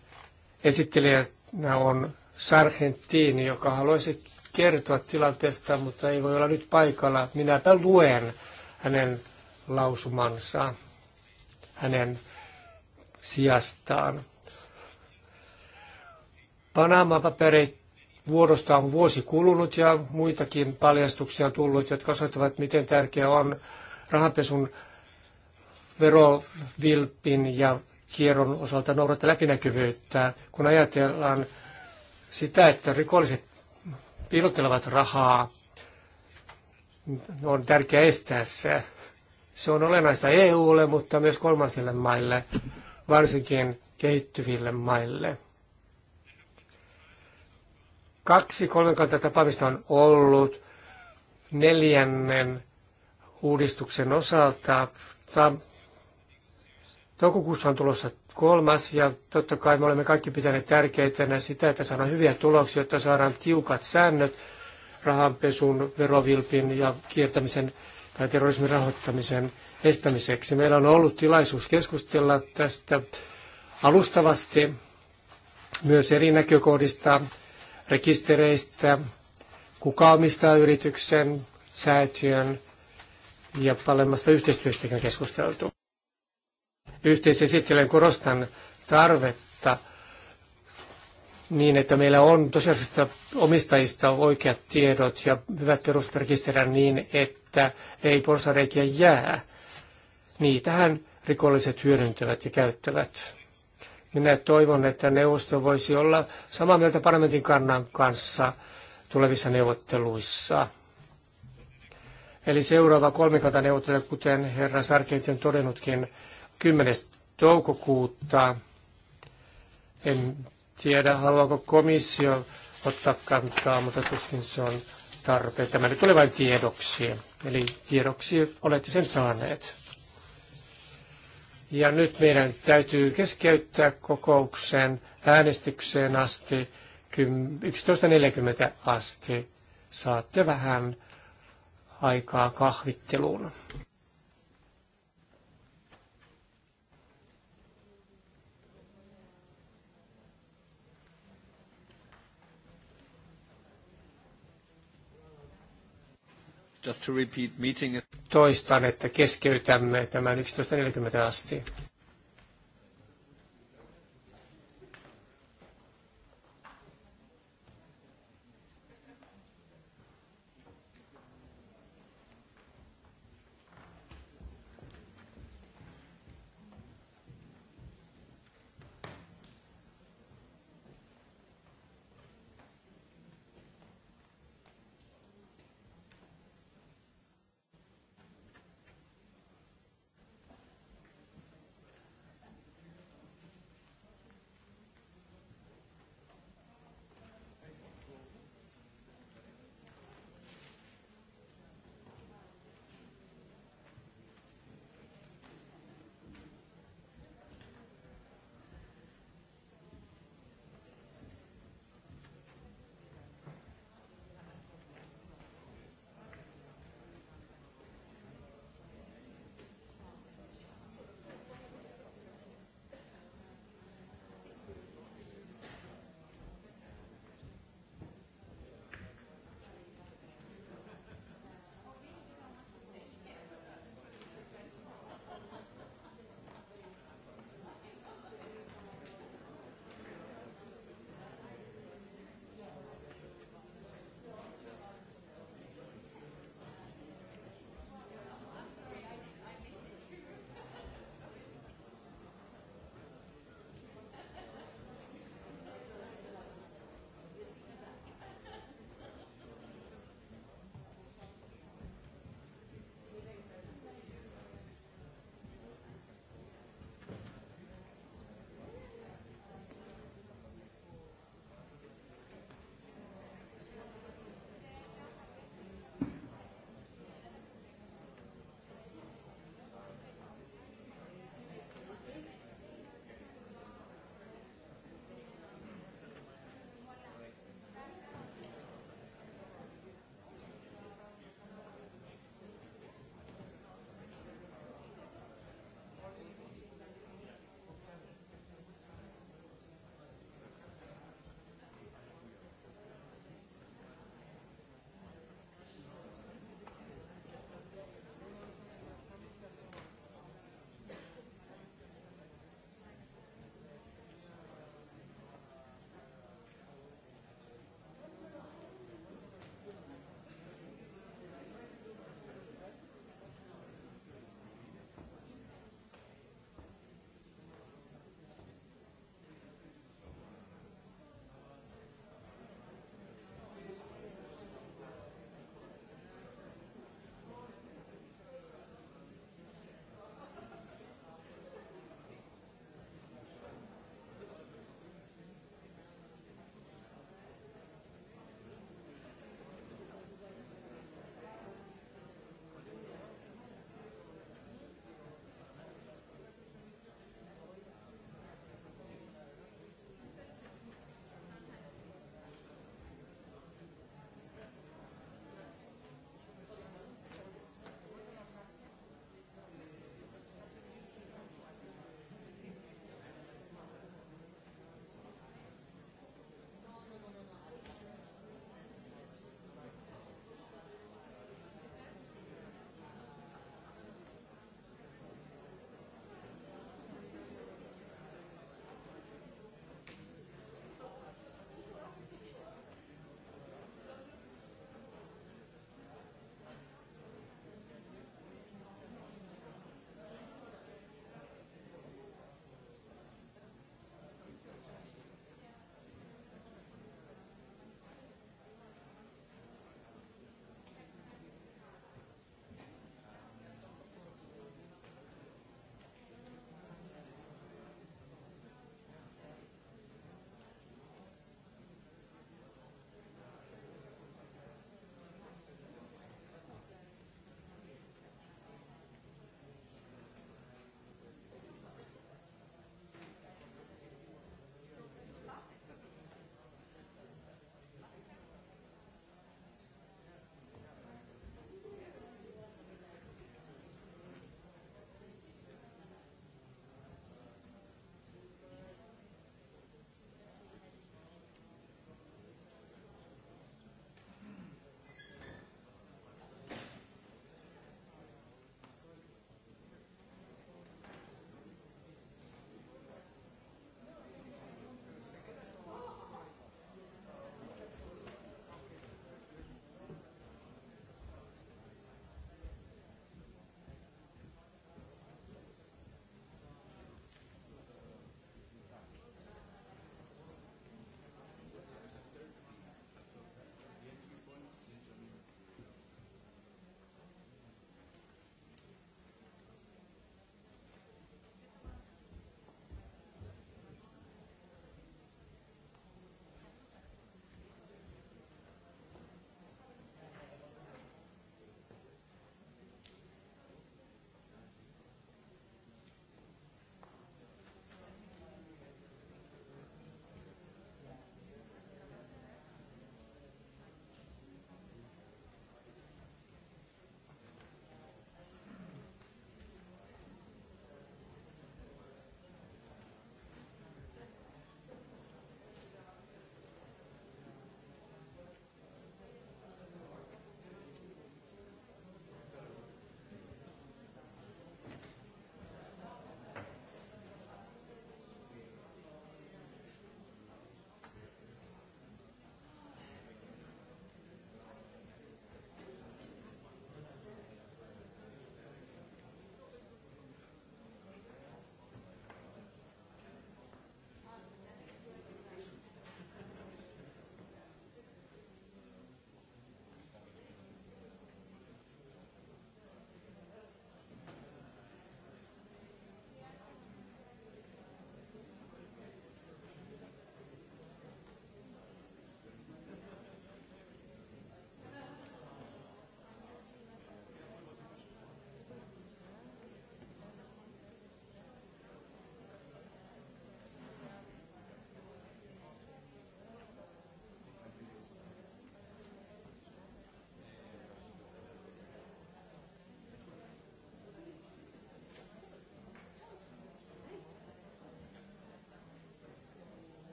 esittelijänä on Sargentini, joka haluaisi kertoa tilanteesta, mutta ei voi olla nyt paikalla. Minäpä luen hänen lausumansa, hänen sijastaan. Panama-paperit vuodosta on vuosi kulunut ja muitakin paljastuksia on tullut, jotka osoittavat, miten tärkeä on rahanpesun verovilpin ja kierron osalta noudattaa läpinäkyvyyttä, kun ajatellaan sitä, että rikolliset piilottelevat rahaa, on tärkeää estää se. Se on olennaista EUlle, mutta myös kolmansille maille, varsinkin kehittyville maille. Kaksi kolmikanta tapaamista on ollut neljännen uudistuksen osalta. Toukokuussa on tulossa kolmas ja totta kai me olemme kaikki pitäneet tärkeitä sitä, että saadaan hyviä tuloksia, jotta saadaan tiukat säännöt rahanpesun, verovilpin ja kiertämisen tai terrorismin rahoittamisen estämiseksi. Meillä on ollut tilaisuus keskustella tästä alustavasti myös eri näkökohdista, rekistereistä, kuka omistaa yrityksen, säätiön ja paremmasta yhteistyöstäkin keskusteltu. Yhteisesittelen korostan tarvetta niin, että meillä on tosiasiassa omistajista oikeat tiedot ja hyvät perusrekisterä niin, että ei porsareikiä jää niitähän rikolliset hyödyntävät ja käyttävät. Minä toivon, että neuvosto voisi olla samaa mieltä parlamentin kannan kanssa tulevissa neuvotteluissa. Eli seuraava neuvottelu, kuten herra Sarkentin todennutkin, 10. toukokuuta. En tiedä, haluaako komissio ottaa kantaa, mutta tuskin se on tarpeen. Tämä nyt tulee vain tiedoksi. Eli tiedoksi olette sen saaneet. Ja nyt meidän täytyy keskeyttää kokouksen äänestykseen asti 11.40 asti. Saatte vähän aikaa kahvitteluun. Just to repeat meeting. Toistan, että keskeytämme tämän 11.40 asti.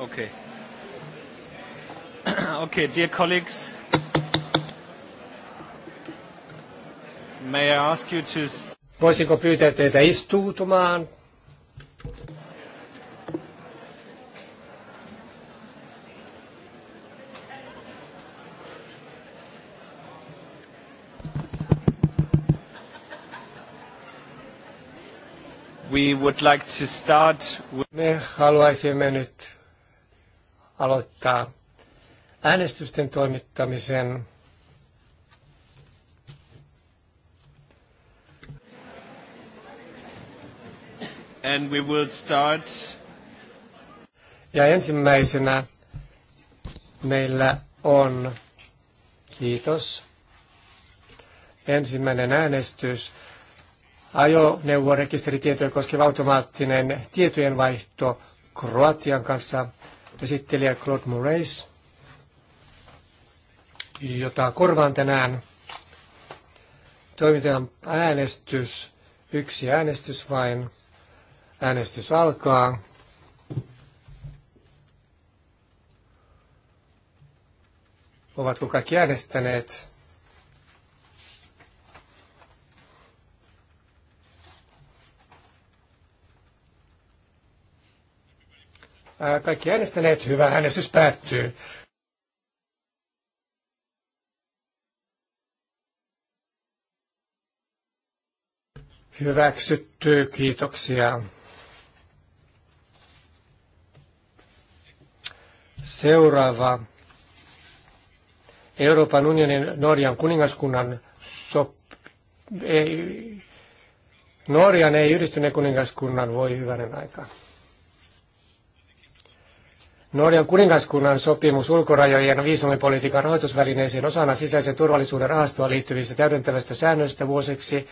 Okay. Okay, dear colleagues, may I ask you to... Voisinko pyytää teitä istuutumaan? We would like to start with... Me haluaisimme nyt aloittaa äänestysten toimittamisen. And we will start. Ja ensimmäisenä meillä on, kiitos, ensimmäinen äänestys ajoneuvorekisteritietoja koskeva automaattinen tietojenvaihto Kroatian kanssa – esittelijä Claude Moraes, jota korvaan tänään. Toimitetaan äänestys, yksi äänestys vain. Äänestys alkaa. Ovatko kaikki äänestäneet? Kaikki äänestäneet, hyvä äänestys päättyy. Hyväksytty, kiitoksia. Seuraava. Euroopan unionin Norjan kuningaskunnan sop... Ei... Norjan ei yhdistyneen kuningaskunnan voi hyvänen aikaa. Norjan kuningaskunnan sopimus ulkorajojen viisumipolitiikan rahoitusvälineeseen osana sisäisen turvallisuuden rahastoa liittyvistä täydentävästä säännöistä vuosiksi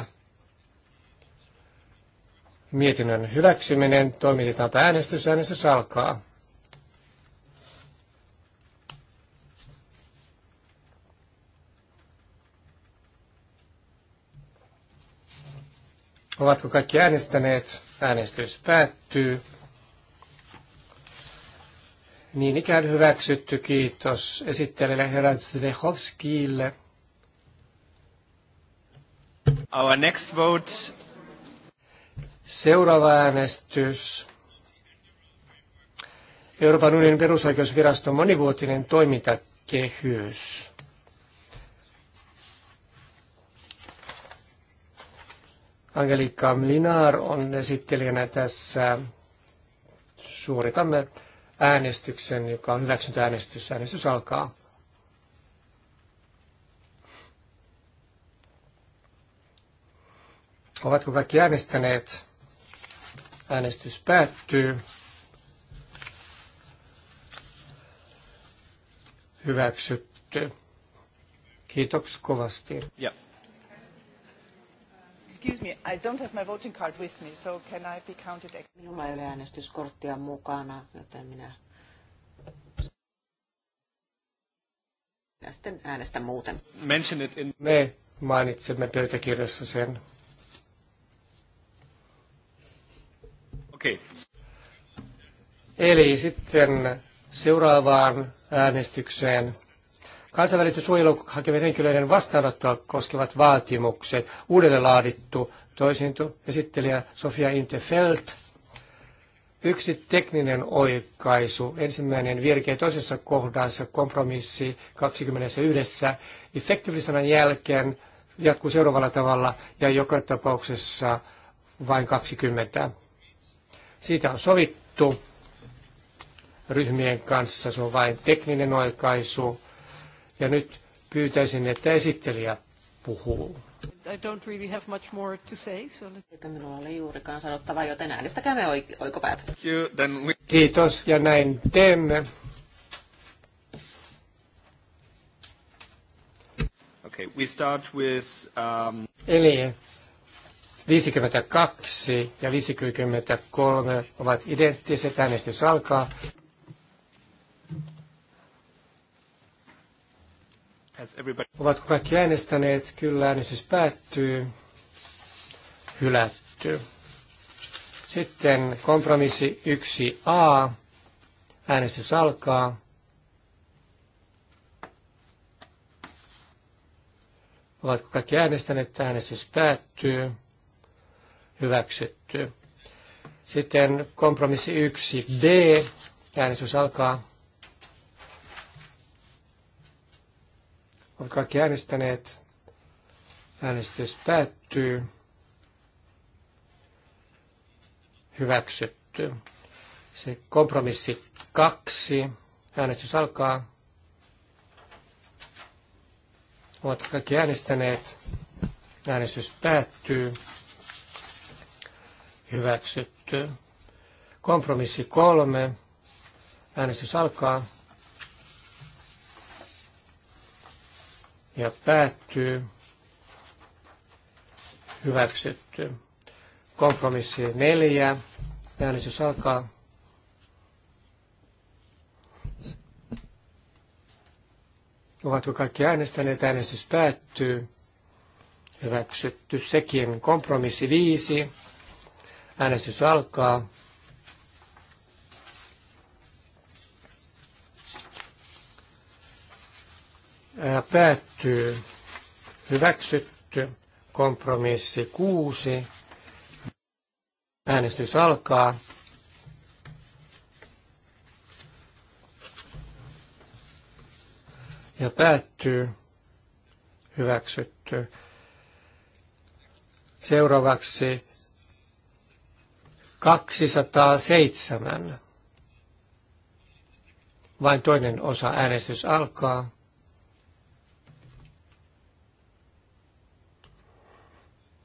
2014-2020. Mietinnön hyväksyminen toimitetaan äänestys. Äänestys alkaa. Ovatko kaikki äänestäneet? Äänestys päättyy. Niin ikään hyväksytty kiitos esittelijälle herran Zdechowskille. Our next vote. Seuraava äänestys. Euroopan unionin perusoikeusviraston monivuotinen toimintakehys. Angelika Mlinar on esittelijänä tässä. Suoritamme äänestyksen, joka on hyväksyntääänestys. Äänestys alkaa. Ovatko kaikki äänestäneet? Äänestys päättyy. Hyväksytty. Kiitoksia kovasti. Ja. Excuse me, I don't have my voting card with me, so can I be counted? Minulla ei ole äänestyskorttia mukana, joten minä minä sitten äänestän muuten. Mention it in... Me mainitsemme pöytäkirjassa sen. Okei. Okay. Eli sitten seuraavaan äänestykseen. Kansainvälistä suojelua hakevien henkilöiden vastaanottoa koskevat vaatimukset, uudelleen laadittu toisintu esittelijä Sofia Intefeld. Yksi tekninen oikaisu, ensimmäinen virke toisessa kohdassa kompromissi 21. Effektiivisanan jälkeen jatkuu seuraavalla tavalla ja joka tapauksessa vain 20. Siitä on sovittu ryhmien kanssa, se on vain tekninen oikaisu ja nyt pyytäisin, että esittelijä puhuu. I don't really have much more to say, so... Eikä minulla ole juurikaan sanottavaa, joten äänestäkäämme oikopäät. Kiitos, ja näin teemme. Okay, we start with... Um... Eli 52 ja 53 ovat identtiset. Äänestys alkaa. Ovatko kaikki äänestäneet? Kyllä äänestys päättyy. Hylätty. Sitten kompromissi 1a. Äänestys alkaa. Ovatko kaikki äänestäneet? Äänestys päättyy. Hyväksytty. Sitten kompromissi 1b. Äänestys alkaa. Ovat kaikki äänestäneet. Äänestys päättyy. Hyväksytty. Se kompromissi kaksi. Äänestys alkaa. Ovat kaikki äänestäneet. Äänestys päättyy. Hyväksytty. Kompromissi kolme. Äänestys alkaa. ja päättyy hyväksytty. Kompromissi neljä. Äänestys alkaa. Ovatko kaikki äänestäneet? Äänestys päättyy. Hyväksytty sekin. Kompromissi viisi. Äänestys alkaa. päättyy. Hyväksytty. Kompromissi kuusi. Äänestys alkaa. Ja päättyy. Hyväksytty. Seuraavaksi 207. Vain toinen osa äänestys alkaa.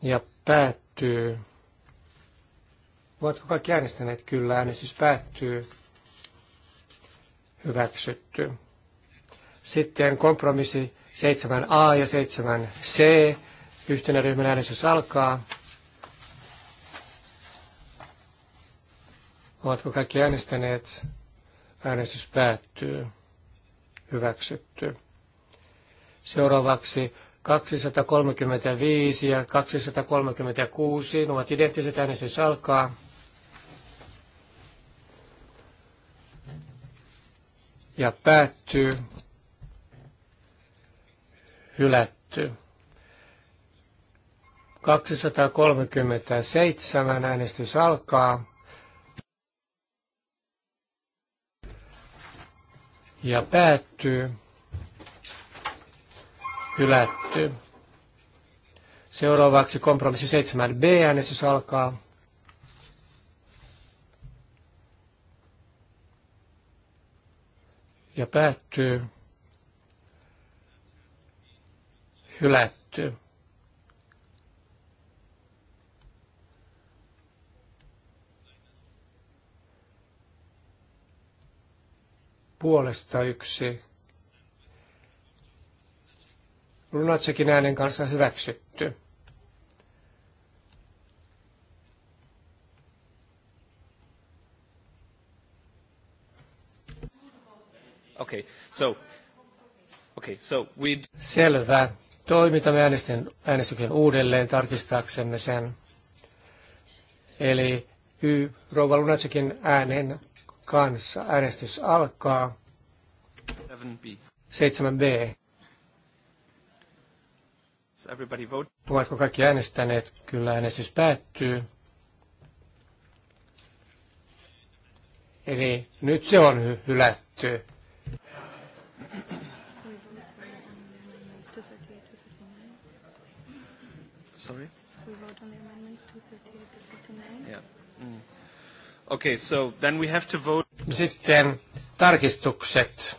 ja päättyy. Ovatko kaikki äänestäneet? Kyllä, äänestys päättyy. Hyväksytty. Sitten kompromissi 7a ja 7c. Yhtenä ryhmän äänestys alkaa. Ovatko kaikki äänestäneet? Äänestys päättyy. Hyväksytty. Seuraavaksi 235 ja 236 ne ovat identtiset äänestys alkaa. Ja päättyy. Hylätty. 237 äänestys alkaa. Ja päättyy hylätty. Seuraavaksi kompromissi 7b äänestys alkaa. Ja päättyy. Hylätty. Puolesta yksi Lunatsekin äänen kanssa hyväksytty. Okay, so, okay, so we'd... Selvä. Toimitamme äänestyksen, äänestyksen uudelleen tarkistaaksemme sen. Eli y, rouva Lunatsekin äänen kanssa äänestys alkaa. 7b. 7b. Ovatko kaikki äänestäneet? Kyllä äänestys päättyy. Eli nyt se on hy- hylätty. Sorry? We vote on the amendment 238 yeah. mm. Okay, so then we have to vote. Sitten tarkistukset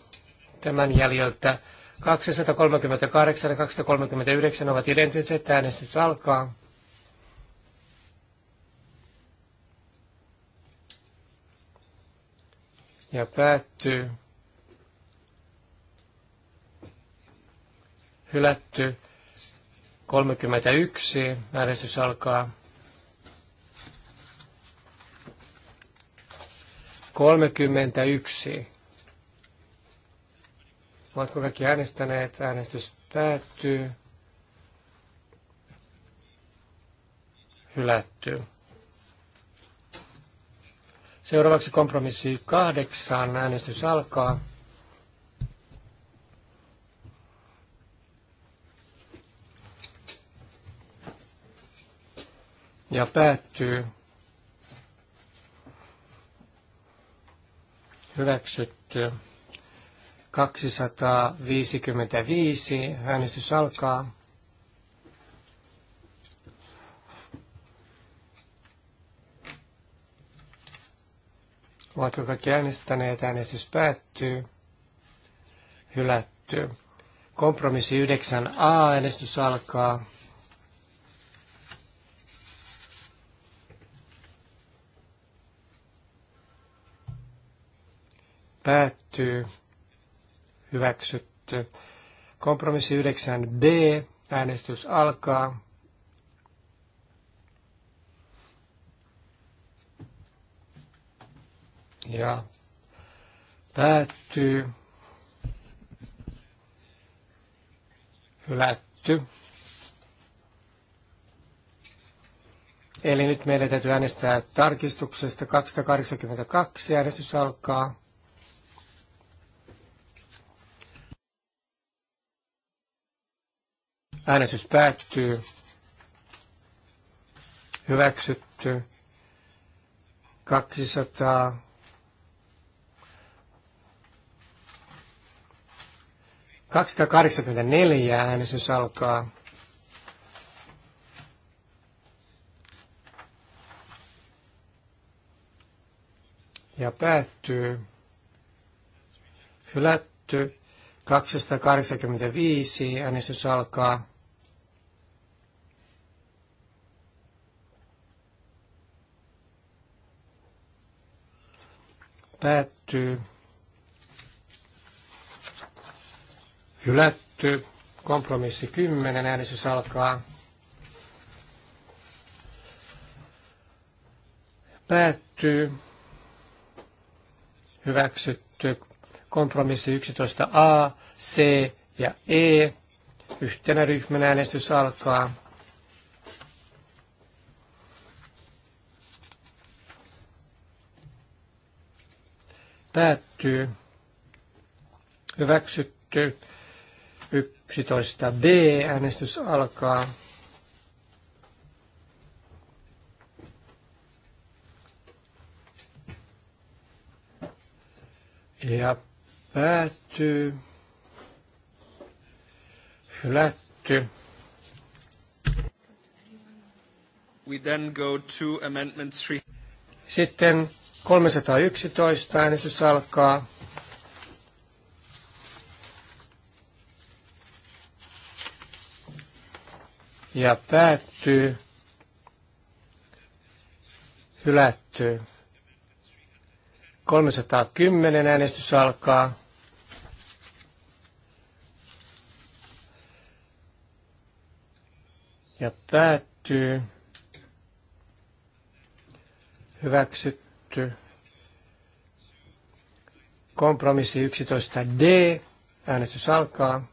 tämän jäljiltä 238 ja 239 ovat identtiset. Äänestys alkaa. Ja päättyy. Hylätty. 31. Äänestys alkaa. 31. Ovatko kaikki äänestäneet? Äänestys päättyy. Hylätty. Seuraavaksi kompromissi kahdeksan. Äänestys alkaa. Ja päättyy. Hyväksytty. 255. Äänestys alkaa. Ovatko kaikki äänestäneet? Äänestys päättyy. Hylätty. Kompromissi 9a. Äänestys alkaa. Päättyy hyväksytty. Kompromissi 9b, äänestys alkaa. Ja päättyy. Hylätty. Eli nyt meidän täytyy äänestää tarkistuksesta 282. Äänestys alkaa. Äänestys päättyy. Hyväksytty. 200. Kaksisataakahdeksankymmentäneljä äänestys alkaa. Ja päättyy. Hylätty. 285 äänestys alkaa. Päättyy. Hylätty. Kompromissi 10. Äänestys alkaa. Päättyy. Hyväksytty. Kompromissi 11a, c ja e. Yhtenä ryhmän äänestys alkaa. päättyy. Hyväksytty. 11b. Äänestys alkaa. Ja päättyy. Hylätty. We then go to amendment three. Sitten 311 äänestys alkaa. Ja päättyy. Hylättyy. 310 äänestys alkaa. Ja päättyy. Hyväksytty hyväksytty. Kompromissi 11D. Äänestys alkaa.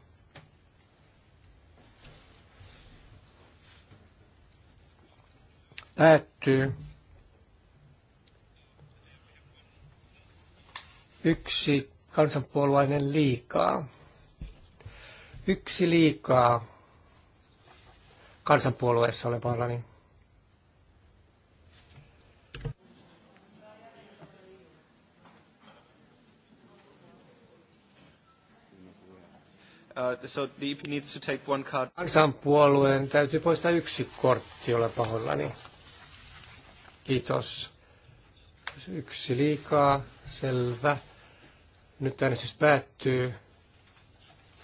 Päättyy. Yksi kansanpuolueinen liikaa. Yksi liikaa kansanpuolueessa olevallani. Niin Uh, so the EP needs to take one card. täytyy poistaa yksi kortti, olla pahoillani. Kiitos. Yksi liikaa, selvä. Nyt äänestys päättyy.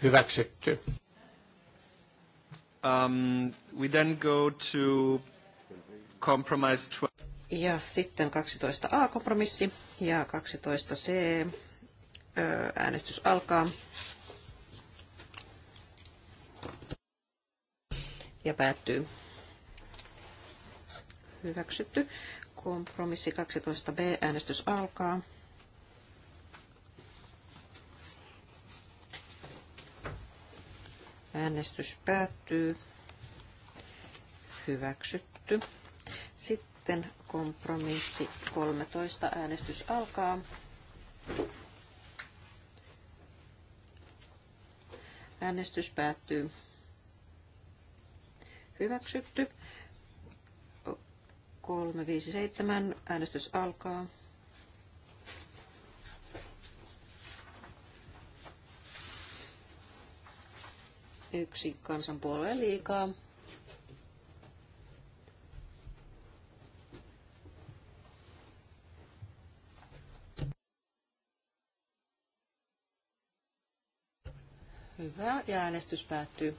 Hyväksytty. Um, we then go to compromise 12. Ja sitten 12a-kompromissi ja 12c. Äänestys alkaa. ja päättyy. Hyväksytty. Kompromissi 12b. Äänestys alkaa. Äänestys päättyy. Hyväksytty. Sitten kompromissi 13. Äänestys alkaa. Äänestys päättyy hyväksytty. 357 äänestys alkaa. Yksi kansanpuolue liikaa. Hyvä, ja äänestys päättyy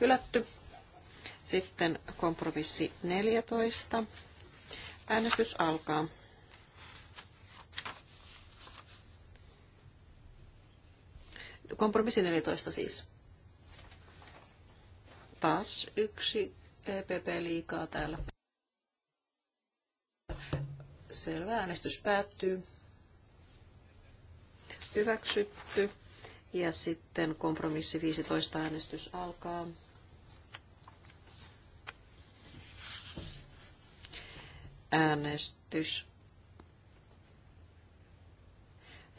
hylätty. Sitten kompromissi 14. Äänestys alkaa. Kompromissi 14 siis. Taas yksi EPP liikaa täällä. Selvä, äänestys päättyy. Hyväksytty. Ja sitten kompromissi 15 äänestys alkaa. äänestys.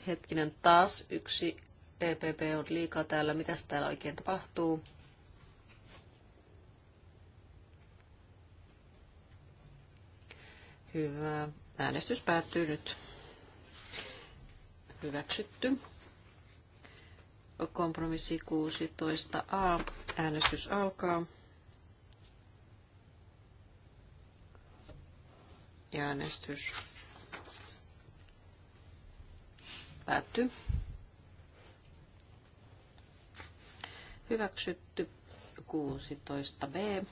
Hetkinen, taas yksi EPP on liikaa täällä. Mitäs täällä oikein tapahtuu? Hyvä. Äänestys päättyy nyt. Hyväksytty. Kompromissi 16a. Äänestys alkaa. Ja äänestys päättyy. Hyväksytty 16b.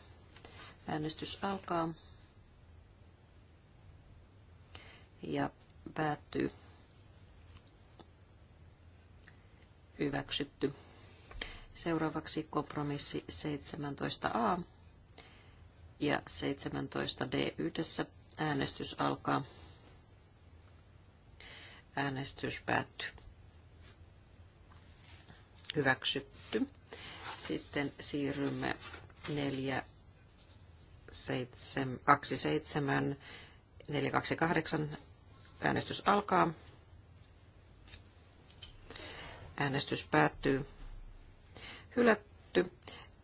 Äänestys alkaa ja päättyy. Hyväksytty. Seuraavaksi kompromissi 17a ja 17d yhdessä Äänestys alkaa. Äänestys päättyy. Hyväksytty. Sitten siirrymme 4, 7, 27, 428. Äänestys alkaa. Äänestys päättyy. Hylätty.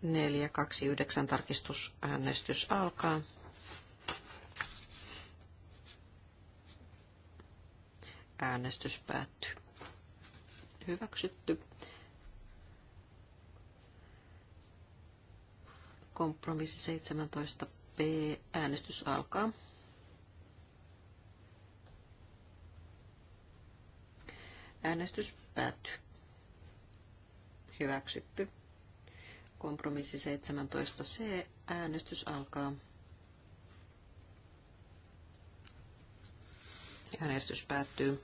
429 tarkistusäänestys alkaa. Äänestys päättyy. Hyväksytty. Kompromissi 17b. Äänestys alkaa. Äänestys päättyy. Hyväksytty. Kompromissi 17c. Äänestys alkaa. Äänestys päättyy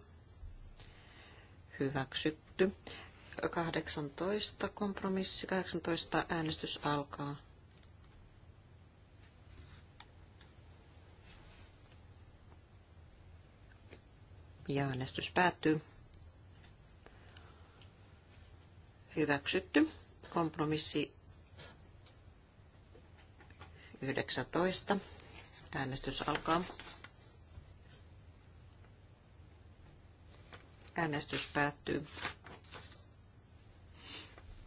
hyväksytty. 18 kompromissi, 18 äänestys alkaa. Ja äänestys päättyy. Hyväksytty. Kompromissi 19. Äänestys alkaa. Äänestys päättyy.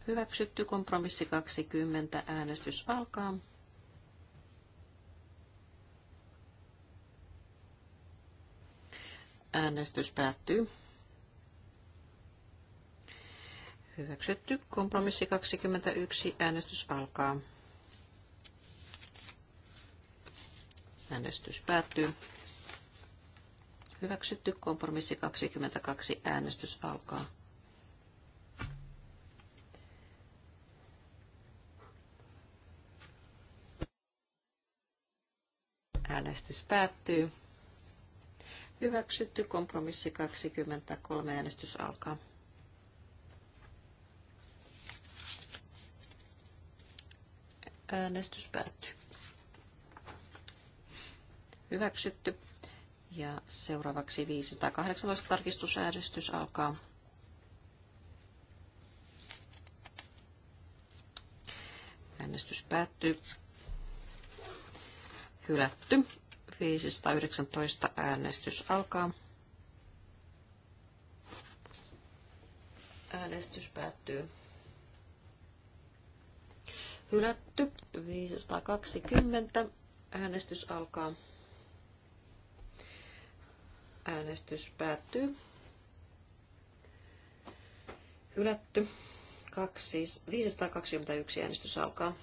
Hyväksytty kompromissi 20. Äänestys alkaa. Äänestys päättyy. Hyväksytty kompromissi 21. Äänestys alkaa. Äänestys päättyy. Hyväksytty kompromissi 22. Äänestys alkaa. Äänestys päättyy. Hyväksytty kompromissi 23. Äänestys alkaa. Äänestys päättyy. Hyväksytty ja seuraavaksi 518 tarkistusäänestys alkaa. Äänestys päättyy. Hylätty. 519 äänestys alkaa. Äänestys päättyy. Hylätty. 520 äänestys alkaa. Äänestys päättyy. Hylätty. 521 siis äänestys alkaa.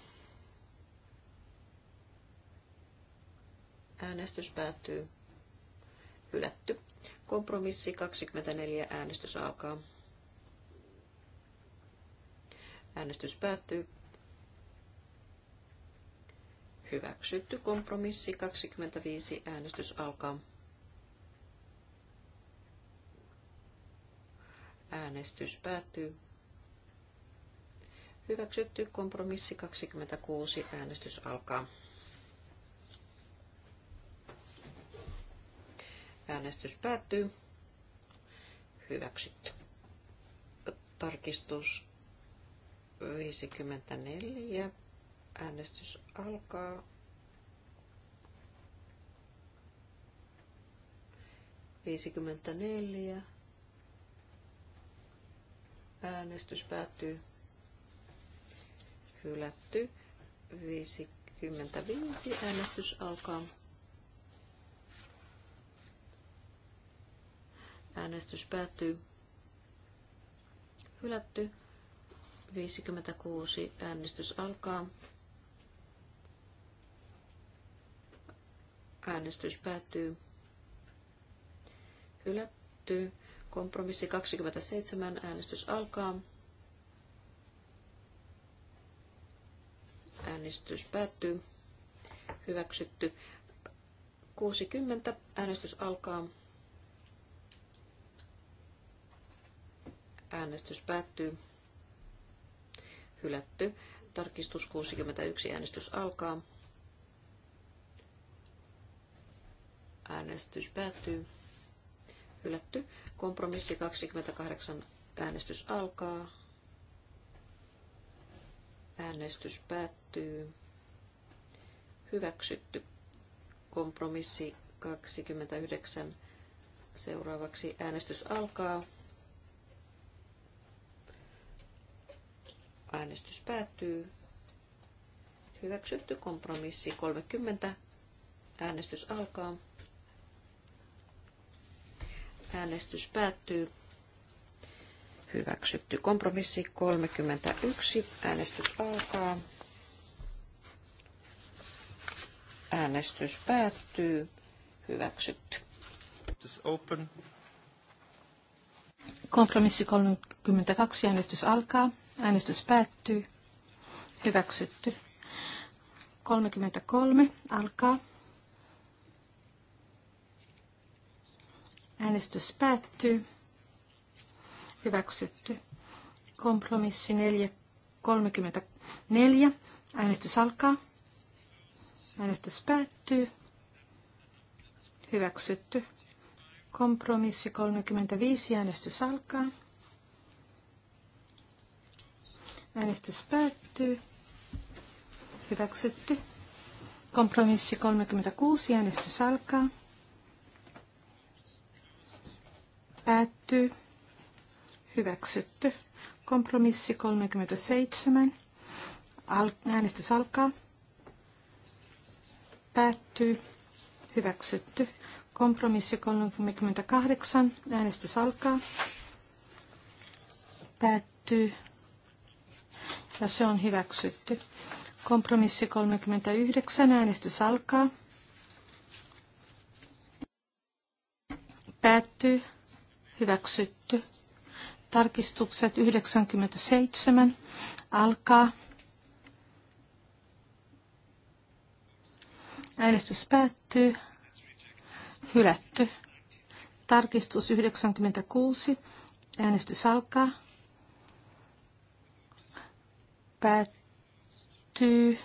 Äänestys päättyy. Hylätty. Kompromissi 24 äänestys alkaa. Äänestys päättyy. Hyväksytty kompromissi 25. Äänestys alkaa. Äänestys päättyy. Hyväksytty kompromissi 26. Äänestys alkaa. Äänestys päättyy. Hyväksytty. Tarkistus 54. Äänestys alkaa. neljä. Äänestys päättyy. Hylätty. 55. Äänestys alkaa. Äänestys päättyy. Hylätty. 56. Äänestys alkaa. Äänestys päättyy. Hylätty. Kompromissi 27. Äänestys alkaa. Äänestys päättyy. Hyväksytty. 60. Äänestys alkaa. Äänestys päättyy. Hylätty. Tarkistus 61. Äänestys alkaa. Äänestys päättyy. Hylätty. Kompromissi 28 äänestys alkaa. Äänestys päättyy. Hyväksytty. Kompromissi 29. Seuraavaksi äänestys alkaa. Äänestys päättyy. Hyväksytty kompromissi 30. Äänestys alkaa. Äänestys päättyy. Hyväksytty. Kompromissi 31. Äänestys alkaa. Äänestys päättyy. Hyväksytty. Open. Kompromissi 32. Äänestys alkaa. Äänestys päättyy. Hyväksytty. 33. Alkaa. Äänestys päättyy. Hyväksytty. Kompromissi 4.34. Äänestys alkaa. Äänestys päättyy. Hyväksytty. Kompromissi 35. Äänestys alkaa. Äänestys päättyy. Hyväksytty. Kompromissi 36. Äänestys alkaa. Päättyy. Hyväksytty. Kompromissi 37. Al- äänestys alkaa. Päättyy. Hyväksytty. Kompromissi 38. Äänestys alkaa. Päättyy. Ja se on hyväksytty. Kompromissi 39. Äänestys alkaa. Päättyy hyväksytty. Tarkistukset 97 alkaa. Äänestys päättyy. Hylätty. Tarkistus 96. Äänestys alkaa. Päättyy.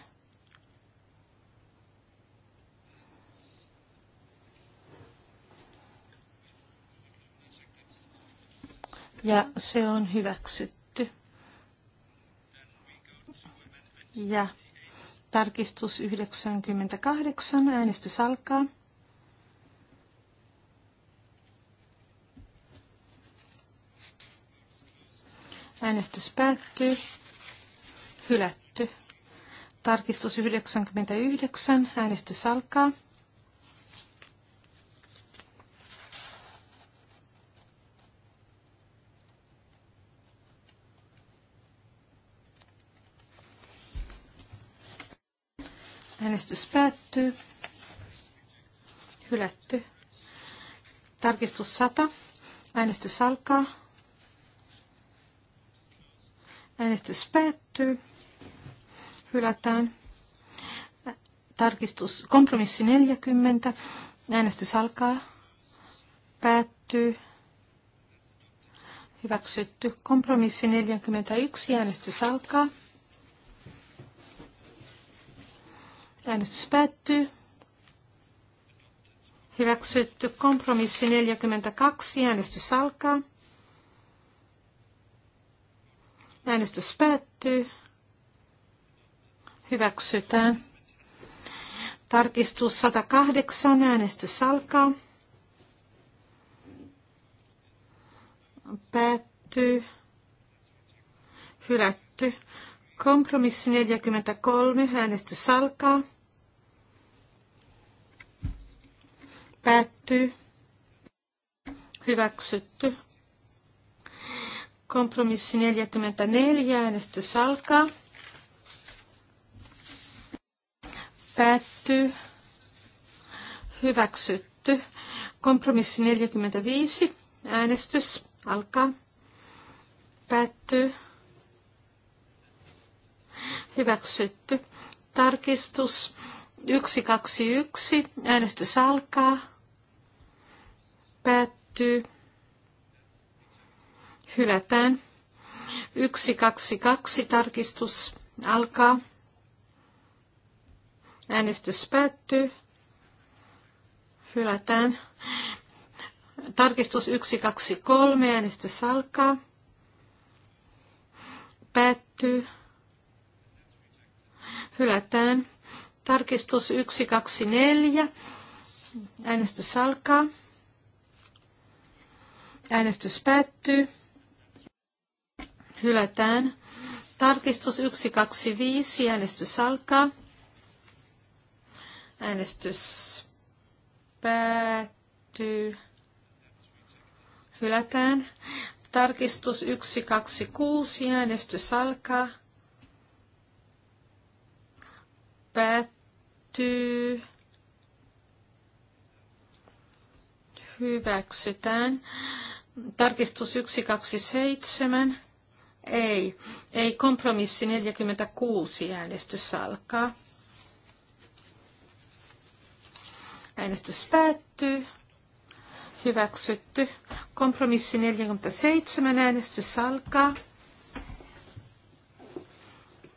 ja se on hyväksytty. Ja tarkistus 98, äänestys alkaa. Äänestys päättyy. Hylätty. Tarkistus 99. Äänestys alkaa. Äänestys päättyy. Hylätty. Tarkistus 100. Äänestys alkaa. Äänestys päättyy. Hylätään. Tarkistus, kompromissi 40. Äänestys alkaa. Päättyy. Hyväksytty. Kompromissi 41. Äänestys alkaa. Äänestys päättyy. Hyväksytty kompromissi 42. Äänestys alkaa. Äänestys päättyy. Hyväksytään. Tarkistus 108. Äänestys alkaa. Päättyy. Hylätty. Kompromissi 43, äänestys alkaa. Päättyy. Hyväksytty. Kompromissi 44, äänestys alkaa. Päättyy. Hyväksytty. Kompromissi 45, äänestys alkaa. Päättyy Hyväksytty. Tarkistus 121. Äänestys alkaa. Päättyy. Hylätään. 122. Tarkistus alkaa. Äänestys päättyy. Hylätään. Tarkistus 123. Äänestys alkaa. Päättyy hylätään. Tarkistus 124. Äänestys alkaa. Äänestys päättyy. Hylätään. Tarkistus 125. Äänestys alkaa. Äänestys päättyy. Hylätään. Tarkistus 126. Äänestys alkaa. päättyy. Hyväksytään. Tarkistus 127. Ei. Ei. Kompromissi 46. Äänestys alkaa. Äänestys päättyy. Hyväksytty. Kompromissi 47. Äänestys alkaa.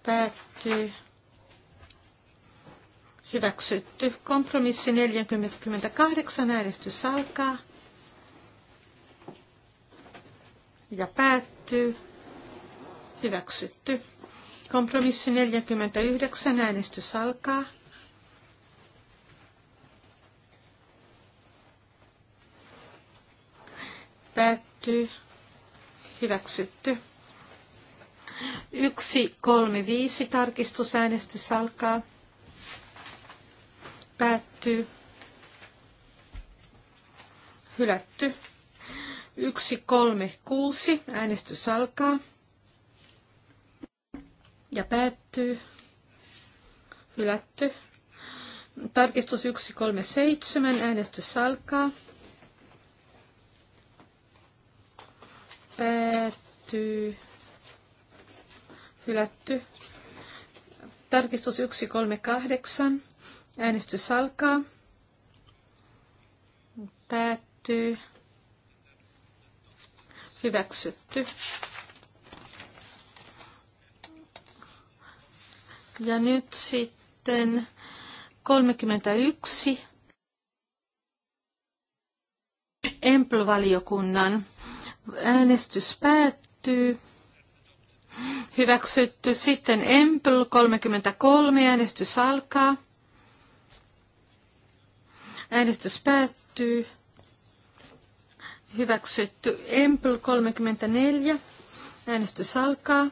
Päättyy. Hyväksytty. Kompromissi 48. Äänestys alkaa. Ja päättyy. Hyväksytty. Kompromissi 49. Äänestys alkaa. Päättyy. Hyväksytty. 1, 3, 5 tarkistusäänestys alkaa. Päättyy. Hylätty. 136. Äänestys alkaa. Ja päättyy. Hylätty. Tarkistus 137. Äänestys alkaa. Päättyy. Hylätty. Tarkistus kahdeksan Äänestys alkaa. Päättyy. Hyväksytty. Ja nyt sitten 31. Empl-valiokunnan äänestys päättyy. Hyväksytty. Sitten Empl 33. Äänestys alkaa. Äänestys päättyy. Hyväksytty Empl 34. Äänestys alkaa.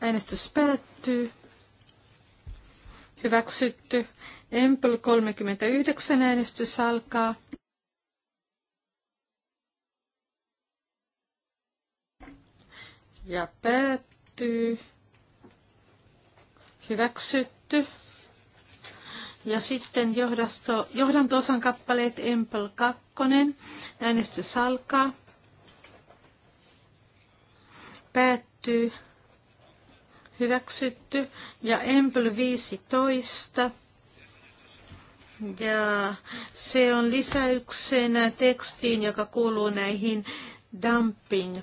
Äänestys päättyy. Hyväksytty. Empel 39 äänestys alkaa. Ja päättyy. Hyväksytty. Ja sitten johdasto, johdanto-osan kappaleet Empel 2. Äänestys alkaa. Päättyy. Hyväksytty. Ja Empel 15. Ja se on lisäyksenä tekstiin, joka kuuluu näihin dumping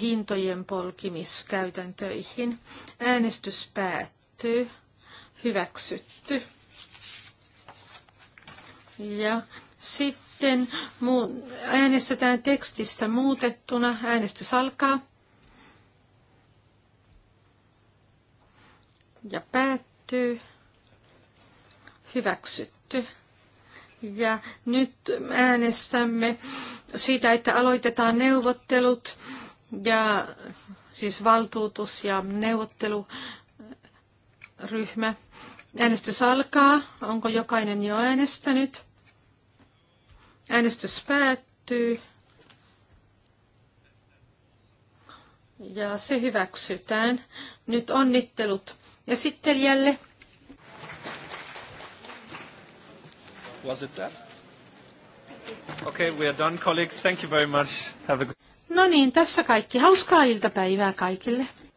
hintojen polkimiskäytäntöihin. Äänestys päättyy. Hyväksytty. Ja sitten äänestetään tekstistä muutettuna. Äänestys alkaa. Ja päättyy. Hyväksytty. Ja nyt äänestämme siitä, että aloitetaan neuvottelut ja siis valtuutus ja neuvotteluryhmä. Äänestys alkaa. Onko jokainen jo äänestänyt? Äänestys päättyy. Ja se hyväksytään. Nyt onnittelut esittelijälle. Was it that? Okay, we are done, colleagues. Thank you very much. Have a good... No niin, tässä kaikki. Hauskaa iltapäivää kaikille.